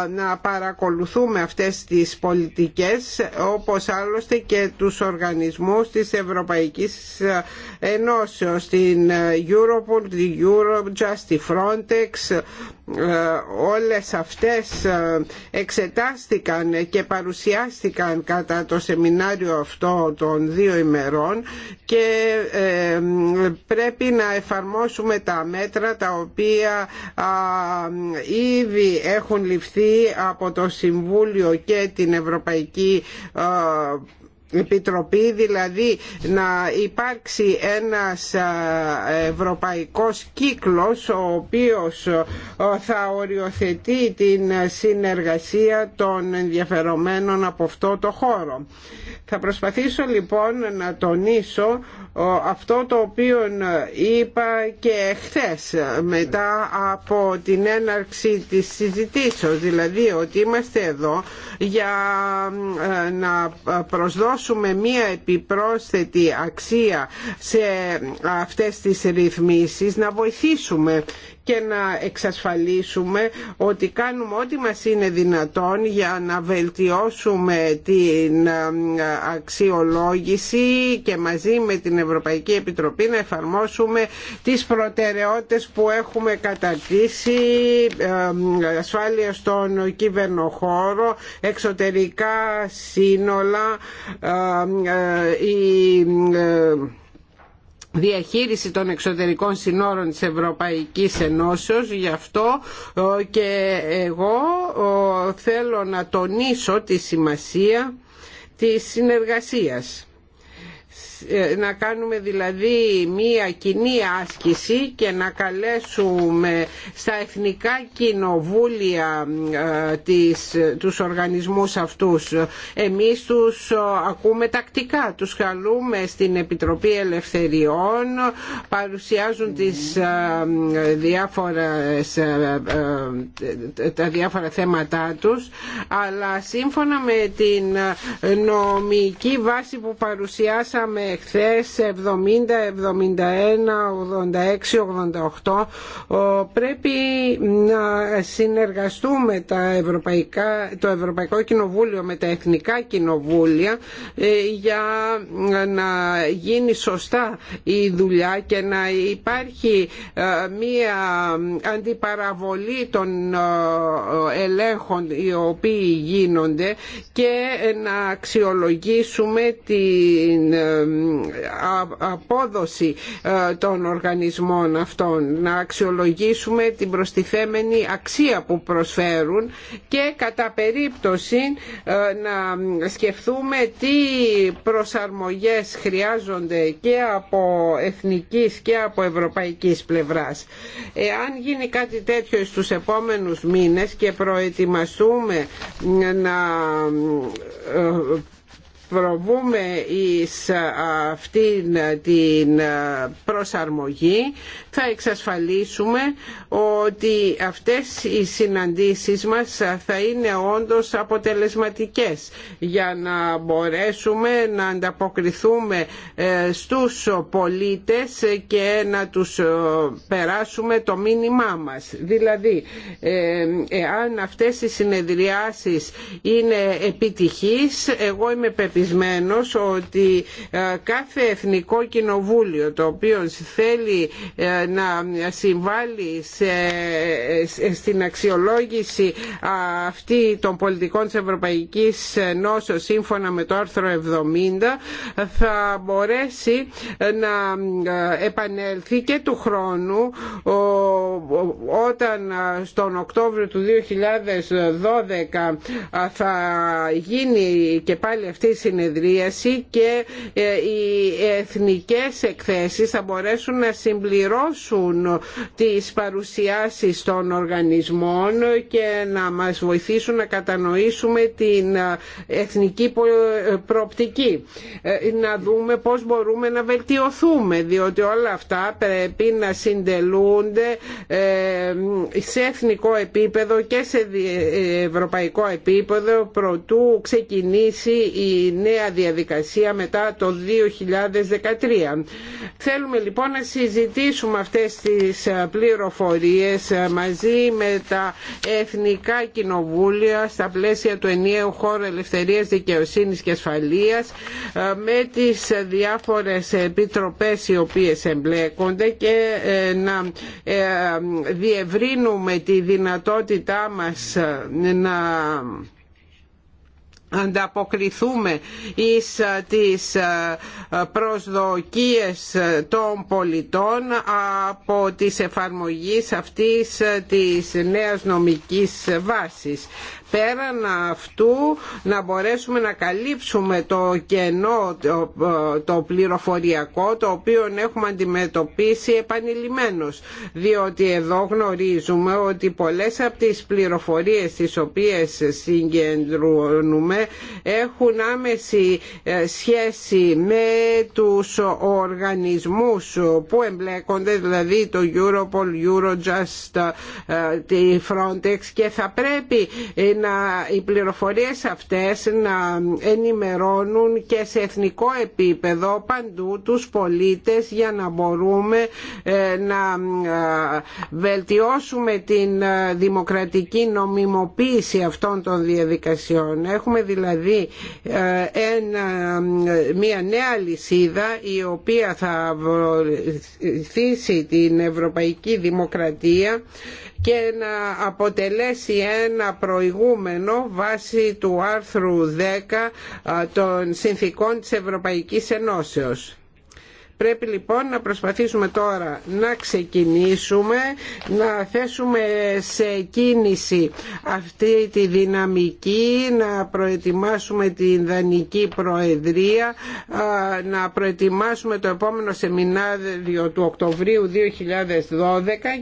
να παρακολουθούμε αυτές τις πολιτικές όπως άλλωστε και τους οργανισμούς της Ευρωπαϊκής Ενώσεως, την Europol, την Eurojust, τη Frontex, ε, όλες αυτές ε, εξετάστηκαν και παρουσιάστηκαν κατά το σεμινάριο αυτό των δύο ημερών και ε, πρέπει να εφαρμόσουμε τα μέτρα τα οποία ήδη έχουν ληφθεί από το Συμβούλιο και την Ευρωπαϊκή α Επιτροπή, δηλαδή να υπάρξει ένας ευρωπαϊκός κύκλος ο οποίος θα οριοθετεί την συνεργασία των ενδιαφερομένων από αυτό το χώρο. Θα προσπαθήσω λοιπόν να τονίσω αυτό το οποίο είπα και χθες μετά από την έναρξη της συζητήσεως, δηλαδή ότι είμαστε εδώ για να προσδώσουμε δώσουμε μία επιπρόσθετη αξία σε αυτές τις ρυθμίσεις, να βοηθήσουμε και να εξασφαλίσουμε ότι κάνουμε ό,τι μας είναι δυνατόν για να βελτιώσουμε την ε, αξιολόγηση και μαζί με την Ευρωπαϊκή Επιτροπή να εφαρμόσουμε τις προτεραιότητες που έχουμε καταρτήσει ε, ασφάλεια στον κυβερνοχώρο, εξωτερικά σύνολα, ε, η διαχείριση των εξωτερικών συνόρων της Ευρωπαϊκής Ενώσεως γι' αυτό ε, και εγώ ε, θέλω να τονίσω τη σημασία της συνεργασίας ε, να κάνουμε δηλαδή μία κοινή άσκηση και να καλέσουμε στα εθνικά κοινοβούλια ε, της, τους οργανισμούς αυτούς. Εμείς τους ε, ακούμε τακτικά, τους καλούμε στην Επιτροπή Ελευθεριών, παρουσιάζουν τις διάφορες, τα διάφορα θέματά τους, αλλά σύμφωνα με την νομική βάση που παρουσιάσαμε εχθες 70, 71, 86, 88 πρέπει να συνεργαστούμε τα ευρωπαϊκά, το Ευρωπαϊκό Κοινοβούλιο με τα Εθνικά Κοινοβούλια ε, για να γίνει σωστά η δουλειά και να υπάρχει ε, μία αντιπαραβολή των ε, ελέγχων οι οποίοι γίνονται και να αξιολογήσουμε την ε, απόδοση ε, των οργανισμών αυτών να αξιολογήσουμε την προστιθέμενη αξία που προσφέρουν και κατά περίπτωση ε, να σκεφτούμε τι προσαρμογές χρειάζονται και από εθνικής και από ευρωπαϊκής πλευράς. Εάν γίνει κάτι τέτοιο στους επόμενους μήνες και προετοιμαστούμε να προβούμε εις αυτήν την προσαρμογή θα εξασφαλίσουμε ότι αυτές οι συναντήσεις μας θα είναι όντως αποτελεσματικές για να μπορέσουμε να ανταποκριθούμε ε, στους πολίτες και να τους ε, περάσουμε το μήνυμά μας. Δηλαδή, ε, εάν αυτές οι συνεδριάσεις είναι επιτυχείς, εγώ είμαι πεπισμένος ότι ε, κάθε εθνικό κοινοβούλιο το οποίο θέλει ε, να συμβάλλει ε, στην αξιολόγηση αυτή των πολιτικών της Ευρωπαϊκής Νόσος σύμφωνα με το άρθρο 70 θα μπορέσει να επανέλθει και του χρόνου όταν στον Οκτώβριο του 2012 θα γίνει και πάλι αυτή η συνεδρίαση και ε, οι εθνικές εκθέσεις θα μπορέσουν να συμπληρώσουν τις παρουσιάσεις των οργανισμών και να μας βοηθήσουν να κατανοήσουμε την ε, εθνική ε, προοπτική. Να δούμε πώς μπορούμε να βελτιωθούμε διότι όλα αυτά πρέπει να συντελούνται σε εθνικό επίπεδο και σε ευρωπαϊκό επίπεδο προτού ξεκινήσει η νέα διαδικασία μετά το 2013. Θέλουμε λοιπόν να συζητήσουμε αυτές τις ε, πληροφορίες ε, μαζί με τα εθνικά κοινοβούλια στα πλαίσια του ενιαίου χώρου ελευθερίας, δικαιοσύνης και ασφαλείας ε, με τις διάφορες επιτροπές οι οποίες εμπλέκονται και να διευρύνουμε τη δυνατότητά μας να ανταποκριθούμε εις ε, τις ε, προσδοκίες των πολιτών από τις εφαρμογής αυτής ε, της νέας νομικής βάσης πέραν αυτού να μπορέσουμε να καλύψουμε το κενό το πληροφοριακό το οποίο έχουμε αντιμετωπίσει επανειλημμένως διότι εδώ γνωρίζουμε ότι πολλές από τις πληροφορίες τις οποίες συγκεντρώνουμε έχουν άμεση ε, σχέση με τους οργανισμούς που εμπλέκονται δηλαδή το Europol, Eurojust, ε, τη Frontex και θα πρέπει ε, να, οι πληροφορίες αυτές να ενημερώνουν και σε εθνικό επίπεδο παντού τους πολίτες για να μπορούμε ε, να ε, βελτιώσουμε την ε, δημοκρατική νομιμοποίηση αυτών των διαδικασιών. Έχουμε δηλαδή μια νέα λυσίδα η οποία θα βοηθήσει την ευρωπαϊκή δημοκρατία και να αποτελέσει ένα προηγούμενο βάση του άρθρου 10 ε, των συνθήκων της Ευρωπαϊκής Ενώσεως. Πρέπει λοιπόν να προσπαθήσουμε τώρα να ξεκινήσουμε, να θέσουμε σε κίνηση αυτή τη δυναμική, να προετοιμάσουμε την Δανική Προεδρία, να προετοιμάσουμε το επόμενο σεμινάριο του Οκτωβρίου 2012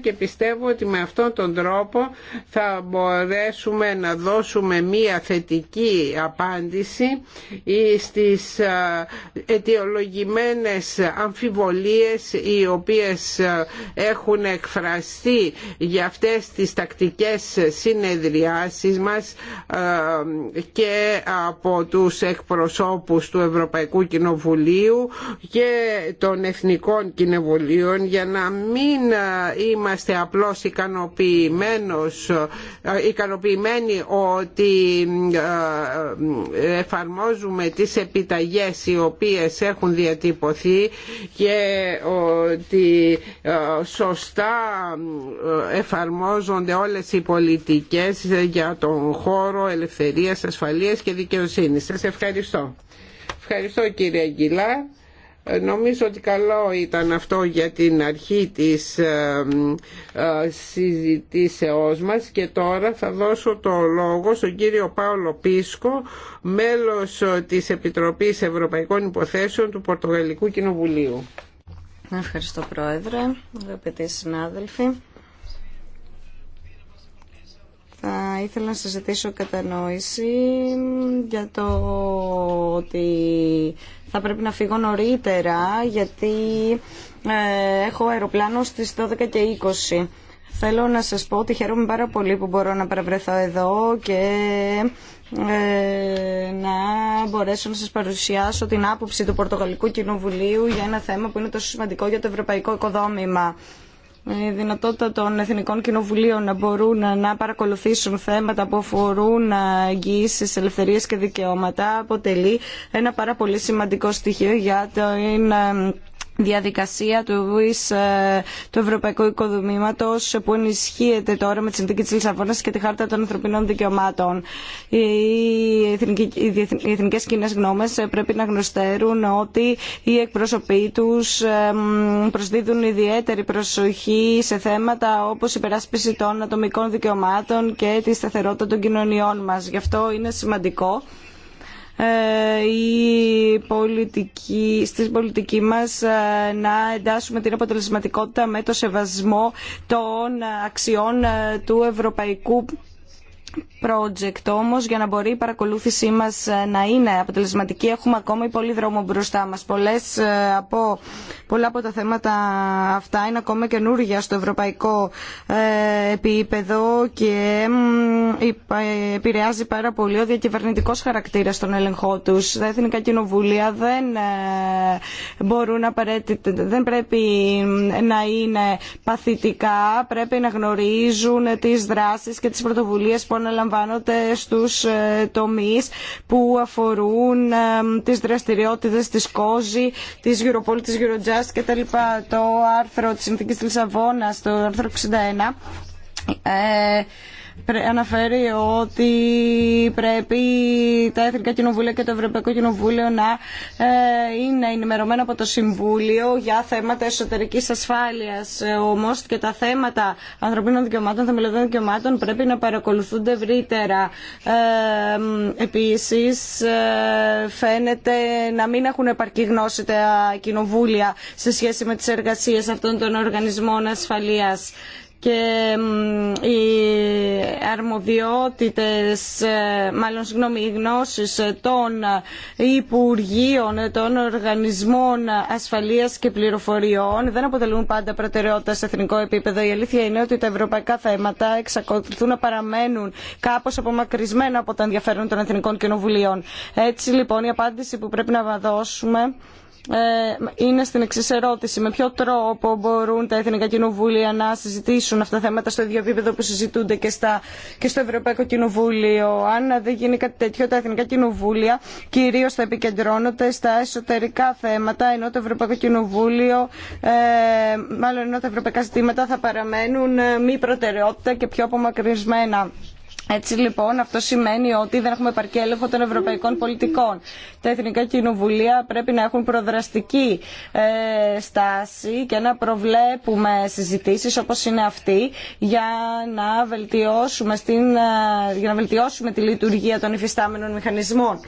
και πιστεύω ότι με αυτόν τον τρόπο θα μπορέσουμε να δώσουμε μία θετική απάντηση στις αιτιολογημένες αμφιβολίες οι οποίες ε, έχουν εκφραστεί για αυτές τις τακτικές συνεδριάσεις μας ε, και από τους εκπροσώπους του Ευρωπαϊκού Κοινοβουλίου και των Εθνικών Κοινοβουλίων για να μην ε, είμαστε απλώς ικανοποιημένος, ικανοποιημένοι ότι εφαρμόζουμε τις επιταγές οι οποίες έχουν διατυπωθεί και ότι ε, σωστά ε, εφαρμόζονται όλες οι πολιτικές για τον χώρο ελευθερίας, ασφαλείας και δικαιοσύνης. Σας ευχαριστώ. Ευχαριστώ κύριε Αγγιλά. Νομίζω ότι καλό ήταν αυτό για την αρχή της ε, ε, συζητήσεώς μας και τώρα θα δώσω το λόγο στον κύριο Πάολο Πίσκο, μέλος της Επιτροπής Ευρωπαϊκών Υποθέσεων του Πορτογαλικού Κοινοβουλίου. Ευχαριστώ Πρόεδρε, αγαπητοί συνάδελφοι. Θα ήθελα να ζητήσω κατανόηση για το ότι θα πρέπει να φύγω νωρίτερα γιατί ε, έχω αεροπλάνο στις 12 και 20. Θέλω να σας πω ότι χαίρομαι πάρα πολύ που μπορώ να παραβρεθώ εδώ και ε, να μπορέσω να σας παρουσιάσω την άποψη του Πορτογαλικού Κοινοβουλίου για ένα θέμα που είναι τόσο σημαντικό για το ευρωπαϊκό οικοδόμημα η δυνατότητα των Εθνικών Κοινοβουλίων να μπορούν να παρακολουθήσουν θέματα που αφορούν εγγυήσεις, ελευθερίες και δικαιώματα αποτελεί ένα πάρα πολύ σημαντικό στοιχείο για την διαδικασία του, ε, του Ευρωπαϊκού Οικοδομήματος που ενισχύεται τώρα με τη Συνθήκη της Λισαβόνα και τη Χάρτα των Ανθρωπινών Δικαιωμάτων. Οι Εθνικέ κοινέ γνώμες ε, πρέπει να γνωστέρουν ότι οι εκπρόσωποι τους προσδίδουν ιδιαίτερη προσοχή σε θέματα όπως η περάσπιση των ατομικών δικαιωμάτων και τη σταθερότητα των κοινωνιών μα. Γι' αυτό είναι σημαντικό ε, η πολιτική, στη πολιτική μας ε, να εντάσσουμε την αποτελεσματικότητα με το σεβασμό των αξιών ε, του ευρωπαϊκού project όμως για να μπορεί η παρακολούθησή μας ε, να είναι αποτελεσματική έχουμε ακόμα πολύ δρόμο μπροστά μας. Πολλές ε, από, πολλά από τα θέματα αυτά είναι ακόμα καινούργια στο ευρωπαϊκό ε, επίπεδο και επηρεάζει πάρα πολύ ο διακυβερνητικός χαρακτήρας των έλεγχο του. Τα εθνικά κοινοβούλια δεν μπορούν δεν πρέπει να είναι παθητικά, πρέπει να γνωρίζουν τις δράσεις και τις πρωτοβουλίες που αναλαμβάνουν αντιλαμβάνονται στους ε, τομείς που αφορούν ε, τις δραστηριότητες της COSI, της Europol, της Eurojust κτλ. Το άρθρο της Συνθήκης της Λισαβόνας, το άρθρο 61, αναφέρει ότι πρέπει τα Εθνικά Κοινοβούλια και το Ευρωπαϊκό Κοινοβούλιο να ε, είναι ενημερωμένα από το Συμβούλιο για θέματα εσωτερικής ασφάλειας. Ε, Όμω και τα θέματα ανθρωπίνων δικαιωμάτων, θεμελιωδών δικαιωμάτων πρέπει να παρακολουθούνται ευρύτερα. Ε, επίσης ε, φαίνεται να μην έχουν επαρκή γνώση τα κοινοβούλια σε σχέση με τις εργασίες αυτών των οργανισμών ασφαλείας και οι αρμοδιότητες, ε, μάλλον συγγνώμη, οι γνώσεις των Υπουργείων, των Οργανισμών Ασφαλείας και Πληροφοριών δεν αποτελούν πάντα προτεραιότητα σε εθνικό επίπεδο. Η αλήθεια είναι ότι τα ευρωπαϊκά θέματα εξακολουθούν να παραμένουν κάπως απομακρυσμένα από τα ενδιαφέρον των εθνικών κοινοβουλίων. Έτσι λοιπόν η απάντηση που πρέπει να δώσουμε ε, είναι στην εξή ερώτηση. Με ποιο τρόπο μπορούν τα Εθνικά Κοινοβούλια να συζητήσουν αυτά τα θέματα στο ίδιο επίπεδο που συζητούνται και, στα, και στο Ευρωπαϊκό Κοινοβούλιο. Αν δεν γίνει κάτι τέτοιο, τα Εθνικά Κοινοβούλια κυρίω θα επικεντρώνονται στα εσωτερικά θέματα, ενώ το Ευρωπαϊκό Κοινοβούλιο, ε, μάλλον ενώ τα ευρωπαϊκά ζητήματα θα παραμένουν ε, μη προτεραιότητα και πιο απομακρυσμένα. Έτσι λοιπόν αυτό σημαίνει ότι δεν έχουμε επαρκή έλεγχο των ευρωπαϊκών πολιτικών. Τα εθνικά κοινοβουλία πρέπει να έχουν προδραστική ε, στάση και να προβλέπουμε συζητήσεις όπως είναι αυτή για να βελτιώσουμε, στην, ε, για να βελτιώσουμε τη λειτουργία των υφιστάμενων μηχανισμών.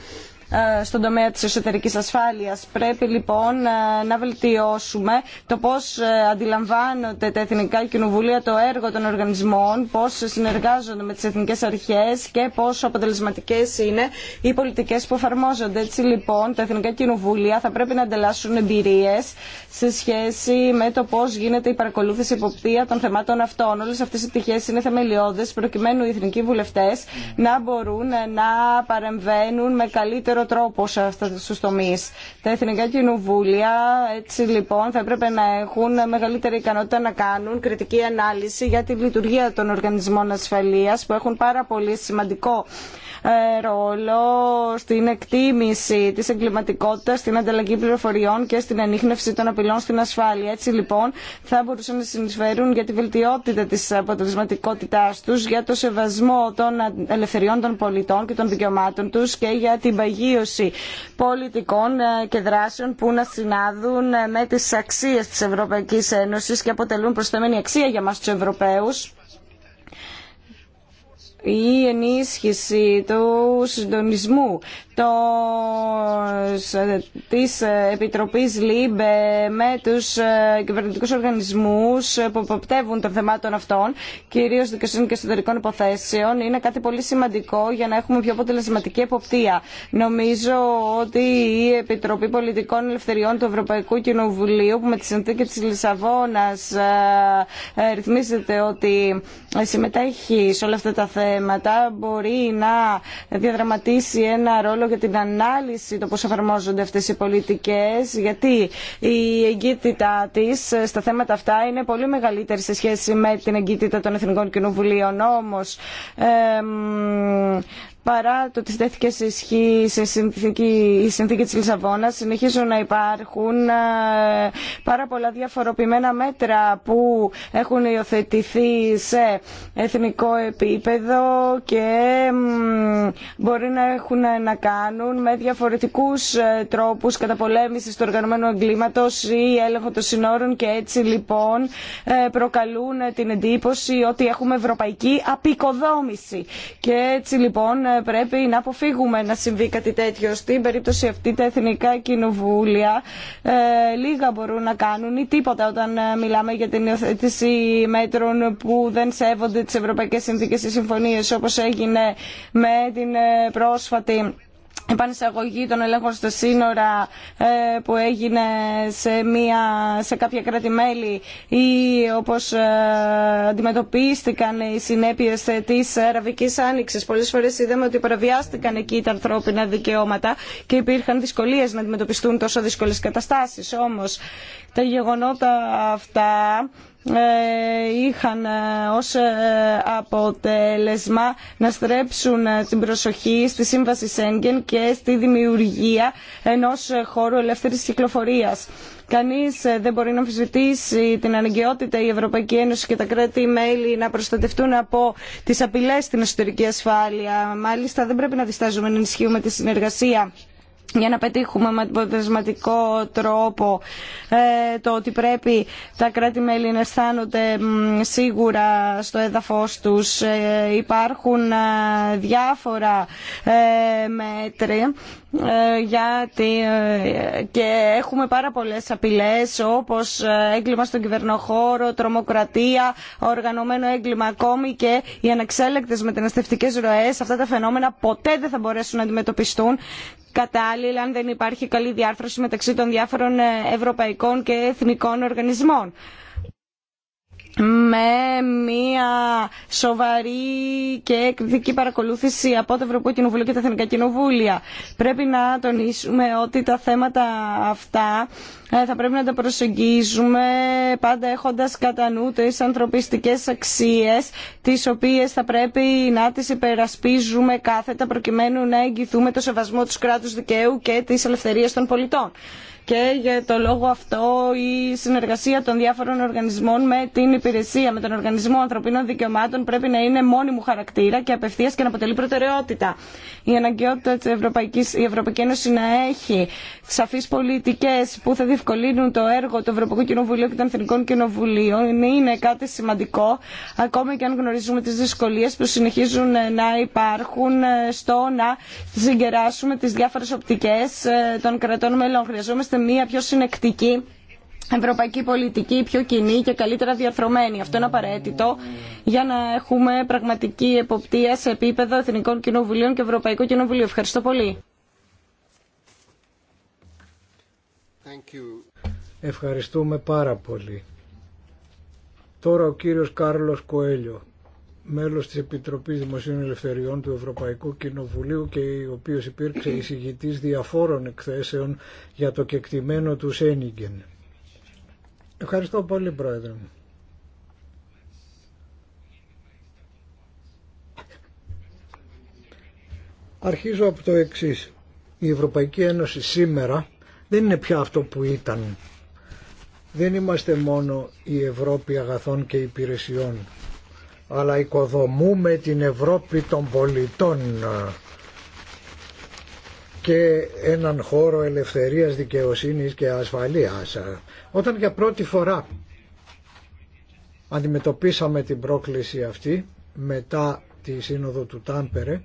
Ε, στον τομέα της εσωτερικής ασφάλειας. Πρέπει λοιπόν ε, να βελτιώσουμε το πώς ε, αντιλαμβάνονται τα Εθνικά Κοινοβουλία το έργο των οργανισμών, πώς συνεργάζονται με τις εθνικές αρχές και πόσο αποτελεσματικές είναι οι πολιτικές που εφαρμόζονται. Έτσι λοιπόν τα Εθνικά Κοινοβουλία θα πρέπει να αντελάσσουν εμπειρίες σε σχέση με το πώς γίνεται η παρακολούθηση υποπτία των θεμάτων αυτών. Όλες αυτές οι πτυχές είναι θεμελιώδες προκειμένου οι εθνικοί βουλευτές να μπορούν να παρεμβαίνουν με καλύτερο καλύτερο τρόπο σε τομεί. Τα εθνικά κοινοβούλια έτσι λοιπόν θα έπρεπε να έχουν μεγαλύτερη ικανότητα να κάνουν κριτική ανάλυση για τη λειτουργία των οργανισμών ασφαλείας που έχουν πάρα πολύ σημαντικό ε, ρόλο στην εκτίμηση της εγκληματικότητα, στην ανταλλαγή πληροφοριών και στην ανείχνευση των απειλών στην ασφάλεια. Έτσι λοιπόν θα μπορούσαν να συνεισφέρουν για τη βελτιότητα της αποτελεσματικότητά τους, για το σεβασμό των ελευθεριών των πολιτών και των δικαιωμάτων τους και για την παγίωση πολιτικών ε, και δράσεων που να συνάδουν ε, με τι αξίε τη Ευρωπαϊκή Ένωση και αποτελούν προσθεμένη αξία για μας του Ευρωπαίους η ενίσχυση του συντονισμού ε, της ε, Επιτροπής ΛΥΜΠΕ με τους ε, κυβερνητικούς οργανισμούς που υποπτεύουν των θεμάτων αυτών, κυρίως δικαιοσύνη και εσωτερικών υποθέσεων, είναι κάτι πολύ σημαντικό για να έχουμε πιο αποτελεσματική εποπτεία. Νομίζω ότι η Επιτροπή Πολιτικών Ελευθεριών του Ευρωπαϊκού Κοινοβουλίου, που με τη συνθήκη της Λισαβόνας ρυθμίζεται ότι συμμετέχει σε όλα αυτά τα θέματα, μπορεί να διαδραματίσει ένα ρόλο για την ανάλυση το πώς εφαρμόζονται αυτές οι πολιτικές, γιατί η εγκύτητά της στα θέματα αυτά είναι πολύ μεγαλύτερη σε σχέση με την εγκύτητα των Εθνικών Κοινοβουλίων. Όμως, εμ, παρά το ότι στέθηκε σε ισχύ σε συνθήκη, η συνθήκη της Λισαβόνας συνεχίζουν να υπάρχουν ε, πάρα πολλά διαφοροποιημένα μέτρα που έχουν υιοθετηθεί σε εθνικό επίπεδο και μπορεί να έχουν να κάνουν με διαφορετικούς ε, τρόπους καταπολέμησης του οργανωμένου εγκλήματος ή έλεγχο των συνόρων και έτσι λοιπόν ε, προκαλούν την εντύπωση ότι έχουμε ευρωπαϊκή απεικοδόμηση και έτσι λοιπόν ε, πρέπει να αποφύγουμε να συμβεί κάτι τέτοιο. Στην περίπτωση αυτή τα εθνικά κοινοβούλια ε, λίγα μπορούν να κάνουν ή τίποτα όταν ε, μιλάμε για την υιοθέτηση μέτρων που δεν σέβονται τις ευρωπαϊκές συνθήκες και συμφωνίες όπως έγινε με την πρόσφατη επανεισαγωγή των ελέγχων στα σύνορα ε, που έγινε σε, μια, σε κάποια κράτη-μέλη ή όπως ε, αντιμετωπίστηκαν οι συνέπειες ε, της Αραβικής Άνοιξης. Πολλές φορές είδαμε ότι παραβιάστηκαν εκεί τα ανθρώπινα δικαιώματα και υπήρχαν δυσκολίες να αντιμετωπιστούν τόσο δύσκολες καταστάσεις. Όμως τα γεγονότα αυτά ε, είχαν ε, ως ε, αποτέλεσμα να στρέψουν την προσοχή στη σύμβαση Σέγγεν και στη δημιουργία ενός χώρου ελεύθερης κυκλοφορίας. Κανείς δεν μπορεί να αμφισβητήσει την αναγκαιότητα η Ευρωπαϊκή Ένωση και τα κράτη-μέλη να προστατευτούν από τις απειλές στην εσωτερική ασφάλεια. Μάλιστα δεν πρέπει να διστάζουμε να ενισχύουμε τη συνεργασία για να πετύχουμε με αποτελεσματικό τρόπο ε, το ότι πρέπει τα κράτη-μέλη να αισθάνονται σίγουρα στο έδαφος τους. Ε, υπάρχουν ε, διάφορα μέτρη ε, γιατί ε, και έχουμε πάρα πολλές απειλές όπως ε, έγκλημα στον κυβερνοχώρο, τρομοκρατία, οργανωμένο έγκλημα ακόμη και οι αναξέλεκτες μεταναστευτικές ροές. Αυτά τα φαινόμενα ποτέ δεν θα μπορέσουν να αντιμετωπιστούν κατάλληλα αν δεν υπάρχει καλή διάρθρωση μεταξύ των διάφορων ευρωπαϊκών και εθνικών οργανισμών με μια σοβαρή και εκδική παρακολούθηση από το Ευρωπαϊκό Κοινοβούλιο και τα Εθνικά Κοινοβούλια. Πρέπει να τονίσουμε ότι τα θέματα αυτά ε, θα πρέπει να τα προσεγγίζουμε πάντα έχοντας κατά νου τις ανθρωπιστικές αξίες τις οποίες θα πρέπει να τις υπερασπίζουμε κάθετα προκειμένου να εγγυθούμε το σεβασμό του κράτους δικαίου και της ελευθερίας των πολιτών και για το λόγο αυτό η συνεργασία των διάφορων οργανισμών με την υπηρεσία, με τον Οργανισμό Ανθρωπίνων Δικαιωμάτων πρέπει να είναι μόνιμου χαρακτήρα και απευθεία και να αποτελεί προτεραιότητα. Η αναγκαιότητα τη Ευρωπαϊκή Ευρωπαϊκή Ένωση να έχει σαφεί πολιτικέ που θα διευκολύνουν το έργο του Ευρωπαϊκού Κοινοβουλίου και των Εθνικών Κοινοβουλίων είναι κάτι σημαντικό, ακόμα και αν γνωρίζουμε τι δυσκολίε που συνεχίζουν να υπάρχουν στο να συγκεράσουμε τι διάφορε οπτικέ ε, των κρατών μελών. Χρειαζόμαστε μια πιο συνεκτική ευρωπαϊκή πολιτική πιο κοινή και καλύτερα διαρθρωμένη. Αυτό είναι απαραίτητο για να έχουμε πραγματική εποπτεία σε επίπεδο Εθνικών Κοινοβουλίων και Ευρωπαϊκού Κοινοβουλίου. Ευχαριστώ πολύ. Ευχαριστούμε πάρα πολύ. Τώρα ο κύριος Κάρλος Κοέλιο μέλος της Επιτροπής Δημοσίων Ελευθεριών του Ευρωπαϊκού Κοινοβουλίου και ο οποίος υπήρξε εισηγητής διαφόρων εκθέσεων για το κεκτημένο του Σένιγκεν. Ευχαριστώ πολύ Πρόεδρε Αρχίζω από το εξής. Η Ευρωπαϊκή Ένωση σήμερα δεν είναι πια αυτό που ήταν. Δεν είμαστε μόνο η Ευρώπη αγαθών και υπηρεσιών αλλά οικοδομούμε την Ευρώπη των πολιτών και έναν χώρο ελευθερίας, δικαιοσύνης και ασφαλείας. Όταν για πρώτη φορά αντιμετωπίσαμε την πρόκληση αυτή μετά τη σύνοδο του Τάμπερε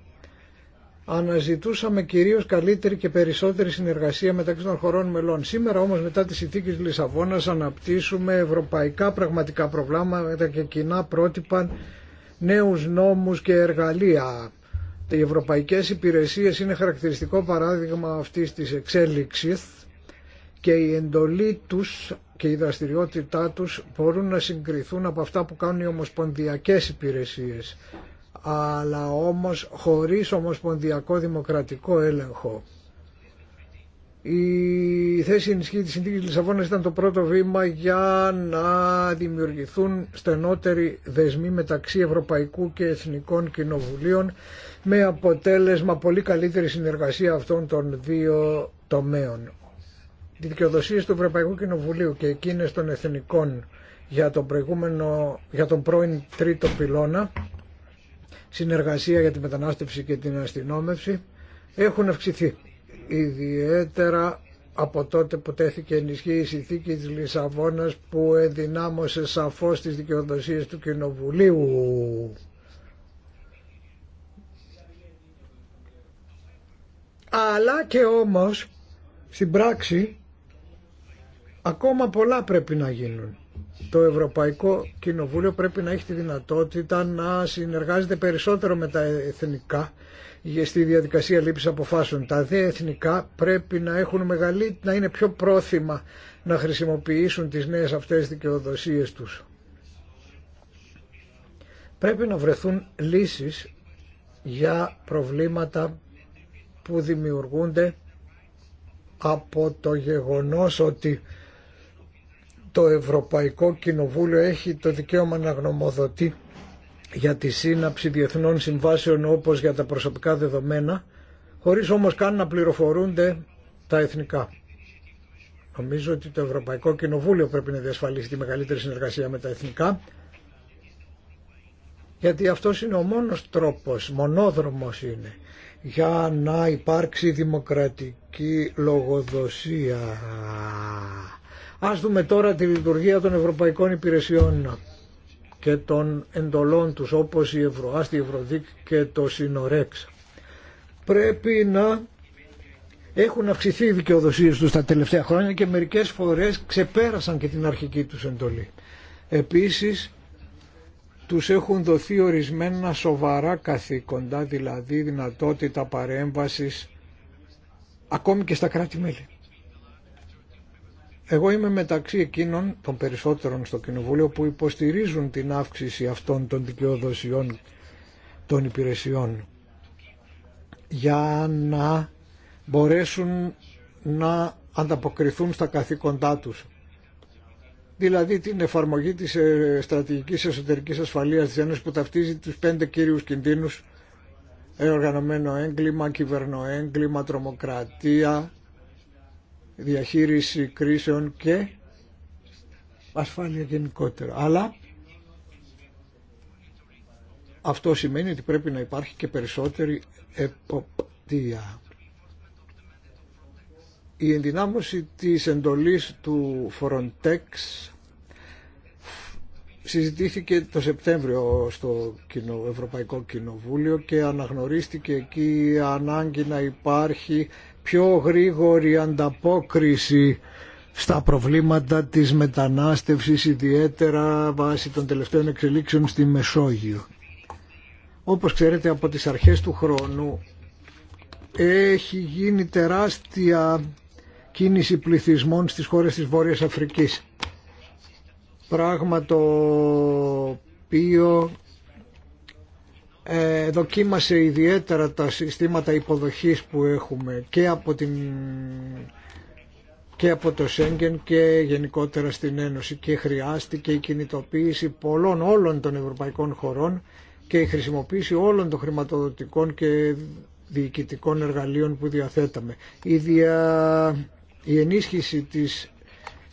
αναζητούσαμε κυρίω καλύτερη και περισσότερη συνεργασία μεταξύ των χωρών μελών. Σήμερα όμω μετά τη συνθήκη τη Λισαβόνας αναπτύσσουμε ευρωπαϊκά πραγματικά προγράμματα και κοινά πρότυπα νέου νόμου και εργαλεία. Οι ευρωπαϊκέ υπηρεσίε είναι χαρακτηριστικό παράδειγμα αυτή τη εξέλιξη και η εντολή του και η δραστηριότητά τους μπορούν να συγκριθούν από αυτά που κάνουν οι ομοσπονδιακές υπηρεσίες αλλά όμως χωρίς ομοσπονδιακό δημοκρατικό έλεγχο. Η θέση ενισχύ της συνθήκης Λισαβόνας ήταν το πρώτο βήμα για να δημιουργηθούν στενότεροι δεσμοί μεταξύ Ευρωπαϊκού και Εθνικών Κοινοβουλίων με αποτέλεσμα πολύ καλύτερη συνεργασία αυτών των δύο τομέων. Οι δικαιοδοσίε του Ευρωπαϊκού Κοινοβουλίου και εκείνες των Εθνικών για τον, προηγούμενο, για τον πρώην τρίτο πυλώνα συνεργασία για τη μετανάστευση και την αστυνόμευση έχουν αυξηθεί. Ιδιαίτερα από τότε που τέθηκε ενισχύει η συνθήκη της Λισαβόνας που ενδυνάμωσε σαφώς τις δικαιοδοσίες του Κοινοβουλίου. Αλλά και όμως στην πράξη ακόμα πολλά πρέπει να γίνουν το Ευρωπαϊκό Κοινοβούλιο πρέπει να έχει τη δυνατότητα να συνεργάζεται περισσότερο με τα εθνικά στη διαδικασία λήψης αποφάσεων. Τα δε εθνικά πρέπει να, έχουν να είναι πιο πρόθυμα να χρησιμοποιήσουν τις νέες αυτές δικαιοδοσίες τους. Πρέπει να βρεθούν λύσεις για προβλήματα που δημιουργούνται από το γεγονός ότι το Ευρωπαϊκό Κοινοβούλιο έχει το δικαίωμα να γνωμοδοτεί για τη σύναψη διεθνών συμβάσεων όπως για τα προσωπικά δεδομένα, χωρίς όμως καν να πληροφορούνται τα εθνικά. Νομίζω ότι το Ευρωπαϊκό Κοινοβούλιο πρέπει να διασφαλίσει τη μεγαλύτερη συνεργασία με τα εθνικά, γιατί αυτό είναι ο μόνος τρόπος, μονόδρομος είναι, για να υπάρξει δημοκρατική λογοδοσία. Ας δούμε τώρα τη λειτουργία των ευρωπαϊκών υπηρεσιών και των εντολών τους όπως η Ευρωάστη, η Ευρωδίκ και το Συνορέξ. Πρέπει να έχουν αυξηθεί οι δικαιοδοσίες τους τα τελευταία χρόνια και μερικές φορές ξεπέρασαν και την αρχική τους εντολή. Επίσης, τους έχουν δοθεί ορισμένα σοβαρά καθήκοντα, δηλαδή δυνατότητα παρέμβασης ακόμη και στα κράτη-μέλη. Εγώ είμαι μεταξύ εκείνων των περισσότερων στο Κοινοβούλιο που υποστηρίζουν την αύξηση αυτών των δικαιοδοσιών των υπηρεσιών για να μπορέσουν να ανταποκριθούν στα καθήκοντά τους. Δηλαδή την εφαρμογή της ε, στρατηγικής εσωτερικής ασφαλείας της Ένωσης που ταυτίζει τους πέντε κύριους κινδύνους ε, οργανωμένο έγκλημα, κυβερνοέγκλημα, τρομοκρατία, διαχείριση κρίσεων και ασφάλεια γενικότερα. Αλλά αυτό σημαίνει ότι πρέπει να υπάρχει και περισσότερη εποπτεία. Η ενδυνάμωση της εντολής του Frontex συζητήθηκε το Σεπτέμβριο στο Ευρωπαϊκό Κοινοβούλιο και αναγνωρίστηκε εκεί η ανάγκη να υπάρχει πιο γρήγορη ανταπόκριση στα προβλήματα της μετανάστευσης ιδιαίτερα βάσει των τελευταίων εξελίξεων στη Μεσόγειο. Όπως ξέρετε από τις αρχές του χρόνου έχει γίνει τεράστια κίνηση πληθυσμών στις χώρες της Βόρειας Αφρικής πράγμα το οποίο ε, δοκίμασε ιδιαίτερα τα συστήματα υποδοχής που έχουμε και από, την, και από το Σέγγεν και γενικότερα στην Ένωση και χρειάστηκε η κινητοποίηση πολλών όλων των ευρωπαϊκών χωρών και η χρησιμοποίηση όλων των χρηματοδοτικών και διοικητικών εργαλείων που διαθέταμε. Η, δια... η ενίσχυση της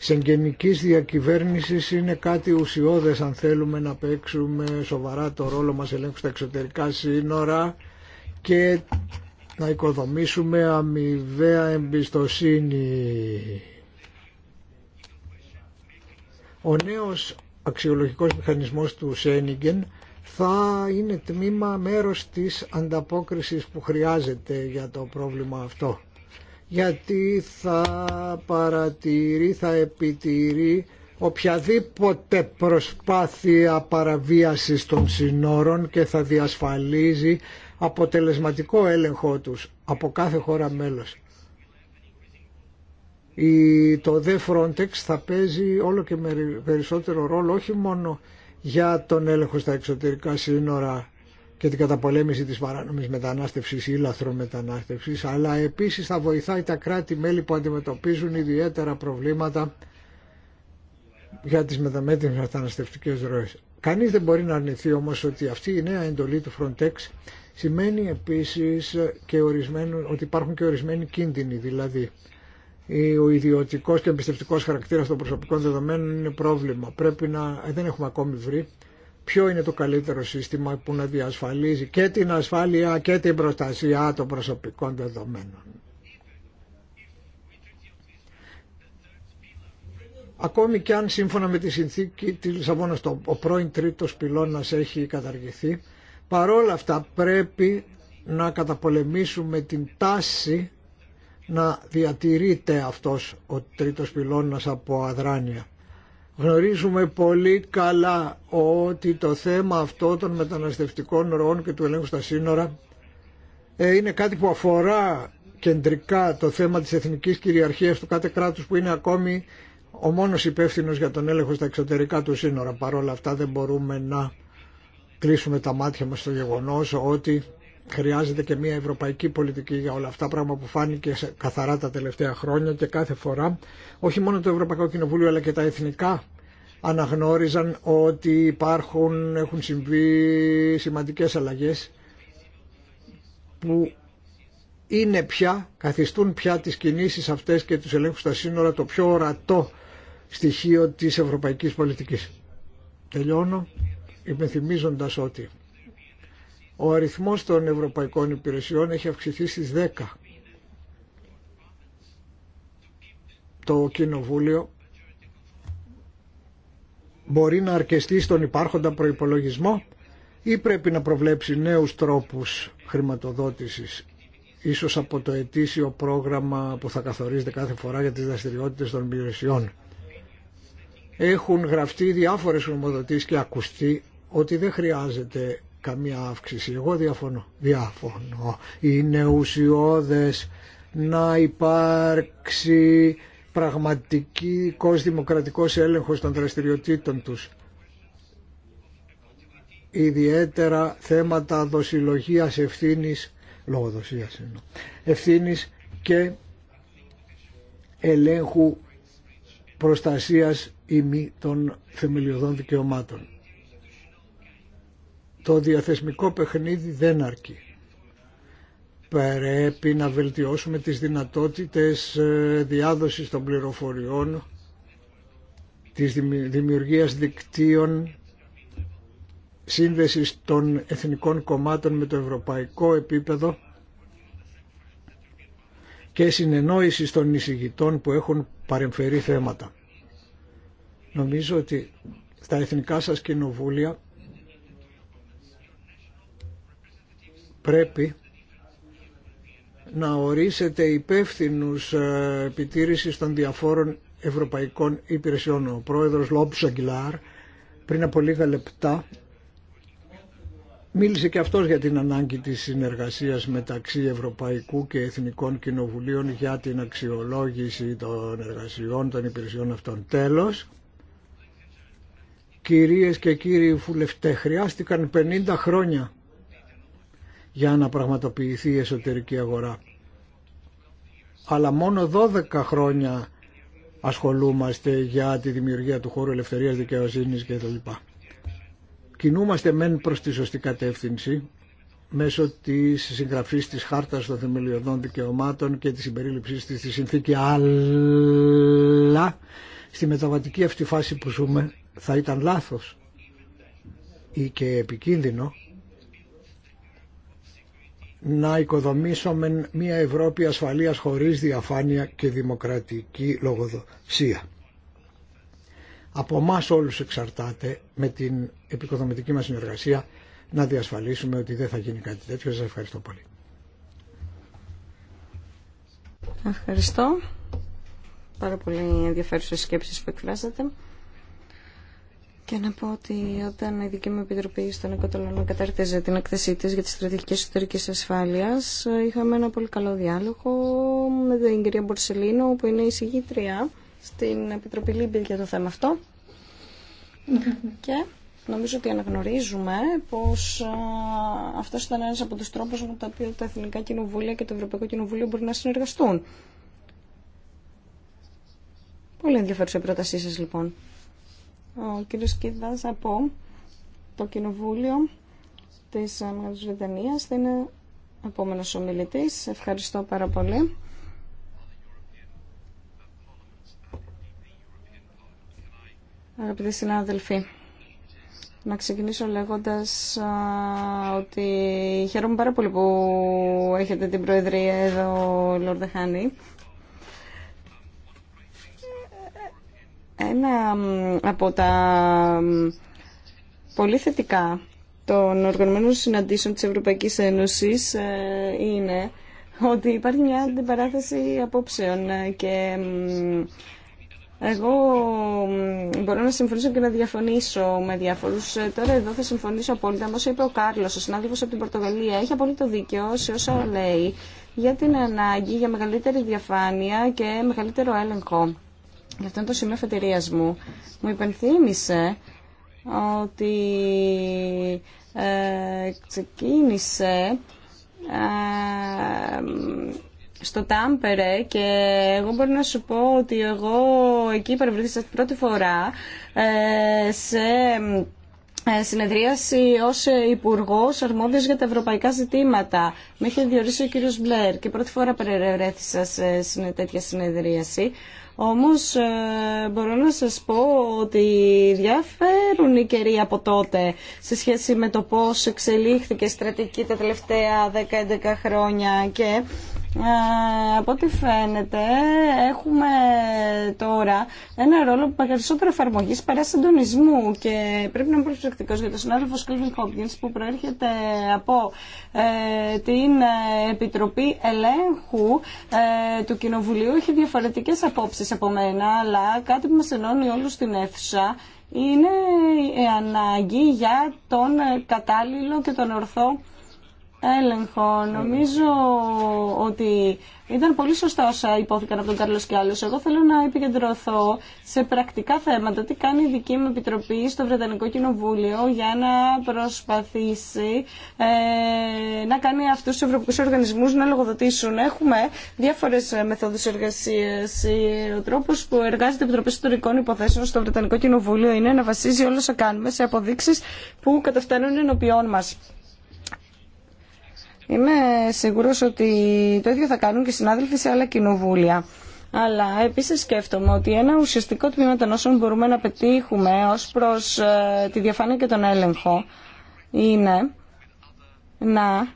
Σενγενική διακυβέρνησης είναι κάτι ουσιώδες αν θέλουμε να παίξουμε σοβαρά το ρόλο μας ελέγχου στα εξωτερικά σύνορα και να οικοδομήσουμε αμοιβαία εμπιστοσύνη. Ο νέος αξιολογικός μηχανισμός του Σένιγκεν θα είναι τμήμα μέρος της ανταπόκρισης που χρειάζεται για το πρόβλημα αυτό γιατί θα παρατηρεί, θα επιτηρεί οποιαδήποτε προσπάθεια παραβίασης των συνόρων και θα διασφαλίζει αποτελεσματικό έλεγχό τους από κάθε χώρα μέλος. Η, το δε Frontex θα παίζει όλο και περισσότερο ρόλο όχι μόνο για τον έλεγχο στα εξωτερικά σύνορα και την καταπολέμηση της παράνομης μετανάστευσης ή λαθρομετανάστευσης, αλλά επίσης θα βοηθάει τα κράτη-μέλη που αντιμετωπίζουν ιδιαίτερα προβλήματα για τις μεταμέτρες μεταναστευτικές ροές. Κανείς δεν μπορεί να αρνηθεί όμως ότι αυτή η νέα εντολή του Frontex σημαίνει επίσης και ότι υπάρχουν και ορισμένοι κίνδυνοι, δηλαδή ο ιδιωτικός και εμπιστευτικός χαρακτήρας των προσωπικών δεδομένων είναι πρόβλημα. Πρέπει να, δεν έχουμε ακόμη βρει ποιο είναι το καλύτερο σύστημα που να διασφαλίζει και την ασφάλεια και την προστασία των προσωπικών δεδομένων. Ακόμη και αν σύμφωνα με τη συνθήκη της Λισαβόνας ο πρώην τρίτος πυλώνας έχει καταργηθεί, παρόλα αυτά πρέπει να καταπολεμήσουμε την τάση να διατηρείται αυτός ο τρίτος πυλώνας από αδράνεια. Γνωρίζουμε πολύ καλά ότι το θέμα αυτό των μεταναστευτικών ροών και του ελέγχου στα σύνορα ε, είναι κάτι που αφορά κεντρικά το θέμα της εθνικής κυριαρχίας του κάθε κράτους που είναι ακόμη ο μόνος υπεύθυνος για τον έλεγχο στα εξωτερικά του σύνορα. Παρ' όλα αυτά δεν μπορούμε να κλείσουμε τα μάτια μας στο γεγονός ότι χρειάζεται και μια ευρωπαϊκή πολιτική για όλα αυτά, πράγμα που φάνηκε καθαρά τα τελευταία χρόνια και κάθε φορά όχι μόνο το Ευρωπαϊκό Κοινοβούλιο αλλά και τα εθνικά αναγνώριζαν ότι υπάρχουν, έχουν συμβεί σημαντικές αλλαγές που είναι πια, καθιστούν πια τις κινήσεις αυτές και τους ελέγχους στα σύνορα το πιο ορατό στοιχείο της ευρωπαϊκής πολιτικής. Τελειώνω υπενθυμίζοντας ότι ο αριθμός των ευρωπαϊκών υπηρεσιών έχει αυξηθεί στις 10. Το Κοινοβούλιο μπορεί να αρκεστεί στον υπάρχοντα προϋπολογισμό ή πρέπει να προβλέψει νέους τρόπους χρηματοδότησης ίσως από το ετήσιο πρόγραμμα που θα καθορίζεται κάθε φορά για τις δραστηριότητες των υπηρεσιών. Έχουν γραφτεί διάφορες γνωμοδοτήσεις και ακουστεί ότι δεν χρειάζεται καμία αύξηση. Εγώ διαφωνώ. Διαφωνώ. Είναι ουσιώδες να υπάρξει πραγματική δημοκρατικός έλεγχος των δραστηριοτήτων τους. Ιδιαίτερα θέματα δοσιλογίας ευθύνης, λογοδοσίας εννοώ, ευθύνης και ελέγχου προστασίας ημί των θεμελιωδών δικαιωμάτων. Το διαθεσμικό παιχνίδι δεν αρκεί. Πρέπει να βελτιώσουμε τις δυνατότητες ε, διάδοσης των πληροφοριών, της δημιουργίας δικτύων, σύνδεσης των εθνικών κομμάτων με το ευρωπαϊκό επίπεδο και συνεννόησης των εισηγητών που έχουν παρεμφερεί θέματα. Νομίζω ότι στα εθνικά σας κοινοβούλια πρέπει να ορίσετε υπεύθυνους ε, επιτήρησης των διαφόρων ευρωπαϊκών υπηρεσιών. Ο πρόεδρος Λόμπ Αγγιλάρ πριν από λίγα λεπτά μίλησε και αυτός για την ανάγκη της συνεργασίας μεταξύ Ευρωπαϊκού και Εθνικών Κοινοβουλίων για την αξιολόγηση των εργασιών των υπηρεσιών αυτών. Τέλος, κυρίες και κύριοι φουλευτέ, χρειάστηκαν 50 χρόνια για να πραγματοποιηθεί η εσωτερική αγορά. Αλλά μόνο 12 χρόνια ασχολούμαστε για τη δημιουργία του χώρου ελευθερίας, δικαιοσύνης κτλ. Κινούμαστε μεν προς τη σωστή κατεύθυνση μέσω της συγγραφής της Χάρτας των Θεμελιωδών Δικαιωμάτων και της συμπερίληψής της στη συνθήκη, αλλά στη μεταβατική αυτή φάση που ζούμε θα ήταν λάθος ή και επικίνδυνο να οικοδομήσουμε μια Ευρώπη ασφαλείας χωρίς διαφάνεια και δημοκρατική λογοδοσία. Από εμά όλους εξαρτάται με την επικοδομητική μας συνεργασία να διασφαλίσουμε ότι δεν θα γίνει κάτι τέτοιο. Σας ευχαριστώ πολύ. Ευχαριστώ. Πάρα πολύ ενδιαφέρουσες σκέψεις που εκφράσατε. Και να πω ότι όταν η δική μου επιτροπή στον Οικοτολόνο κατάρτιζε την εκθεσή τη για τι στρατηγικέ εσωτερική ασφάλεια, είχαμε ένα πολύ καλό διάλογο με την κυρία Μπορσελίνο, που είναι η συγγήτρια στην Επιτροπή Λίμπη για το θέμα αυτό. Και νομίζω ότι αναγνωρίζουμε πως αυτό ήταν ένας από τους τρόπους με τα οποία τα Εθνικά Κοινοβούλια και το Ευρωπαϊκό Κοινοβούλιο μπορεί να συνεργαστούν. Πολύ ενδιαφέρουσα η πρότασή σα, λοιπόν ο κύριο Κίδας από το Κοινοβούλιο της ε, Μεγάλης Βρετανίας θα είναι επόμενος Ευχαριστώ πάρα πολύ. Αγαπητοί συνάδελφοι, να ξεκινήσω λέγοντας ε, ότι χαίρομαι πάρα πολύ που έχετε την Προεδρία εδώ, Λόρδε Χάνη, Ένα από τα πολύ θετικά των οργανωμένων συναντήσεων της Ευρωπαϊκής Ένωσης ε, είναι ότι υπάρχει μια αντιπαράθεση απόψεων ε, και εγώ μπορώ να συμφωνήσω και να διαφωνήσω με διάφορους. Ε, τώρα εδώ θα συμφωνήσω απόλυτα με όσα είπε ο Κάρλος, ο συνάδελφος από την Πορτογαλία. Έχει απόλυτο δίκιο σε όσα λέει για την ανάγκη για μεγαλύτερη διαφάνεια και μεγαλύτερο έλεγχο Γι' αυτό είναι το σημείο αφετηρίας μου. Μου υπενθύμησε ότι ε, ξεκίνησε ε, στο Τάμπερε και εγώ μπορώ να σου πω ότι εγώ εκεί παρευρύθησα την πρώτη φορά ε, σε ε, συνεδρίαση ως υπουργό αρμόδιος για τα ευρωπαϊκά ζητήματα. Με είχε διορίσει ο κύριος Μπλερ και πρώτη φορά παρευρέθησα σε τέτοια συνεδρίαση όμως ε, μπορώ να σας πω ότι διαφέρουν οι καιροί από τότε σε σχέση με το πώς εξελίχθηκε η στρατηγική τα τελευταία 10-11 χρόνια και ε, από ό,τι φαίνεται έχουμε τώρα ένα ρόλο που περισσότερο εφαρμογή παρά συντονισμού και πρέπει να είμαι προσεκτικό για τον συνάδελφο Κλίβιν Χόπκιν που προέρχεται από ε, την ε, Επιτροπή Ελέγχου του Κοινοβουλίου. Έχει διαφορετικέ απόψει από μένα, αλλά κάτι που μα ενώνει όλου στην αίθουσα είναι η ανάγκη για τον κατάλληλο και τον ορθό έλεγχο. Νομίζω ότι ήταν πολύ σωστά όσα υπόθηκαν από τον Κάρλος και Εγώ θέλω να επικεντρωθώ σε πρακτικά θέματα. Τι κάνει η δική μου επιτροπή στο Βρετανικό Κοινοβούλιο για να προσπαθήσει ε, να κάνει αυτούς τους ευρωπαϊκούς οργανισμούς να λογοδοτήσουν. Έχουμε διάφορες ε, μεθόδους εργασίας. Ο τρόπος που εργάζεται η Επιτροπή Συντορικών Υποθέσεων στο Βρετανικό Κοινοβούλιο είναι να βασίζει όλα όσα κάνουμε σε αποδείξεις που καταφτάνουν ενωπιών μας. Είμαι σίγουρος ότι το ίδιο θα κάνουν και οι συνάδελφοι σε άλλα κοινοβούλια. Αλλά επίσης σκέφτομαι ότι ένα ουσιαστικό τμήμα των όσων μπορούμε να πετύχουμε ως προς ε, τη διαφάνεια και τον έλεγχο είναι να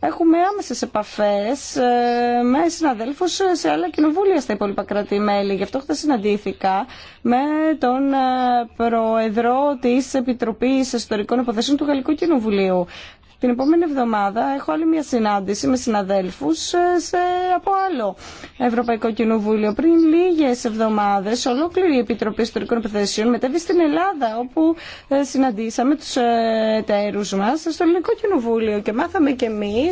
έχουμε άμεσες επαφές ε, με συναδέλφους σε άλλα κοινοβούλια στα υπόλοιπα κράτη-μέλη. Γι' αυτό χθε συναντήθηκα με τον ε, Προεδρό της Επιτροπής Ιστορικών Υποθέσεων του Γαλλικού Κοινοβουλίου. Την επόμενη εβδομάδα έχω άλλη μια συνάντηση με συναδέλφους ε, σε, από άλλο Ευρωπαϊκό Κοινοβούλιο. Πριν λίγε εβδομάδε, ολόκληρη η Επιτροπή Ιστορικών Επιθέσεων μετέβη στην Ελλάδα όπου ε, συναντήσαμε τους ε, εταίρου μα στο Ελληνικό Κοινοβούλιο και μάθαμε κι εμεί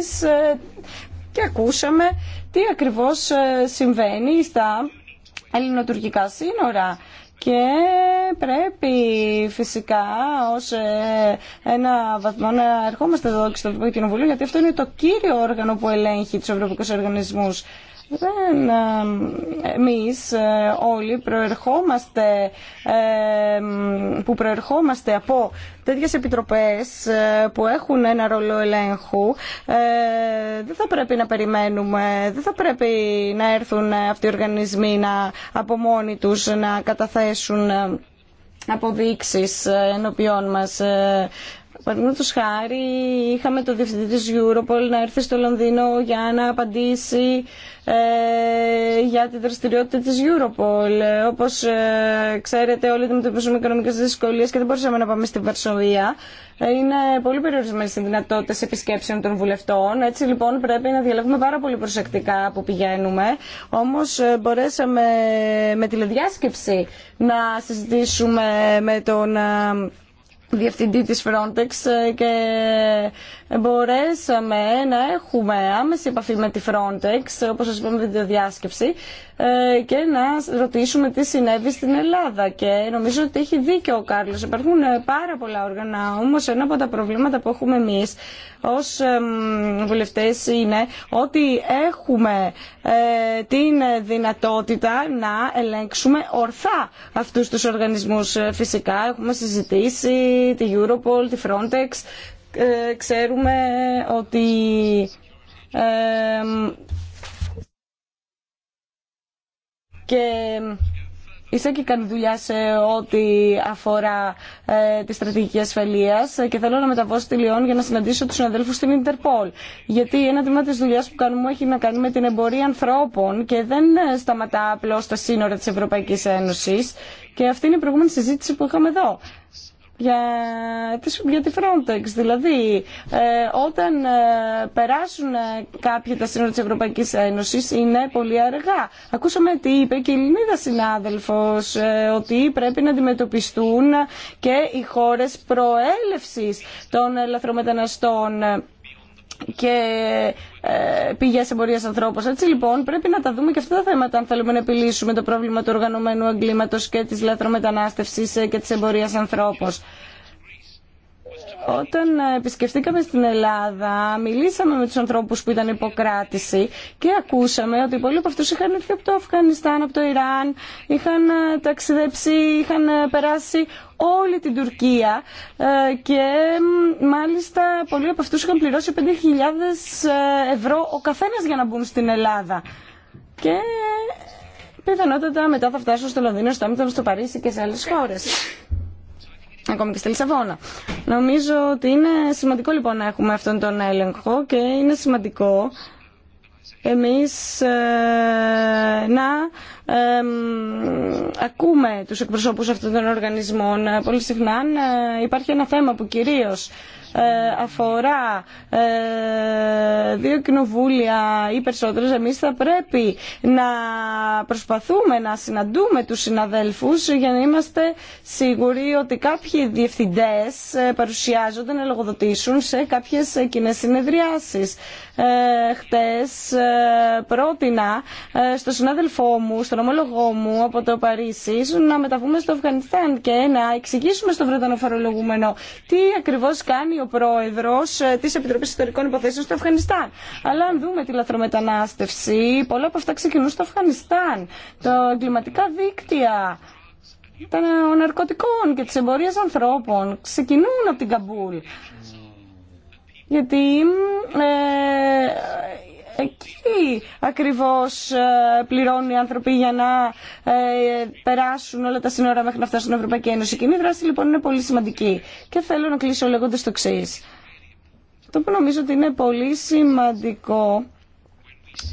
και ακούσαμε τι ακριβώς συμβαίνει στα ελληνοτουρκικά σύνορα και πρέπει φυσικά ως ε, ένα βαθμό να ερχόμαστε εδώ και στο Ευρωπαϊκό Κοινοβούλιο γιατί αυτό είναι το κύριο όργανο που ελέγχει τους ευρωπαϊκούς οργανισμούς δεν, ε, εμείς ε, όλοι προερχόμαστε, ε, που προερχόμαστε από τέτοιες επιτροπές που έχουν ένα ρόλο ελέγχου, δεν θα πρέπει να περιμένουμε, δεν θα πρέπει να έρθουν αυτοί οι οργανισμοί να, από μόνοι τους να καταθέσουν αποδείξεις ενώπιόν μας Παραδείγματο χάρη, είχαμε το διευθυντή τη Europol να έρθει στο Λονδίνο για να απαντήσει ε, για τη δραστηριότητα τη Europol. Όπω ε, ξέρετε, όλοι αντιμετωπίζουμε οικονομικέ δυσκολίε και δεν μπορούσαμε να πάμε στη Βαρσοβία. Είναι πολύ περιορισμένε οι δυνατότητε επισκέψεων των βουλευτών. Έτσι λοιπόν πρέπει να διαλέγουμε πάρα πολύ προσεκτικά που πηγαίνουμε. Όμω ε, μπορέσαμε με τηλεδιάσκεψη να συζητήσουμε με τον ε, διευθυντή της Frontex ε, και μπορέσαμε να έχουμε άμεση επαφή με τη Frontex, όπως σας είπαμε βιντεοδιάσκεψη, ε, και να ρωτήσουμε τι συνέβη στην Ελλάδα. Και νομίζω ότι έχει δίκιο ο Κάρλος. Υπάρχουν ε, πάρα πολλά όργανα, όμως ένα από τα προβλήματα που έχουμε εμείς ως βουλευτές είναι ότι έχουμε ε, την δυνατότητα να ελέγξουμε ορθά αυτούς τους οργανισμούς. Φυσικά έχουμε συζητήσει τη Europol, τη Frontex, ε, ξέρουμε ότι και Είσαι και κάνει δουλειά σε ό,τι αφορά ε, τη στρατηγική ασφαλεία και θέλω να μεταβώ στη Λιόν για να συναντήσω του συναδέλφου στην Ιντερπολ. Γιατί ένα τμήμα τη δουλειά που κάνουμε έχει να κάνει με την εμπορία ανθρώπων και δεν ε, σταματά απλώ τα σύνορα τη Ευρωπαϊκή Ένωση. Και αυτή είναι η προηγούμενη συζήτηση που είχαμε εδώ για, για τη Frontex. Δηλαδή, ε, όταν ε, περάσουν ε, κάποια τα σύνορα της Ευρωπαϊκής Ένωσης είναι πολύ αργά. Ακούσαμε τι είπε και η Ελληνίδα συνάδελφος, ότι πρέπει να αντιμετωπιστούν και οι χώρες προέλευσης των λαθρομεταναστών και ε, πηγέ εμπορία ανθρώπων. Έτσι λοιπόν πρέπει να τα δούμε και αυτά τα θέματα αν θέλουμε να επιλύσουμε το πρόβλημα του οργανωμένου εγκλήματο και τη λαθρομετανάστευση ε, και τη εμπορία ανθρώπων. Όταν επισκεφτήκαμε στην Ελλάδα, μιλήσαμε με τους ανθρώπους που ήταν υποκράτηση και ακούσαμε ότι πολλοί από αυτούς είχαν έρθει από το Αφγανιστάν, από το Ιράν, είχαν ε, ταξιδέψει, είχαν ε, περάσει όλη την Τουρκία ε, και μάλιστα πολλοί από αυτούς είχαν πληρώσει 5.000 ευρώ ο καθένας για να μπουν στην Ελλάδα. Και πιθανότατα μετά θα φτάσουν στο Λονδίνο, στο Άμυντο, στο Παρίσι και σε άλλες χώρες ακόμη και στη Λισαβόνα. Νομίζω ότι είναι σημαντικό λοιπόν να έχουμε αυτόν τον έλεγχο και είναι σημαντικό εμείς ε, να ακούμε τους εκπροσώπους αυτών των οργανισμών. Πολύ συχνά ε, υπάρχει ένα θέμα που κυρίως ε, αφορά ε, δύο κοινοβούλια ή περισσότερες, εμείς θα πρέπει να προσπαθούμε να συναντούμε τους συναδέλφους για να είμαστε σίγουροι ότι κάποιοι διευθυντές ε, παρουσιάζονται να λογοδοτήσουν σε κάποιες κοινέ συνεδριάσεις. Ε, χτες ε, πρότεινα ε, στο συνάδελφό μου, στον ομολογό μου από το Παρίσι, να μεταβούμε στο Αφγανιστάν και να εξηγήσουμε στον Βρετανό φορολογούμενο τι ακριβώς κάνει ο πρόεδρος της Επιτροπής Ιστορικών Υποθέσεων στο Αφγανιστάν. Αλλά αν δούμε τη λαθρομετανάστευση, πολλά από αυτά ξεκινούν στο Αφγανιστάν. Τα εγκληματικά δίκτυα των ναρκωτικών και της εμπορίας ανθρώπων ξεκινούν από την Καμπούλ γιατί ε, εκεί ακριβώς ε, πληρώνουν οι άνθρωποι για να ε, περάσουν όλα τα σύνορα μέχρι να φτάσουν στην Ευρωπαϊκή Ένωση. Η δράση λοιπόν είναι πολύ σημαντική και θέλω να κλείσω λέγοντας το εξή. Το που νομίζω ότι είναι πολύ σημαντικό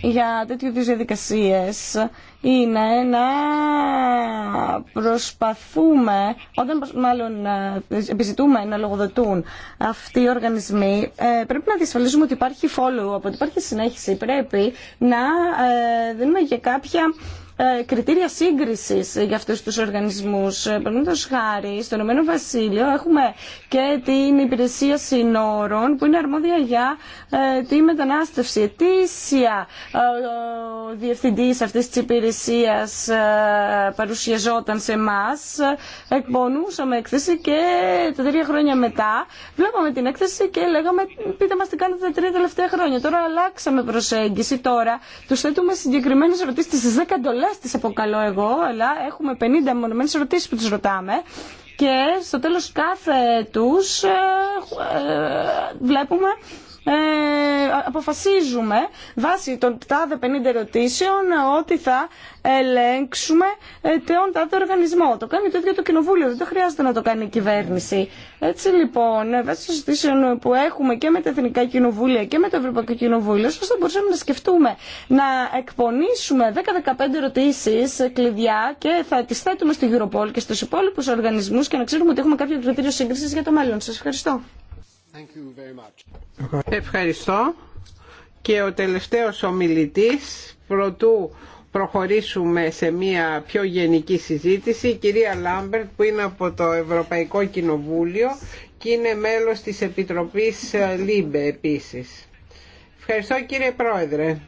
για τέτοιου είδους διαδικασίες είναι να προσπαθούμε, όταν μάλλον ε, επιζητούμε να λογοδοτούν αυτοί οι οργανισμοί, ε, πρέπει να διασφαλίζουμε ότι υπάρχει follow-up, ότι υπάρχει συνέχιση. Πρέπει να ε, δίνουμε και κάποια ε, κριτήρια σύγκριση για αυτού του οργανισμού. Ε, Παραδείγματο χάρη, στο Ηνωμένο Βασίλειο έχουμε και την υπηρεσία συνόρων που είναι αρμόδια για ε, τη μετανάστευση. Ετήσια ο διευθυντή αυτή τη υπηρεσία παρουσιαζόταν σε εμά. Εκπονούσαμε έκθεση και τα τρία χρόνια μετά βλέπαμε την έκθεση και λέγαμε πείτε μα τι κάνετε τα τρία τελευταία χρόνια. Τώρα αλλάξαμε προσέγγιση. Τώρα του θέτουμε συγκεκριμένε ερωτήσει στι 10 πολλέ τι αποκαλώ εγώ, αλλά έχουμε 50 μονομένε ερωτήσει που του ρωτάμε. Και στο τέλος κάθε τους ε, ε, βλέπουμε ε, αποφασίζουμε βάσει των τάδε 50 ερωτήσεων ότι θα ελέγξουμε ε, τον τάδε οργανισμό. Το κάνει το ίδιο το κοινοβούλιο, δεν το χρειάζεται να το κάνει η κυβέρνηση. Έτσι λοιπόν, ε, βάσει των συζητήσεων που έχουμε και με τα Εθνικά Κοινοβούλια και με το Ευρωπαϊκό Κοινοβούλιο, σας θα μπορούσαμε να σκεφτούμε να εκπονήσουμε 10-15 ερωτήσει κλειδιά και θα τι θέτουμε στη Europol και στου υπόλοιπου οργανισμού και να ξέρουμε ότι έχουμε κάποιο κριτήριο σύγκριση για το μέλλον. Σα ευχαριστώ. Ευχαριστώ. Και ο τελευταίος ομιλητής, προτού προχωρήσουμε σε μια πιο γενική συζήτηση, η κυρία Λάμπερτ που είναι από το Ευρωπαϊκό Κοινοβούλιο και είναι μέλος της Επιτροπής ε, ΛΥΜΠΕ επίσης. Ευχαριστώ κύριε Πρόεδρε.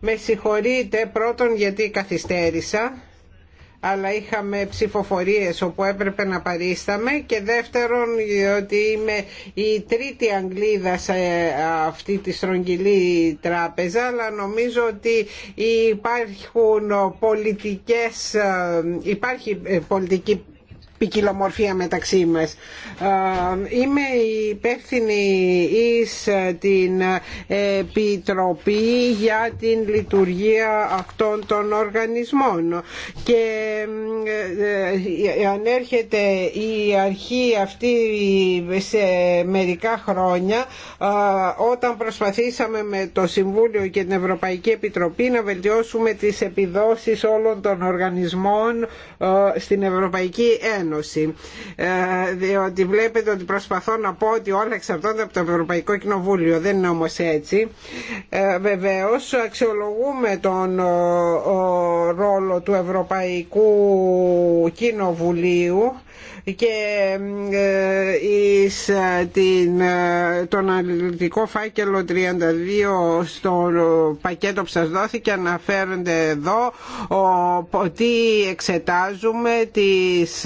Με συγχωρείτε πρώτον γιατί καθυστέρησα αλλά είχαμε ψηφοφορίες όπου έπρεπε να παρίσταμε και δεύτερον διότι είμαι η τρίτη Αγγλίδα σε αυτή τη στρογγυλή τράπεζα αλλά νομίζω ότι υπάρχουν πολιτικές ε, υπάρχει πολιτική ποικιλομορφία μεταξύ μας. Ε, είμαι υπεύθυνη εις ε, την Επιτροπή για την λειτουργία αυτών των οργανισμών και ε, ανέρχεται η αρχή αυτή σε μερικά χρόνια όταν προσπαθήσαμε με το Συμβούλιο και την Ευρωπαϊκή Επιτροπή να βελτιώσουμε τις επιδόσεις όλων των οργανισμών στην Ευρωπαϊκή Ένωση Ένωση ε, διότι βλέπετε ότι προσπαθώ να πω ότι όλα εξαρτώνται από το Ευρωπαϊκό Κοινοβούλιο δεν είναι όμως έτσι ε, βεβαίως αξιολογούμε τον ρόλο του Ευρωπαϊκού Κοινοβουλίου και ε, εις ε, την, ε, τον αναλυτικό φάκελο 32 στο πακέτο που σας δόθηκε αναφέρονται εδώ ο, εξετάζουμε τις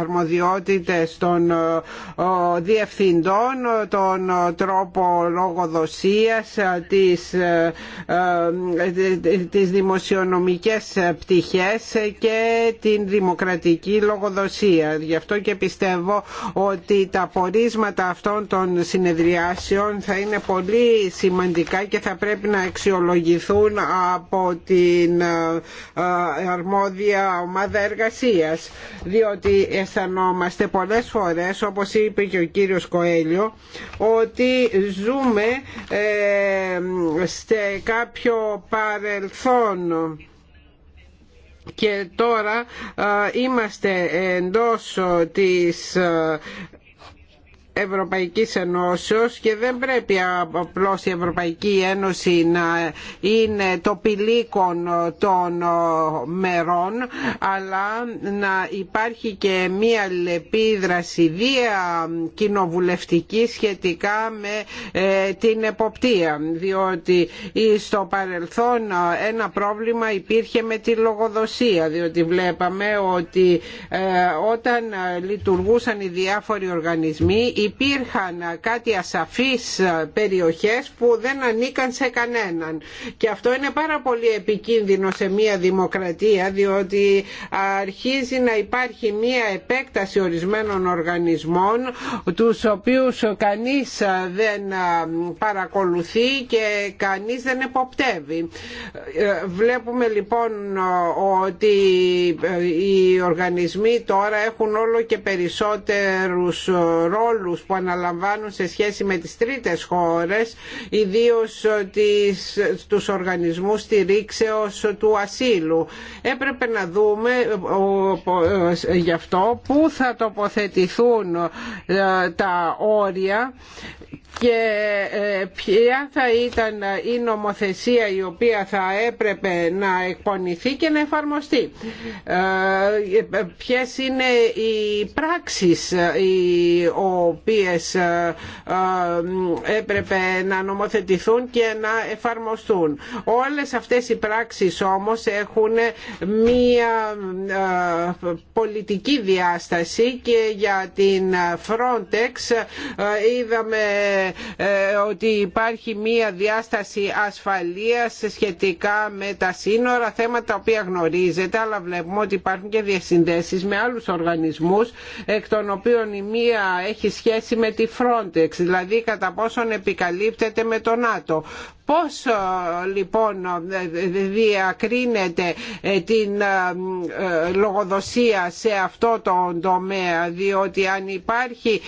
αρμοδιότητες των διευθυντών τον τρόπο λογοδοσίας τις, τις δημοσιονομικές πτυχές και την δημοκρατική λογοδοσία Γι' αυτό και πιστεύω ότι τα πορίσματα αυτών των συνεδριάσεων θα είναι πολύ σημαντικά και θα πρέπει να αξιολογηθούν από την ε, αρμόδια ομάδα εργασίας. Διότι αισθανόμαστε πολλές φορές, όπως είπε και ο κύριος Κοέλιο, ότι ζούμε ε, σε κάποιο παρελθόν και τώρα είμαστε εντός ε, της ε, Ευρωπαϊκής Ενώσεως και δεν πρέπει απλώς η Ευρωπαϊκή Ένωση να είναι το πηλίκον των μερών αλλά να υπάρχει και μία λεπή δραστηρία κοινοβουλευτική σχετικά με ε, την εποπτεία διότι στο παρελθόν ένα πρόβλημα υπήρχε με τη λογοδοσία διότι βλέπαμε ότι ε, όταν λειτουργούσαν οι διάφοροι οργανισμοί υπήρχαν κάτι ασαφείς περιοχές που δεν ανήκαν σε κανέναν και αυτό είναι πάρα πολύ επικίνδυνο σε μια δημοκρατία διότι αρχίζει να υπάρχει μια επέκταση ορισμένων οργανισμών τους οποίους κανείς δεν παρακολουθεί και κανείς δεν εποπτεύει. Βλέπουμε λοιπόν ότι οι οργανισμοί τώρα έχουν όλο και περισσότερους ρόλους που αναλαμβάνουν σε σχέση με τις τρίτες χώρες, ιδίως ε, τις, τους οργανισμούς στηρίξεως ε, του ασύλου. Έπρεπε να δούμε ε, γι' αυτό πού θα τοποθετηθούν τα όρια και ε, ποια θα ήταν η νομοθεσία η οποία θα έπρεπε να εκπονηθεί και να εφαρμοστεί. Ε, ποιες είναι οι πράξεις ε, οι οποίες έπρεπε να νομοθετηθούν και να εφαρμοστούν. Όλες αυτές οι πράξεις όμως έχουν μία πολιτική διάσταση και για την Frontex είδαμε ε, ότι υπάρχει μία διάσταση ασφαλείας σχετικά με τα σύνορα, θέματα τα οποία γνωρίζετε, αλλά βλέπουμε ότι υπάρχουν και διασυνδέσεις με άλλους οργανισμούς, εκ των οποίων η μία έχει σχέση με τη Frontex, δηλαδή κατά πόσον επικαλύπτεται με το ΝΑΤΟ. Πώς λοιπόν διακρίνεται ε, την ε, ε, λογοδοσία σε αυτό το τομέα διότι αν υπάρχει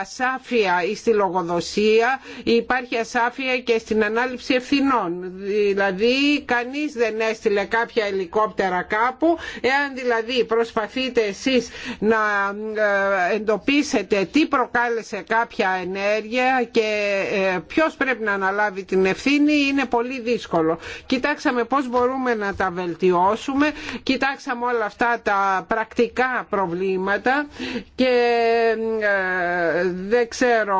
ασάφεια στη λογοδοσία υπάρχει ασάφεια και στην ανάληψη ευθυνών. Δηλαδή κανείς δεν έστειλε κάποια ελικόπτερα κάπου. Εάν δηλαδή προσπαθείτε εσείς να εντοπίσετε τι προκάλεσε κάποια ενέργεια και ποιος πρέπει να αναλάβει την ευθύνη είναι πολύ δύσκολο. Κοιτάξαμε πώς μπορούμε να τα βελτιώσουμε, κοιτάξαμε όλα αυτά τα πρακτικά προβλήματα και ε, δεν ξέρω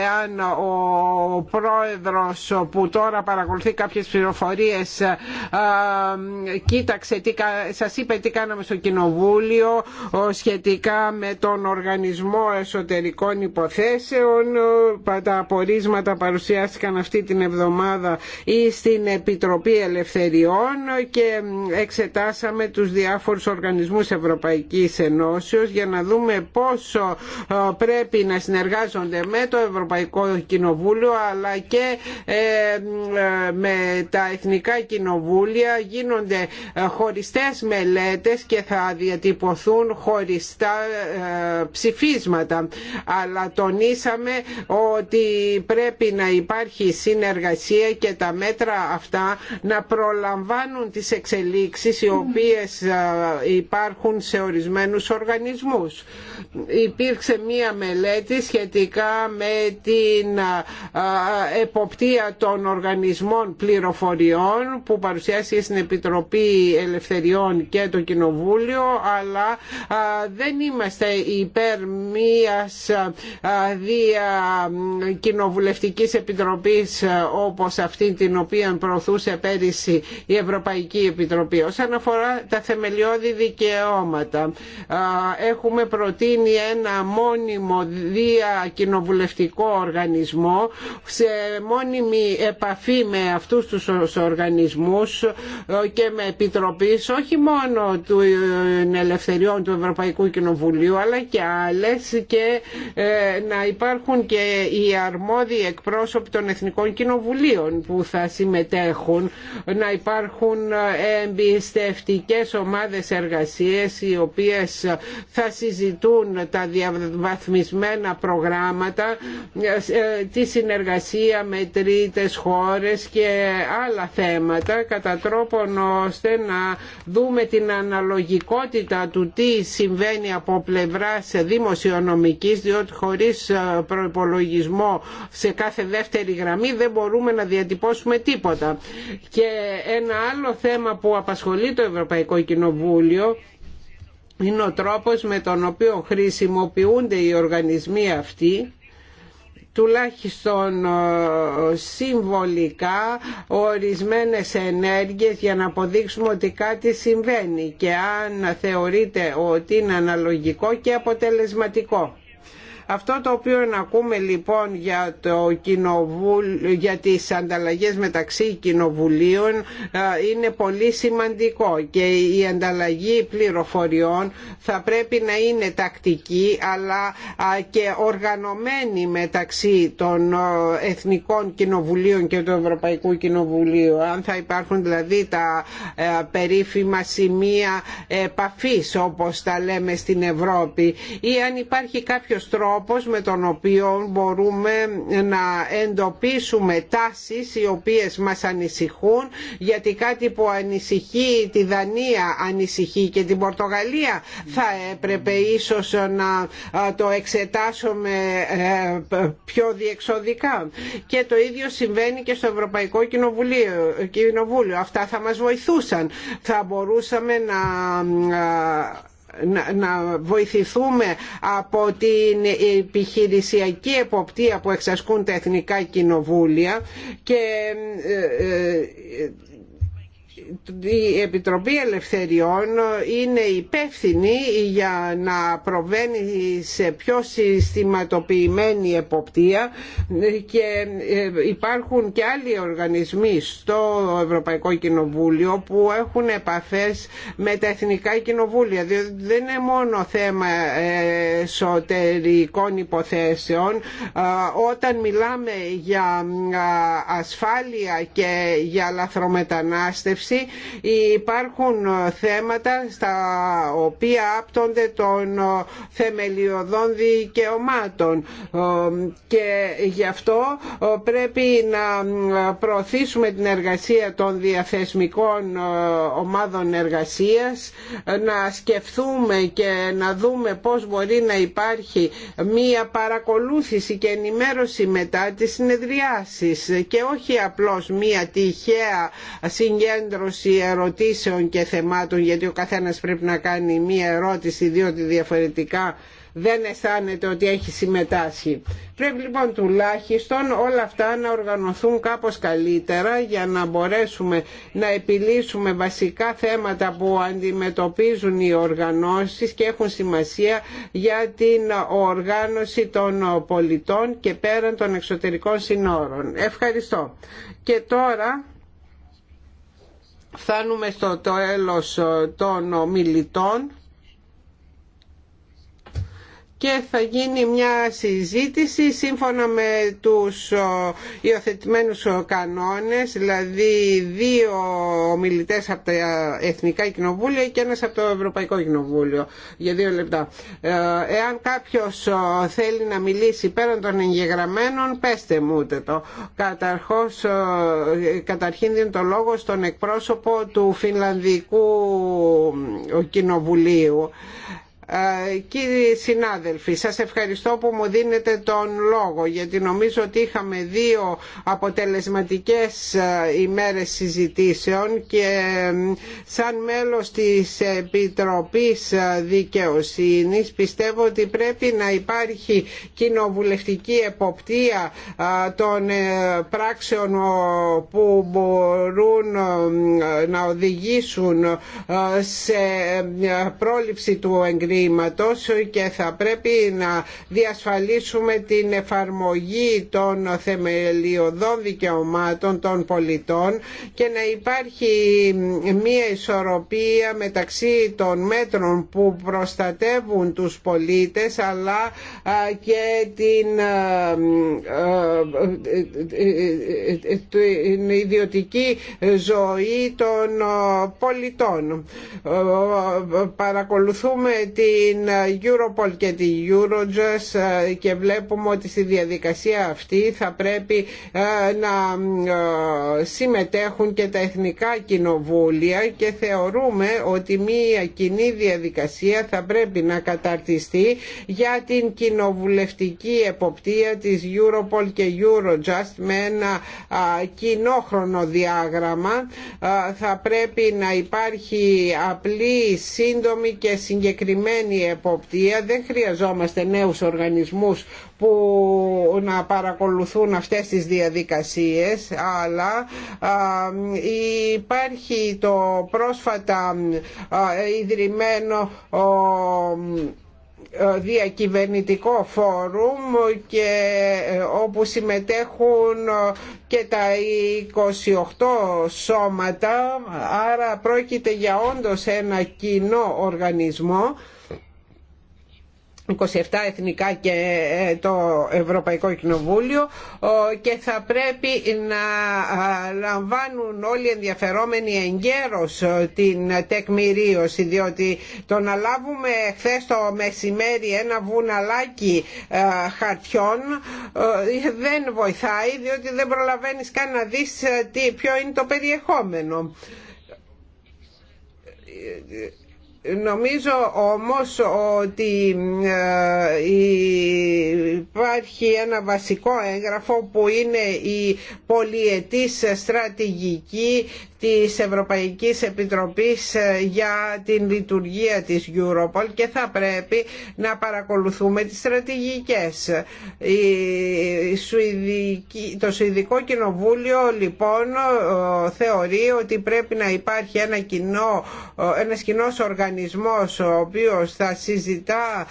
εάν ο πρόεδρος που τώρα παρακολουθεί κάποιες πληροφορίες ε, κοίταξε, τι, σας είπε τι κάναμε στο Κοινοβούλιο σχετικά με τον Οργανισμό Εσωτερικών Υποθέσεων. Ε, τα απορίσματα παρουσιάστηκαν αυτή την εβδομάδα ή στην Επιτροπή Ελευθεριών και εξετάσαμε τους διάφορους οργανισμούς Ευρωπαϊκής Ενώσεως για να δούμε πόσο ε, πρέπει να συνεργάζονται με το Ευρωπαϊκό Κοινοβούλιο αλλά και ε, ε, με τα Εθνικά Κοινοβούλια γίνονται χωριστές μελέτες και θα διατυπωθούν χωριστά ψηφίσματα αλλά τονίσαμε ότι πρέπει να υπάρχει συνεργασία και τα μέτρα αυτά να προλαμβάνουν τις εξελίξεις οι οποίες υπάρχουν σε ορισμένους οργανισμούς. Υπήρξε μία μελέτη σχετικά με την εποπτεία των οργανισμών πληροφοριών που παρουσιάστηκε στην Επιτροπή Ελευθεριών και το Κοινοβούλιο αλλά δεν είμαστε υπέρ μίας δια κοινοβουλευτικής επιτροπής όπως αυτή την οποία προωθούσε πέρυσι η Ευρωπαϊκή Επιτροπή. Όσον αφορά τα θεμελιώδη δικαιώματα, έχουμε προτείνει ένα μόνιμο διακοινοβουλευτικό οργανισμό σε μόνιμη επαφή με αυτούς τους οργανισμούς και με επιτροπής όχι μόνο του ε, ε, ελευθεριών του Ευρωπαϊκού Κοινοβουλίου αλλά και άλλες και ε, να υπάρχουν και οι αρμόδιοι εκπρόσωποι των εθνικών κοινοβουλίων κοινοβουλίων που θα συμμετέχουν, να υπάρχουν εμπιστευτικές ομάδες εργασίες οι οποίες θα συζητούν τα διαβαθμισμένα προγράμματα, τη συνεργασία με τρίτες χώρες και άλλα θέματα κατά τρόπον ώστε να δούμε την αναλογικότητα του τι συμβαίνει από πλευράς δημοσιονομικής διότι χωρίς προϋπολογισμό σε κάθε δεύτερη γραμμή δεν μπορούμε να διατυπώσουμε τίποτα. Και ένα άλλο θέμα που απασχολεί το Ευρωπαϊκό Κοινοβούλιο είναι ο τρόπος με τον οποίο χρησιμοποιούνται οι οργανισμοί αυτοί τουλάχιστον ε, συμβολικά ορισμένες ενέργειες για να αποδείξουμε ότι κάτι συμβαίνει και αν θεωρείται ότι είναι αναλογικό και αποτελεσματικό. Αυτό το οποίο ακούμε λοιπόν για, το κοινοβούλ, για τις ανταλλαγές μεταξύ κοινοβουλίων ε, είναι πολύ σημαντικό και η ανταλλαγή πληροφοριών θα πρέπει να είναι τακτική αλλά και οργανωμένη μεταξύ των ε, Εθνικών Κοινοβουλίων και του Ευρωπαϊκού Κοινοβουλίου. Αν θα υπάρχουν δηλαδή τα ε, περίφημα σημεία επαφής όπως τα λέμε στην Ευρώπη ή αν υπάρχει κάποιος τρόπος τρόπος με τον οποίο μπορούμε να εντοπίσουμε τάσεις οι οποίες μας ανησυχούν γιατί κάτι που ανησυχεί τη Δανία ανησυχεί και την Πορτογαλία θα έπρεπε ίσως να το εξετάσουμε ε, πιο διεξοδικά και το ίδιο συμβαίνει και στο Ευρωπαϊκό Κοινοβούλιο. Αυτά θα μας βοηθούσαν. Θα μπορούσαμε να να βοηθηθούμε από την επιχειρησιακή εποπτεία που εξασκούν τα εθνικά κοινοβούλια και ε, ε, η Επιτροπή Ελευθεριών είναι υπεύθυνη για να προβαίνει σε πιο συστηματοποιημένη εποπτεία και ε, υπάρχουν και άλλοι οργανισμοί στο Ευρωπαϊκό Κοινοβούλιο που έχουν επαφές με τα Εθνικά Κοινοβούλια διότι δεν είναι μόνο θέμα ε, εσωτερικών υποθέσεων όταν μιλάμε για ασφάλεια και για λαθρομετανάστευση υπάρχουν θέματα στα οποία άπτονται των θεμελιωδών δικαιωμάτων και γι' αυτό πρέπει να προωθήσουμε την εργασία των διαθεσμικών ομάδων εργασίας να σκεφτούμε και να δούμε πώς μπορεί να υπάρχει μία παρακολούθηση και ενημέρωση μετά τις συνεδριάσεις και όχι απλώς μία τυχαία συγκέντρωση ερωτήσεων και θεμάτων γιατί ο καθένας πρέπει να κάνει μία ερώτηση διότι διαφορετικά δεν αισθάνεται ότι έχει συμμετάσχει. Πρέπει λοιπόν τουλάχιστον όλα αυτά να οργανωθούν κάπως καλύτερα για να μπορέσουμε να επιλύσουμε βασικά θέματα που αντιμετωπίζουν οι οργανώσεις και έχουν σημασία για την οργάνωση των πολιτών και πέραν των εξωτερικών συνόρων. Ευχαριστώ. Και τώρα Φτάνουμε στο τέλος των ομιλητών και θα γίνει μια συζήτηση σύμφωνα με τους υιοθετημένους κανόνες, δηλαδή δύο ομιλητές από τα Εθνικά Κοινοβούλια και ένας από το Ευρωπαϊκό Κοινοβούλιο για δύο λεπτά. Ε, εάν κάποιος θέλει να μιλήσει πέραν των εγγεγραμμένων, πέστε μου ούτε το. Καταρχώς, καταρχήν δίνει το λόγο στον εκπρόσωπο του Φινλανδικού Κοινοβουλίου. Ε, Κύριοι συνάδελφοι, σας ευχαριστώ που μου δίνετε τον λόγο γιατί νομίζω ότι είχαμε δύο αποτελεσματικές ε, ημέρες συζητήσεων και ε, σαν μέλος της Επιτροπής Δικαιοσύνης πιστεύω ότι πρέπει να υπάρχει κοινοβουλευτική εποπτεία των πράξεων που μπορούν να οδηγήσουν σε πρόληψη του εγκλήματος και θα πρέπει να διασφαλίσουμε την εφαρμογή των θεμελιωδών δικαιωμάτων των πολιτών και να υπάρχει μία ισορροπία μεταξύ των μέτρων που προστατεύουν τους πολίτες αλλά και την, την ιδιωτική ζωή των πολιτών. Παρακολουθούμε την την Europol και την Eurojust ε, και βλέπουμε ότι στη διαδικασία αυτή θα πρέπει ε, να ε, συμμετέχουν και τα εθνικά κοινοβούλια και θεωρούμε ότι μία κοινή διαδικασία θα πρέπει να καταρτιστεί για την κοινοβουλευτική εποπτεία της Europol και Eurojust με ένα κοινό χρονοδιάγραμμα θα πρέπει να υπάρχει απλή, σύντομη και συγκεκριμένη εποπτεία, δεν χρειαζόμαστε νέους οργανισμούς που να παρακολουθούν αυτές τις διαδικασίες αλλά υπάρχει το πρόσφατα ιδρυμένο διακυβερνητικό φόρουμ και ε, όπου συμμετέχουν και τα 28 σώματα άρα πρόκειται για όντως ένα κοινό οργανισμό 27 εθνικά και ε, το Ευρωπαϊκό Κοινοβούλιο και θα πρέπει να λαμβάνουν όλοι οι ενδιαφερόμενοι εγκαίρως ε, την τεκμηρίωση διότι το να λάβουμε χθε το μεσημέρι ένα βουναλάκι ε, χαρτιών δεν βοηθάει διότι δεν προλαβαίνεις καν να δεις ποιο είναι το περιεχόμενο Νομίζω όμως ότι ε, υπάρχει ένα βασικό έγγραφο που είναι η πολυετής στρατηγική της Ευρωπαϊκής Επιτροπής ε, για την λειτουργία της Europol και θα πρέπει να παρακολουθούμε τις στρατηγικές. Το Σουηδικό Κοινοβούλιο λοιπόν ε, θεωρεί ότι πρέπει να υπάρχει ένα κοινό, ένας κοινός οργανισμός οργανισμός ο οποίος θα συζητά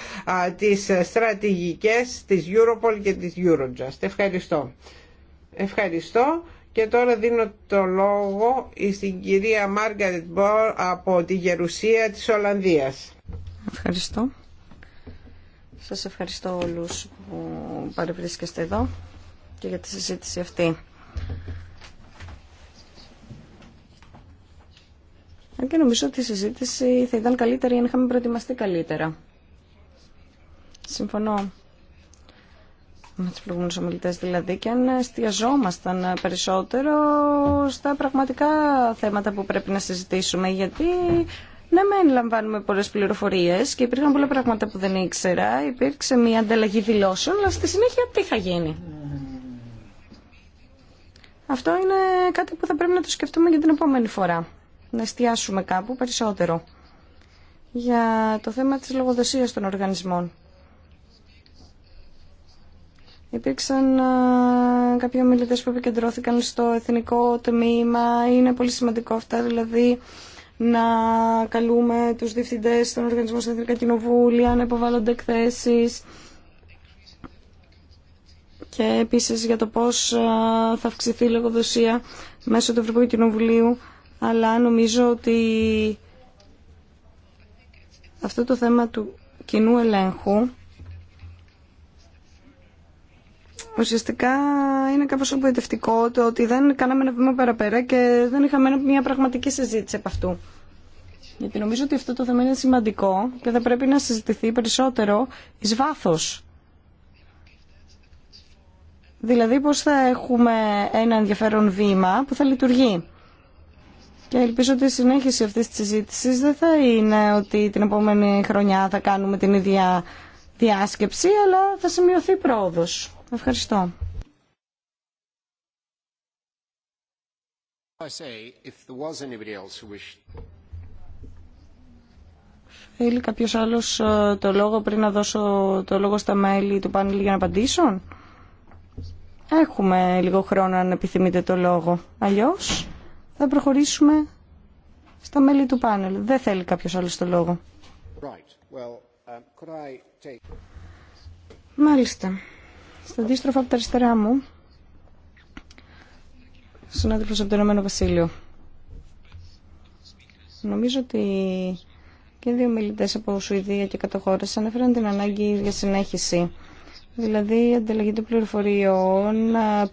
τις στρατηγικές της Europol και της Eurojust. Ευχαριστώ. Ευχαριστώ. Και τώρα δίνω το λόγο στην κυρία Μάργαρετ Μπορ από τη Γερουσία της Ολλανδίας. Ευχαριστώ. Σας ευχαριστώ όλους που παρευρίσκεστε εδώ και για τη συζήτηση αυτή. και νομίζω ότι η συζήτηση θα ήταν καλύτερη αν είχαμε προετοιμαστεί καλύτερα. Συμφωνώ με τους προηγούμενους ομιλητές δηλαδή και αν εστιαζόμασταν περισσότερο στα πραγματικά θέματα που πρέπει να συζητήσουμε γιατί ναι, μεν λαμβάνουμε πολλέ πληροφορίε και υπήρχαν πολλά πράγματα που δεν ήξερα. Υπήρξε μια ανταλλαγή δηλώσεων, αλλά στη συνέχεια τι θα γίνει. Αυτό είναι κάτι που θα πρέπει να το σκεφτούμε για την επόμενη φορά να εστιάσουμε κάπου περισσότερο για το θέμα της λογοδοσίας των οργανισμών. Υπήρξαν κάποιοι ομιλητές που επικεντρώθηκαν στο εθνικό τμήμα. Είναι πολύ σημαντικό αυτά, δηλαδή να καλούμε τους διευθυντές των οργανισμών στην εθνικά κοινοβούλια, να υποβάλλονται εκθέσεις και επίσης για το πώς θα αυξηθεί η λογοδοσία μέσω του Ευρωπαϊκού Κοινοβουλίου αλλά νομίζω ότι αυτό το θέμα του κοινού ελέγχου ουσιαστικά είναι κάπως απογοητευτικό το ότι δεν κάναμε ένα βήμα παραπέρα και δεν είχαμε μια πραγματική συζήτηση από αυτού. Γιατί νομίζω ότι αυτό το θέμα είναι σημαντικό και θα πρέπει να συζητηθεί περισσότερο εις βάθος. Δηλαδή πώς θα έχουμε ένα ενδιαφέρον βήμα που θα λειτουργεί. Και ελπίζω ότι η συνέχιση αυτής της συζήτηση δεν θα είναι ότι την επόμενη χρονιά θα κάνουμε την ίδια διάσκεψη, αλλά θα σημειωθεί πρόοδο. Ευχαριστώ. Θέλει κάποιο άλλο ε, το λόγο πριν να δώσω το λόγο στα μέλη του πάνελ για να απαντήσουν. Έχουμε λίγο χρόνο αν επιθυμείτε το λόγο. Αλλιώς θα προχωρήσουμε στα μέλη του πάνελ. Δεν θέλει κάποιος άλλος το λόγο. Um, Μάλιστα. Στα αντίστροφα από τα αριστερά μου, συνάδελφος από το Ηνωμένο Βασίλειο. Νομίζω ότι και δύο μιλητές από Σουηδία και κατοχώρες ανέφεραν την ανάγκη για συνέχιση δηλαδή η ανταλλαγή των πληροφοριών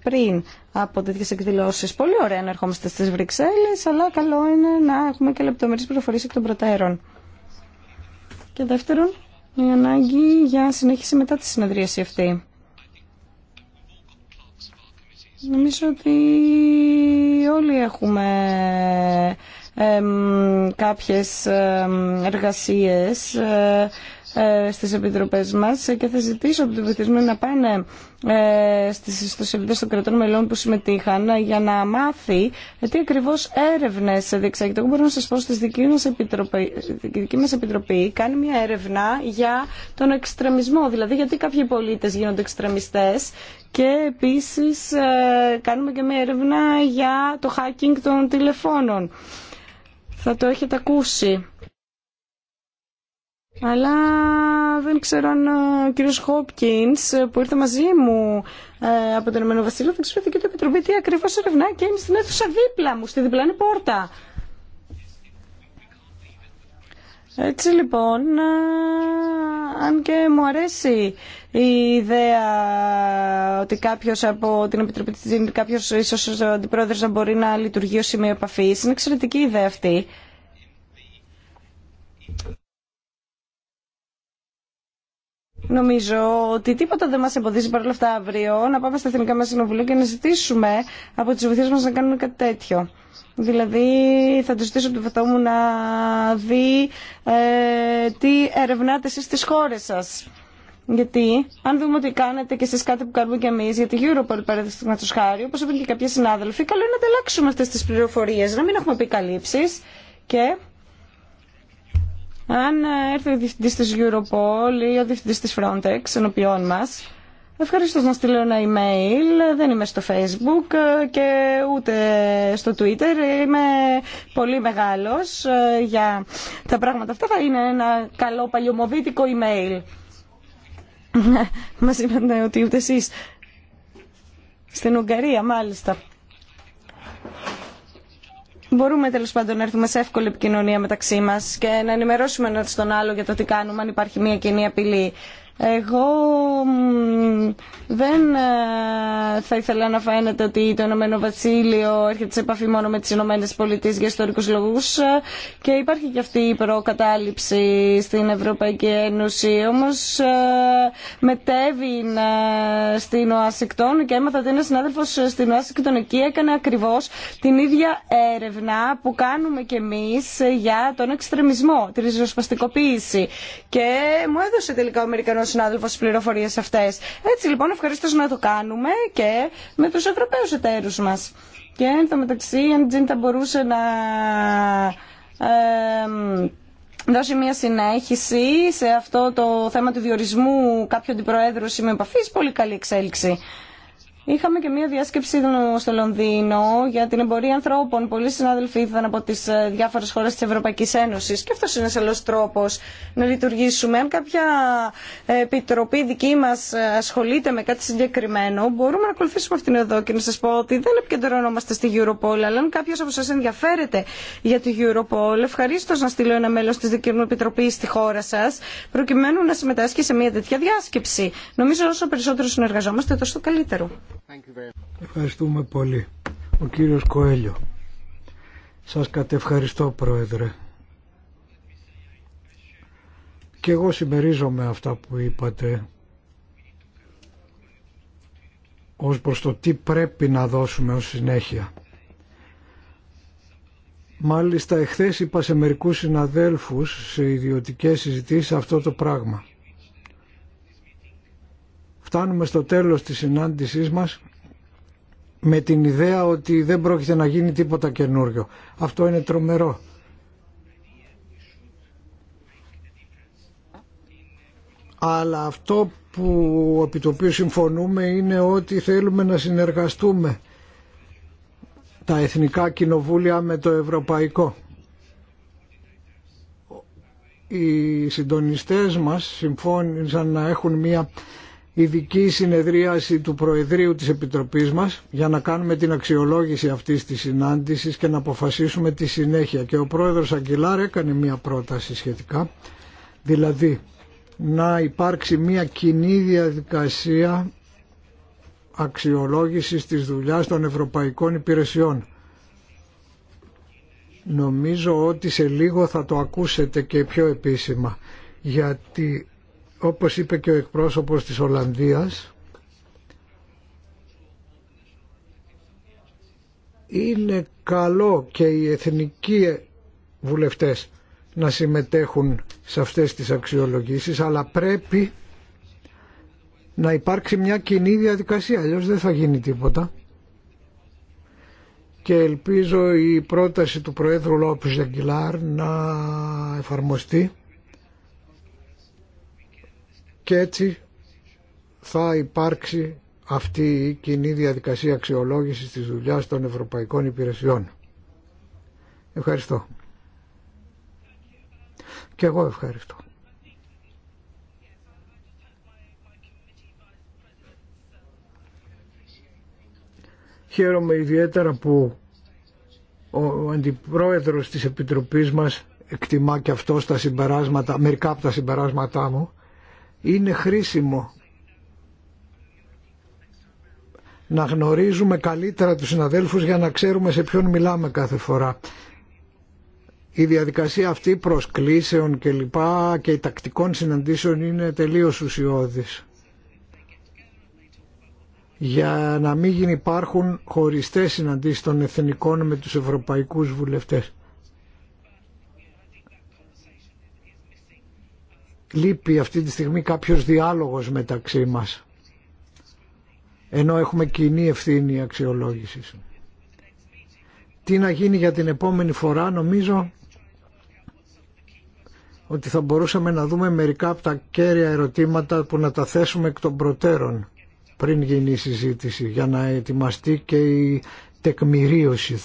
πριν από τέτοιε εκδηλώσει. Πολύ ωραία να ερχόμαστε στι Βρυξέλλε, αλλά καλό είναι να έχουμε και λεπτομερεί πληροφορίε εκ των προτέρων. Και δεύτερον, η ανάγκη για συνέχιση μετά τη συνεδρίαση αυτή. Νομίζω ότι όλοι έχουμε εμ, κάποιες εργασίες ε, ε, στις επιτροπές μας και θα ζητήσω από την πληθυσμό να πάνε ε, στις ιστοσελίδες των κρατών μελών που συμμετείχαν για να μάθει ε, τι ακριβώς έρευνες διεξάγεται. Εγώ μπορώ να σας πω στις δική μας, επιτροπή, δική μας επιτροπή κάνει μια έρευνα για τον εξτρεμισμό, δηλαδή γιατί κάποιοι πολίτες γίνονται εξτρεμιστές και επίσης κάνουμε και μια έρευνα για το hacking των τηλεφώνων. Θα το έχετε ακούσει. Αλλά δεν ξέρω αν ε, ο κύριος Χόπκινς ε, που ήρθε μαζί μου ε, από τον Ηνωμένο Βασίλειο θα ξέρω και το Επιτροπή τι ακριβώς ερευνά και είναι στην αίθουσα δίπλα μου, στη διπλανή πόρτα. Έτσι λοιπόν, αν και μου αρέσει η ιδέα ότι κάποιος από την Επιτροπή της κάποιος ίσως ο αντιπρόεδρος να μπορεί να λειτουργεί ως σημείο επαφής, είναι εξαιρετική ιδέα αυτή. Νομίζω ότι τίποτα δεν μα εμποδίζει παρόλα αυτά αύριο να πάμε στα εθνικά μα συνοβουλία και να ζητήσουμε από τι βοηθείε μα να κάνουν κάτι τέτοιο. Δηλαδή θα του ζητήσω από τον βαθό μου να δει ε, τι ερευνάτε εσεί στι χώρε σα. Γιατί αν δούμε ότι κάνετε και εσεί κάτι που κάνουμε και εμεί γιατί η Europol, παραδείγματο χάρη, όπω είπαν και κάποιοι συνάδελφοι, καλό είναι να ανταλλάξουμε αυτέ τι πληροφορίε, να μην έχουμε επικαλύψει και αν έρθει ο διευθυντή τη Europol ή ο διευθυντή τη Frontex ενωπιών μα, ευχαριστώ να στείλω ένα email, δεν είμαι στο facebook και ούτε στο twitter, είμαι πολύ μεγάλος ε, για τα πράγματα αυτά, θα είναι ένα καλό παλιωμοβίτικο email. Μας είπατε ότι ούτε εσεί, Στην Ουγγαρία μάλιστα μπορούμε τέλο πάντων να έρθουμε σε εύκολη επικοινωνία μεταξύ μα και να ενημερώσουμε ένα τον άλλο για το τι κάνουμε αν υπάρχει μια κοινή απειλή. Εγώ δεν ε, θα ήθελα να φαίνεται ότι το Ηνωμένο Βασίλειο έρχεται σε επαφή μόνο με τις Ηνωμένε Πολιτείες για ιστορικούς λόγους ε, και υπάρχει και αυτή η προκατάληψη στην Ευρωπαϊκή Ένωση. Όμως ε, μετέβη στην Ουάσιγκτον και έμαθα ότι ένας συνάδελφος στην Ουάσιγκτον εκεί έκανε ακριβώς την ίδια έρευνα που κάνουμε κι εμείς για τον εξτρεμισμό, τη ριζοσπαστικοποίηση. Και μου έδωσε τελικά ο συνάδελφο τι πληροφορίε αυτέ. Έτσι λοιπόν ευχαρίστω να το κάνουμε και με του Ευρωπαίου εταίρου μα. Και εν τω μεταξύ η Engine θα μπορούσε να δώσει μια συνέχιση σε αυτό το θέμα του διορισμού κάποιου αντιπροέδρου με επαφή. Πολύ καλή εξέλιξη. Είχαμε και μία διάσκεψη στο Λονδίνο για την εμπορία ανθρώπων. Πολλοί συνάδελφοι ήρθαν από τι ε, διάφορε χώρε τη Ευρωπαϊκή Ένωση και αυτό είναι ένα άλλο τρόπο να λειτουργήσουμε. Αν κάποια ε, επιτροπή δική μα ε, ασχολείται με κάτι συγκεκριμένο, μπορούμε να ακολουθήσουμε αυτήν εδώ και να σα πω ότι δεν επικεντρωνόμαστε στη Europol, αλλά αν κάποιο από εσά ενδιαφέρεται για τη Europol, ευχαρίστω να στείλω ένα μέλο τη δική μου επιτροπή στη χώρα σα, προκειμένου να συμμετάσχει σε μία τέτοια διάσκεψη. Νομίζω όσο περισσότερο συνεργαζόμαστε, τόσο καλύτερο. Ευχαριστούμε πολύ. Ο κύριος Κοέλιο. Σας κατευχαριστώ Πρόεδρε. Και εγώ συμμερίζομαι αυτά που είπατε ως προς το τι πρέπει να δώσουμε ως συνέχεια. Μάλιστα εχθές είπα σε μερικούς συναδέλφους σε ιδιωτικές συζητήσεις αυτό το πράγμα φτάνουμε στο τέλος της συνάντησής μας με την ιδέα ότι δεν πρόκειται να γίνει τίποτα καινούριο. Αυτό είναι τρομερό. Αλλά αυτό που επί το οποίο συμφωνούμε είναι ότι θέλουμε να συνεργαστούμε τα εθνικά κοινοβούλια με το ευρωπαϊκό. Οι συντονιστές μας συμφώνησαν να έχουν μία ειδική συνεδρίαση του Προεδρείου της Επιτροπής μας για να κάνουμε την αξιολόγηση αυτής της συνάντησης και να αποφασίσουμε τη συνέχεια. Και ο Πρόεδρος Αγγελάρ έκανε μία πρόταση σχετικά, δηλαδή να υπάρξει μία κοινή διαδικασία αξιολόγησης της δουλειάς των ευρωπαϊκών υπηρεσιών. Νομίζω ότι σε λίγο θα το ακούσετε και πιο επίσημα, γιατί όπως είπε και ο εκπρόσωπος της Ολλανδίας είναι καλό και οι εθνικοί βουλευτές να συμμετέχουν σε αυτές τις αξιολογήσεις αλλά πρέπει να υπάρξει μια κοινή διαδικασία αλλιώς δεν θα γίνει τίποτα και ελπίζω η πρόταση του Προέδρου Λόπης Ζαγκυλάρ να εφαρμοστεί και έτσι θα υπάρξει αυτή η κοινή διαδικασία αξιολόγησης της δουλειάς των Ευρωπαϊκών Υπηρεσιών. Ευχαριστώ. Και εγώ ευχαριστώ. Χαίρομαι ιδιαίτερα που ο αντιπρόεδρος της Επιτροπής μας εκτιμά και αυτό στα συμπεράσματα, μερικά από τα συμπεράσματά μου είναι χρήσιμο να γνωρίζουμε καλύτερα τους συναδέλφους για να ξέρουμε σε ποιον μιλάμε κάθε φορά. Η διαδικασία αυτή προσκλήσεων και λοιπά και οι τακτικών συναντήσεων είναι τελείως ουσιώδης. Για να μην υπάρχουν χωριστές συναντήσεις των εθνικών με τους ευρωπαϊκούς βουλευτές. λείπει αυτή τη στιγμή κάποιος διάλογος μεταξύ μας ενώ έχουμε κοινή ευθύνη αξιολόγησης. Τι να γίνει για την επόμενη φορά νομίζω ότι θα μπορούσαμε να δούμε μερικά από τα κέρια ερωτήματα που να τα θέσουμε εκ των προτέρων πριν γίνει η συζήτηση για να ετοιμαστεί και η τεκμηρίωση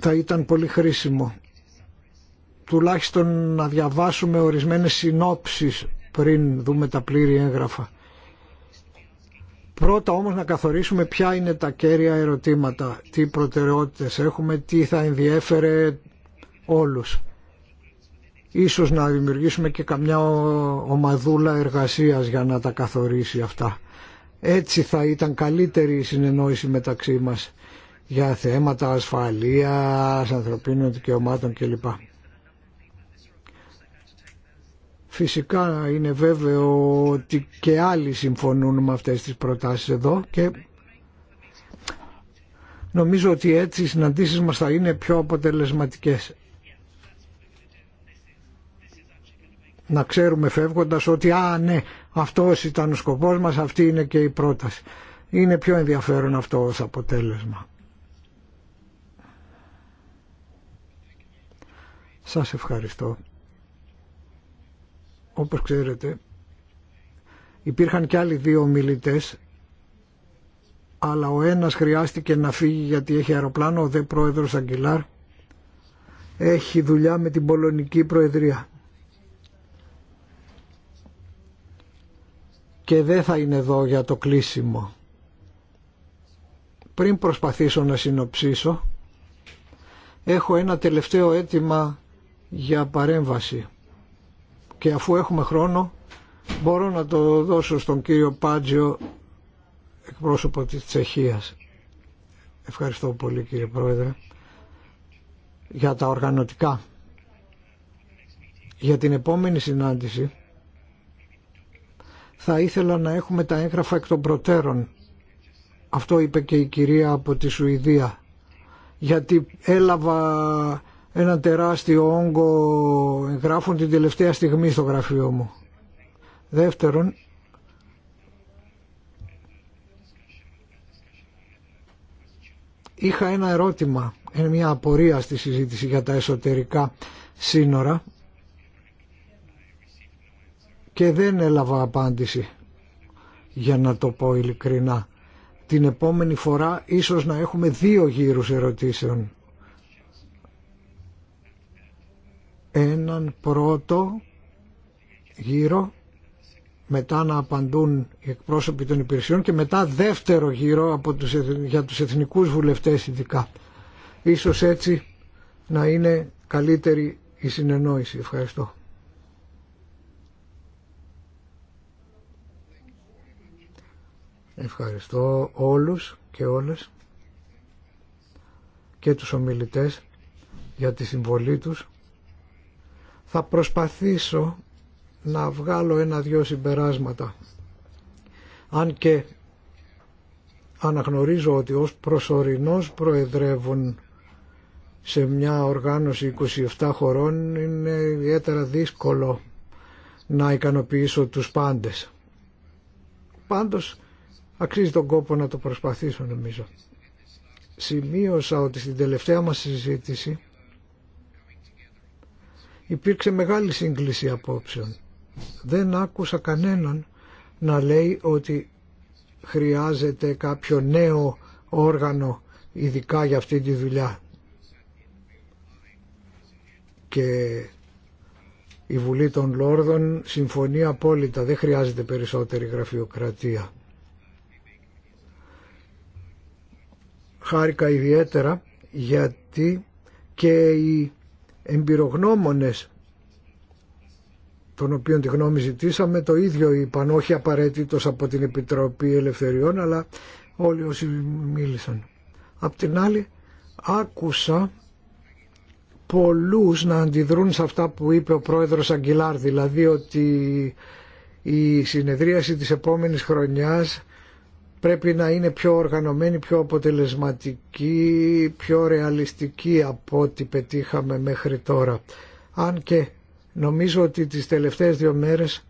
θα ήταν πολύ χρήσιμο. Τουλάχιστον να διαβάσουμε ορισμένες συνόψεις πριν δούμε τα πλήρη έγγραφα. Πρώτα όμως να καθορίσουμε ποια είναι τα κέρια ερωτήματα, τι προτεραιότητες έχουμε, τι θα ενδιέφερε όλους. Ίσως να δημιουργήσουμε και καμιά ομαδούλα εργασίας για να τα καθορίσει αυτά. Έτσι θα ήταν καλύτερη η συνεννόηση μεταξύ μας για θέματα ασφαλείας, ανθρωπίνων δικαιωμάτων κλπ. Φυσικά είναι βέβαιο ότι και άλλοι συμφωνούν με αυτές τις προτάσεις εδώ και νομίζω ότι έτσι οι συναντήσεις μας θα είναι πιο αποτελεσματικές. Να ξέρουμε φεύγοντας ότι «Α, ναι, αυτός ήταν ο σκοπός μας, αυτή είναι και η πρόταση». Είναι πιο ενδιαφέρον αυτό ως αποτέλεσμα. Σας ευχαριστώ. Όπως ξέρετε, υπήρχαν και άλλοι δύο μιλητές, αλλά ο ένας χρειάστηκε να φύγει γιατί έχει αεροπλάνο, ο δε πρόεδρος Αγγιλάρ έχει δουλειά με την Πολωνική Προεδρία. Και δεν θα είναι εδώ για το κλείσιμο. Πριν προσπαθήσω να συνοψίσω, έχω ένα τελευταίο αίτημα για παρέμβαση. Και αφού έχουμε χρόνο μπορώ να το δώσω στον κύριο Πάντζιο εκπρόσωπο της Τσεχίας. Ευχαριστώ πολύ κύριε Πρόεδρε για τα οργανωτικά. Για την επόμενη συνάντηση θα ήθελα να έχουμε τα έγγραφα εκ των προτέρων. Αυτό είπε και η κυρία από τη Σουηδία. Γιατί έλαβα ένα τεράστιο όγκο γράφουν την τελευταία στιγμή στο γραφείο μου. Δεύτερον, είχα ένα ερώτημα, μια απορία στη συζήτηση για τα εσωτερικά σύνορα και δεν έλαβα απάντηση για να το πω ειλικρινά. Την επόμενη φορά ίσως να έχουμε δύο γύρους ερωτήσεων έναν πρώτο γύρο μετά να απαντούν οι εκπρόσωποι των υπηρεσιών και μετά δεύτερο γύρο από τους, για τους εθνικούς βουλευτές ειδικά. Ίσως έτσι να είναι καλύτερη η συνεννόηση. Ευχαριστώ. Ευχαριστώ όλους και όλες και τους ομιλητές για τη συμβολή τους θα προσπαθήσω να βγάλω ένα-δυο συμπεράσματα. Αν και αναγνωρίζω ότι ως προσωρινός προεδρεύων σε μια οργάνωση 27 χωρών είναι ιδιαίτερα δύσκολο να ικανοποιήσω τους πάντες. Πάντως αξίζει τον κόπο να το προσπαθήσω νομίζω. Σημείωσα ότι στην τελευταία μας συζήτηση Υπήρξε μεγάλη σύγκληση απόψεων. Δεν άκουσα κανέναν να λέει ότι χρειάζεται κάποιο νέο όργανο ειδικά για αυτή τη δουλειά. Και η Βουλή των Λόρδων συμφωνεί απόλυτα, δεν χρειάζεται περισσότερη γραφειοκρατία. Χάρηκα ιδιαίτερα γιατί και η εμπειρογνώμονες των οποίων τη γνώμη ζητήσαμε το ίδιο είπαν όχι απαραίτητο από την Επιτροπή Ελευθεριών αλλά όλοι όσοι μίλησαν. Απ' την άλλη άκουσα πολλούς να αντιδρούν σε αυτά που είπε ο πρόεδρος Αγγιλάρδη δηλαδή ότι η συνεδρίαση της επόμενης χρονιάς πρέπει να είναι πιο οργανωμένη, πιο αποτελεσματική, πιο ρεαλιστική από ό,τι πετύχαμε μέχρι τώρα. Αν και νομίζω ότι τις τελευταίες δύο μέρες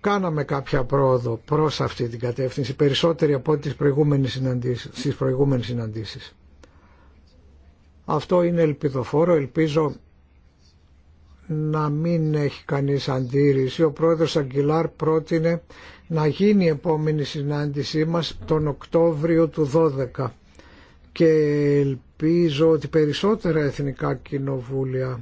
κάναμε κάποια πρόοδο προς αυτή την κατεύθυνση, περισσότερη από τις προηγούμενες συναντήσεις, στις προηγούμενες συναντήσεις. Αυτό είναι ελπιδοφόρο, ελπίζω να μην έχει κανείς αντίρρηση. Ο πρόεδρος Αγγιλάρ πρότεινε να γίνει η επόμενη συνάντησή μας τον Οκτώβριο του 12 και ελπίζω ότι περισσότερα εθνικά κοινοβούλια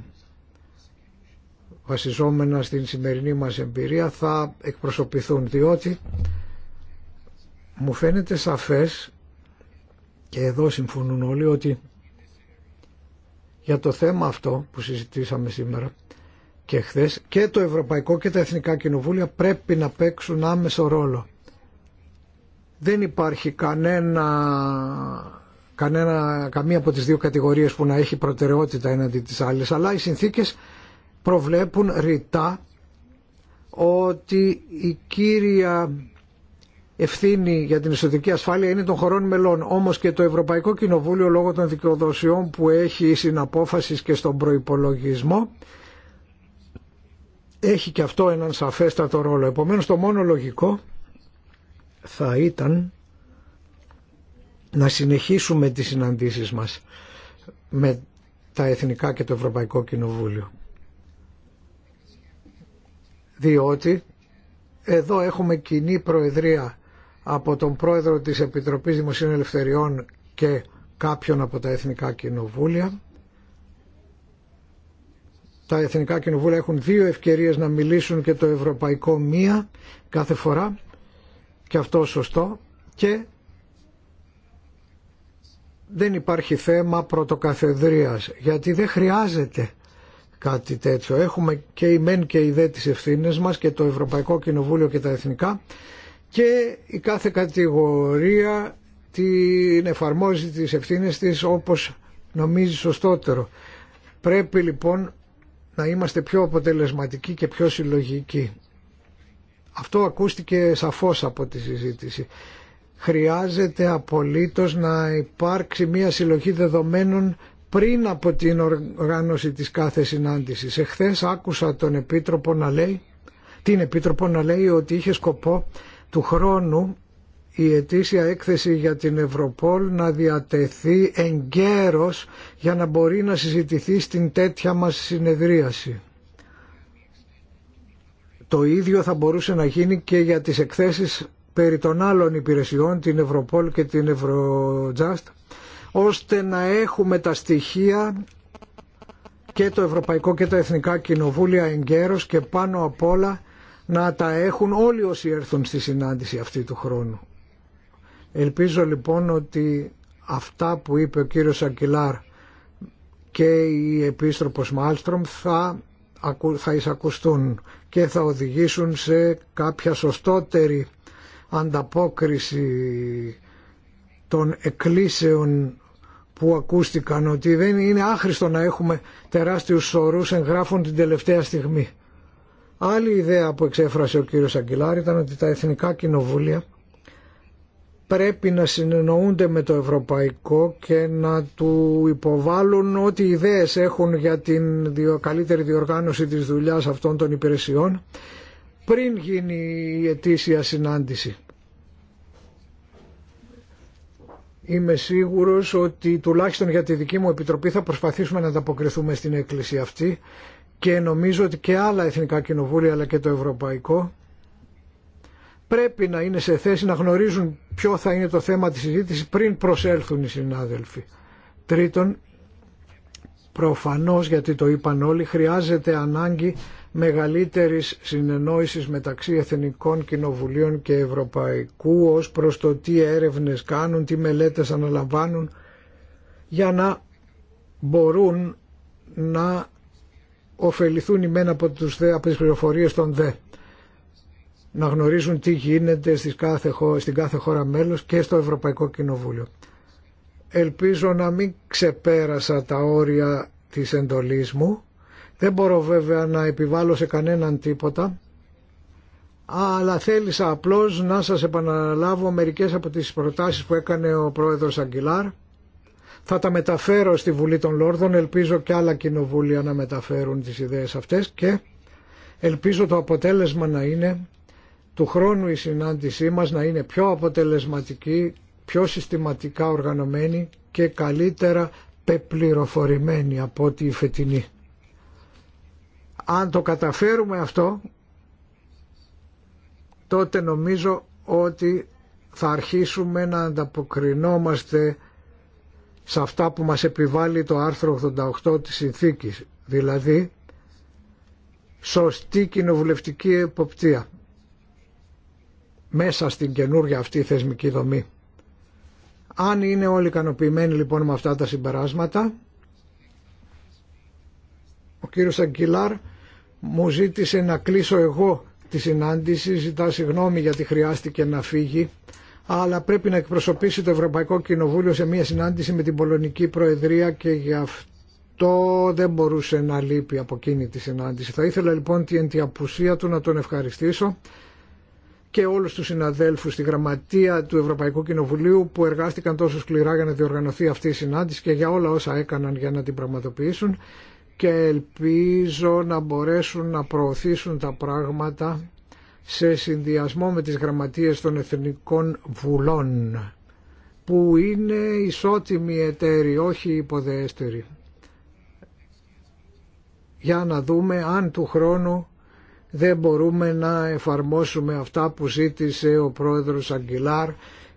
βασιζόμενα στην σημερινή μας εμπειρία θα εκπροσωπηθούν διότι μου φαίνεται σαφές και εδώ συμφωνούν όλοι ότι για το θέμα αυτό που συζητήσαμε σήμερα και χθε και το Ευρωπαϊκό και τα Εθνικά Κοινοβούλια πρέπει να παίξουν άμεσο ρόλο. Δεν υπάρχει κανένα, κανένα, καμία από τις δύο κατηγορίες που να έχει προτεραιότητα έναντι της άλλης, αλλά οι συνθήκες προβλέπουν ρητά ότι η κύρια ευθύνη για την εσωτερική ασφάλεια είναι των χωρών μελών. Όμως και το Ευρωπαϊκό Κοινοβούλιο λόγω των δικαιοδοσιών που έχει συναπόφαση και στον προϋπολογισμό έχει και αυτό έναν σαφέστατο ρόλο. Επομένως το μόνο λογικό θα ήταν να συνεχίσουμε τις συναντήσεις μας με τα Εθνικά και το Ευρωπαϊκό Κοινοβούλιο. Διότι εδώ έχουμε κοινή προεδρία από τον πρόεδρο της Επιτροπής Δημοσίων Ελευθεριών και κάποιον από τα Εθνικά Κοινοβούλια τα Εθνικά Κοινοβούλια έχουν δύο ευκαιρίες να μιλήσουν και το Ευρωπαϊκό μία κάθε φορά και αυτό σωστό και δεν υπάρχει θέμα πρωτοκαθεδρίας γιατί δεν χρειάζεται κάτι τέτοιο. Έχουμε και η μεν και η δε τις ευθύνες μας και το Ευρωπαϊκό Κοινοβούλιο και τα Εθνικά και η κάθε κατηγορία την εφαρμόζει τις ευθύνες της όπως νομίζει σωστότερο. Πρέπει λοιπόν να είμαστε πιο αποτελεσματικοί και πιο συλλογικοί. Αυτό ακούστηκε σαφώς από τη συζήτηση. Χρειάζεται απολύτως να υπάρξει μια συλλογή δεδομένων πριν από την οργάνωση της κάθε συνάντησης. Εχθές άκουσα τον Επίτροπο να λέει, την Επίτροπο να λέει ότι είχε σκοπό του χρόνου η ετήσια έκθεση για την Ευρωπόλ να διατεθεί εγκαίρως για να μπορεί να συζητηθεί στην τέτοια μας συνεδρίαση. Το ίδιο θα μπορούσε να γίνει και για τις εκθέσεις περί των άλλων υπηρεσιών, την Ευρωπόλ και την Ευρωτζάστ, ώστε να έχουμε τα στοιχεία και το Ευρωπαϊκό και τα Εθνικά Κοινοβούλια εγκαίρως και πάνω απ' όλα να τα έχουν όλοι όσοι έρθουν στη συνάντηση αυτή του χρόνου. Ελπίζω λοιπόν ότι αυτά που είπε ο κύριος Αγκυλάρ και η Επίστροπος Μάλστρομ θα, θα εισακουστούν και θα οδηγήσουν σε κάποια σωστότερη ανταπόκριση των εκκλήσεων που ακούστηκαν ότι δεν είναι άχρηστο να έχουμε τεράστιους σωρούς εγγράφων την τελευταία στιγμή. Άλλη ιδέα που εξέφρασε ο κύριος Αγγελάρη ήταν ότι τα εθνικά κοινοβούλια πρέπει να συνεννοούνται με το ευρωπαϊκό και να του υποβάλουν ό,τι ιδέες έχουν για την καλύτερη διοργάνωση της δουλειάς αυτών των υπηρεσιών πριν γίνει η ετήσια συνάντηση. Είμαι σίγουρος ότι τουλάχιστον για τη δική μου επιτροπή θα προσπαθήσουμε να ανταποκριθούμε στην έκκληση αυτή και νομίζω ότι και άλλα εθνικά κοινοβούλια αλλά και το ευρωπαϊκό πρέπει να είναι σε θέση να γνωρίζουν ποιο θα είναι το θέμα της συζήτησης πριν προσέλθουν οι συνάδελφοι. Τρίτον, προφανώς γιατί το είπαν όλοι, χρειάζεται ανάγκη μεγαλύτερης συνεννόησης μεταξύ Εθνικών Κοινοβουλίων και Ευρωπαϊκού ως προς το τι έρευνες κάνουν, τι μελέτες αναλαμβάνουν για να μπορούν να ωφεληθούν οι μένα από, τις των ΔΕ να γνωρίζουν τι γίνεται στις κάθε, στην κάθε χώρα μέλος και στο Ευρωπαϊκό Κοινοβούλιο. Ελπίζω να μην ξεπέρασα τα όρια της εντολής μου. Δεν μπορώ βέβαια να επιβάλλω σε κανέναν τίποτα, αλλά θέλησα απλώς να σας επαναλάβω μερικές από τις προτάσεις που έκανε ο πρόεδρος Αγγιλάρ. Θα τα μεταφέρω στη Βουλή των Λόρδων, ελπίζω και άλλα κοινοβούλια να μεταφέρουν τις ιδέες αυτές και ελπίζω το αποτέλεσμα να είναι του χρόνου η συνάντησή μας να είναι πιο αποτελεσματική, πιο συστηματικά οργανωμένη και καλύτερα πεπληροφορημένη από ό,τι η φετινή. Αν το καταφέρουμε αυτό, τότε νομίζω ότι θα αρχίσουμε να ανταποκρινόμαστε σε αυτά που μας επιβάλλει το άρθρο 88 της συνθήκης, δηλαδή σωστή κοινοβουλευτική εποπτεία μέσα στην καινούργια αυτή θεσμική δομή. Αν είναι όλοι ικανοποιημένοι λοιπόν με αυτά τα συμπεράσματα, ο κύριος Αγγιλάρ μου ζήτησε να κλείσω εγώ τη συνάντηση, ζητά συγγνώμη γιατί χρειάστηκε να φύγει, αλλά πρέπει να εκπροσωπήσει το Ευρωπαϊκό Κοινοβούλιο σε μια συνάντηση με την Πολωνική Προεδρία και γι' αυτό δεν μπορούσε να λείπει από εκείνη τη συνάντηση. Θα ήθελα λοιπόν την απουσία του να τον ευχαριστήσω και όλους τους συναδέλφους στη γραμματεία του Ευρωπαϊκού Κοινοβουλίου που εργάστηκαν τόσο σκληρά για να διοργανωθεί αυτή η συνάντηση και για όλα όσα έκαναν για να την πραγματοποιήσουν και ελπίζω να μπορέσουν να προωθήσουν τα πράγματα σε συνδυασμό με τις γραμματείες των Εθνικών Βουλών που είναι ισότιμοι εταίροι, όχι υποδεέστεροι. Για να δούμε αν του χρόνου δεν μπορούμε να εφαρμόσουμε αυτά που ζήτησε ο πρόεδρος Αγγιλάρ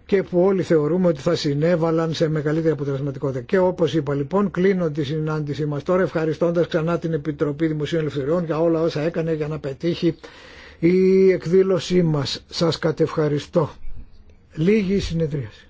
και που όλοι θεωρούμε ότι θα συνέβαλαν σε μεγαλύτερη αποτελεσματικότητα. Και όπως είπα λοιπόν κλείνω τη συνάντησή μας τώρα ευχαριστώντας ξανά την Επιτροπή Δημοσίων Ελευθεριών για όλα όσα έκανε για να πετύχει η εκδήλωσή μας. Σας κατευχαριστώ. Λίγη συνεδρίαση.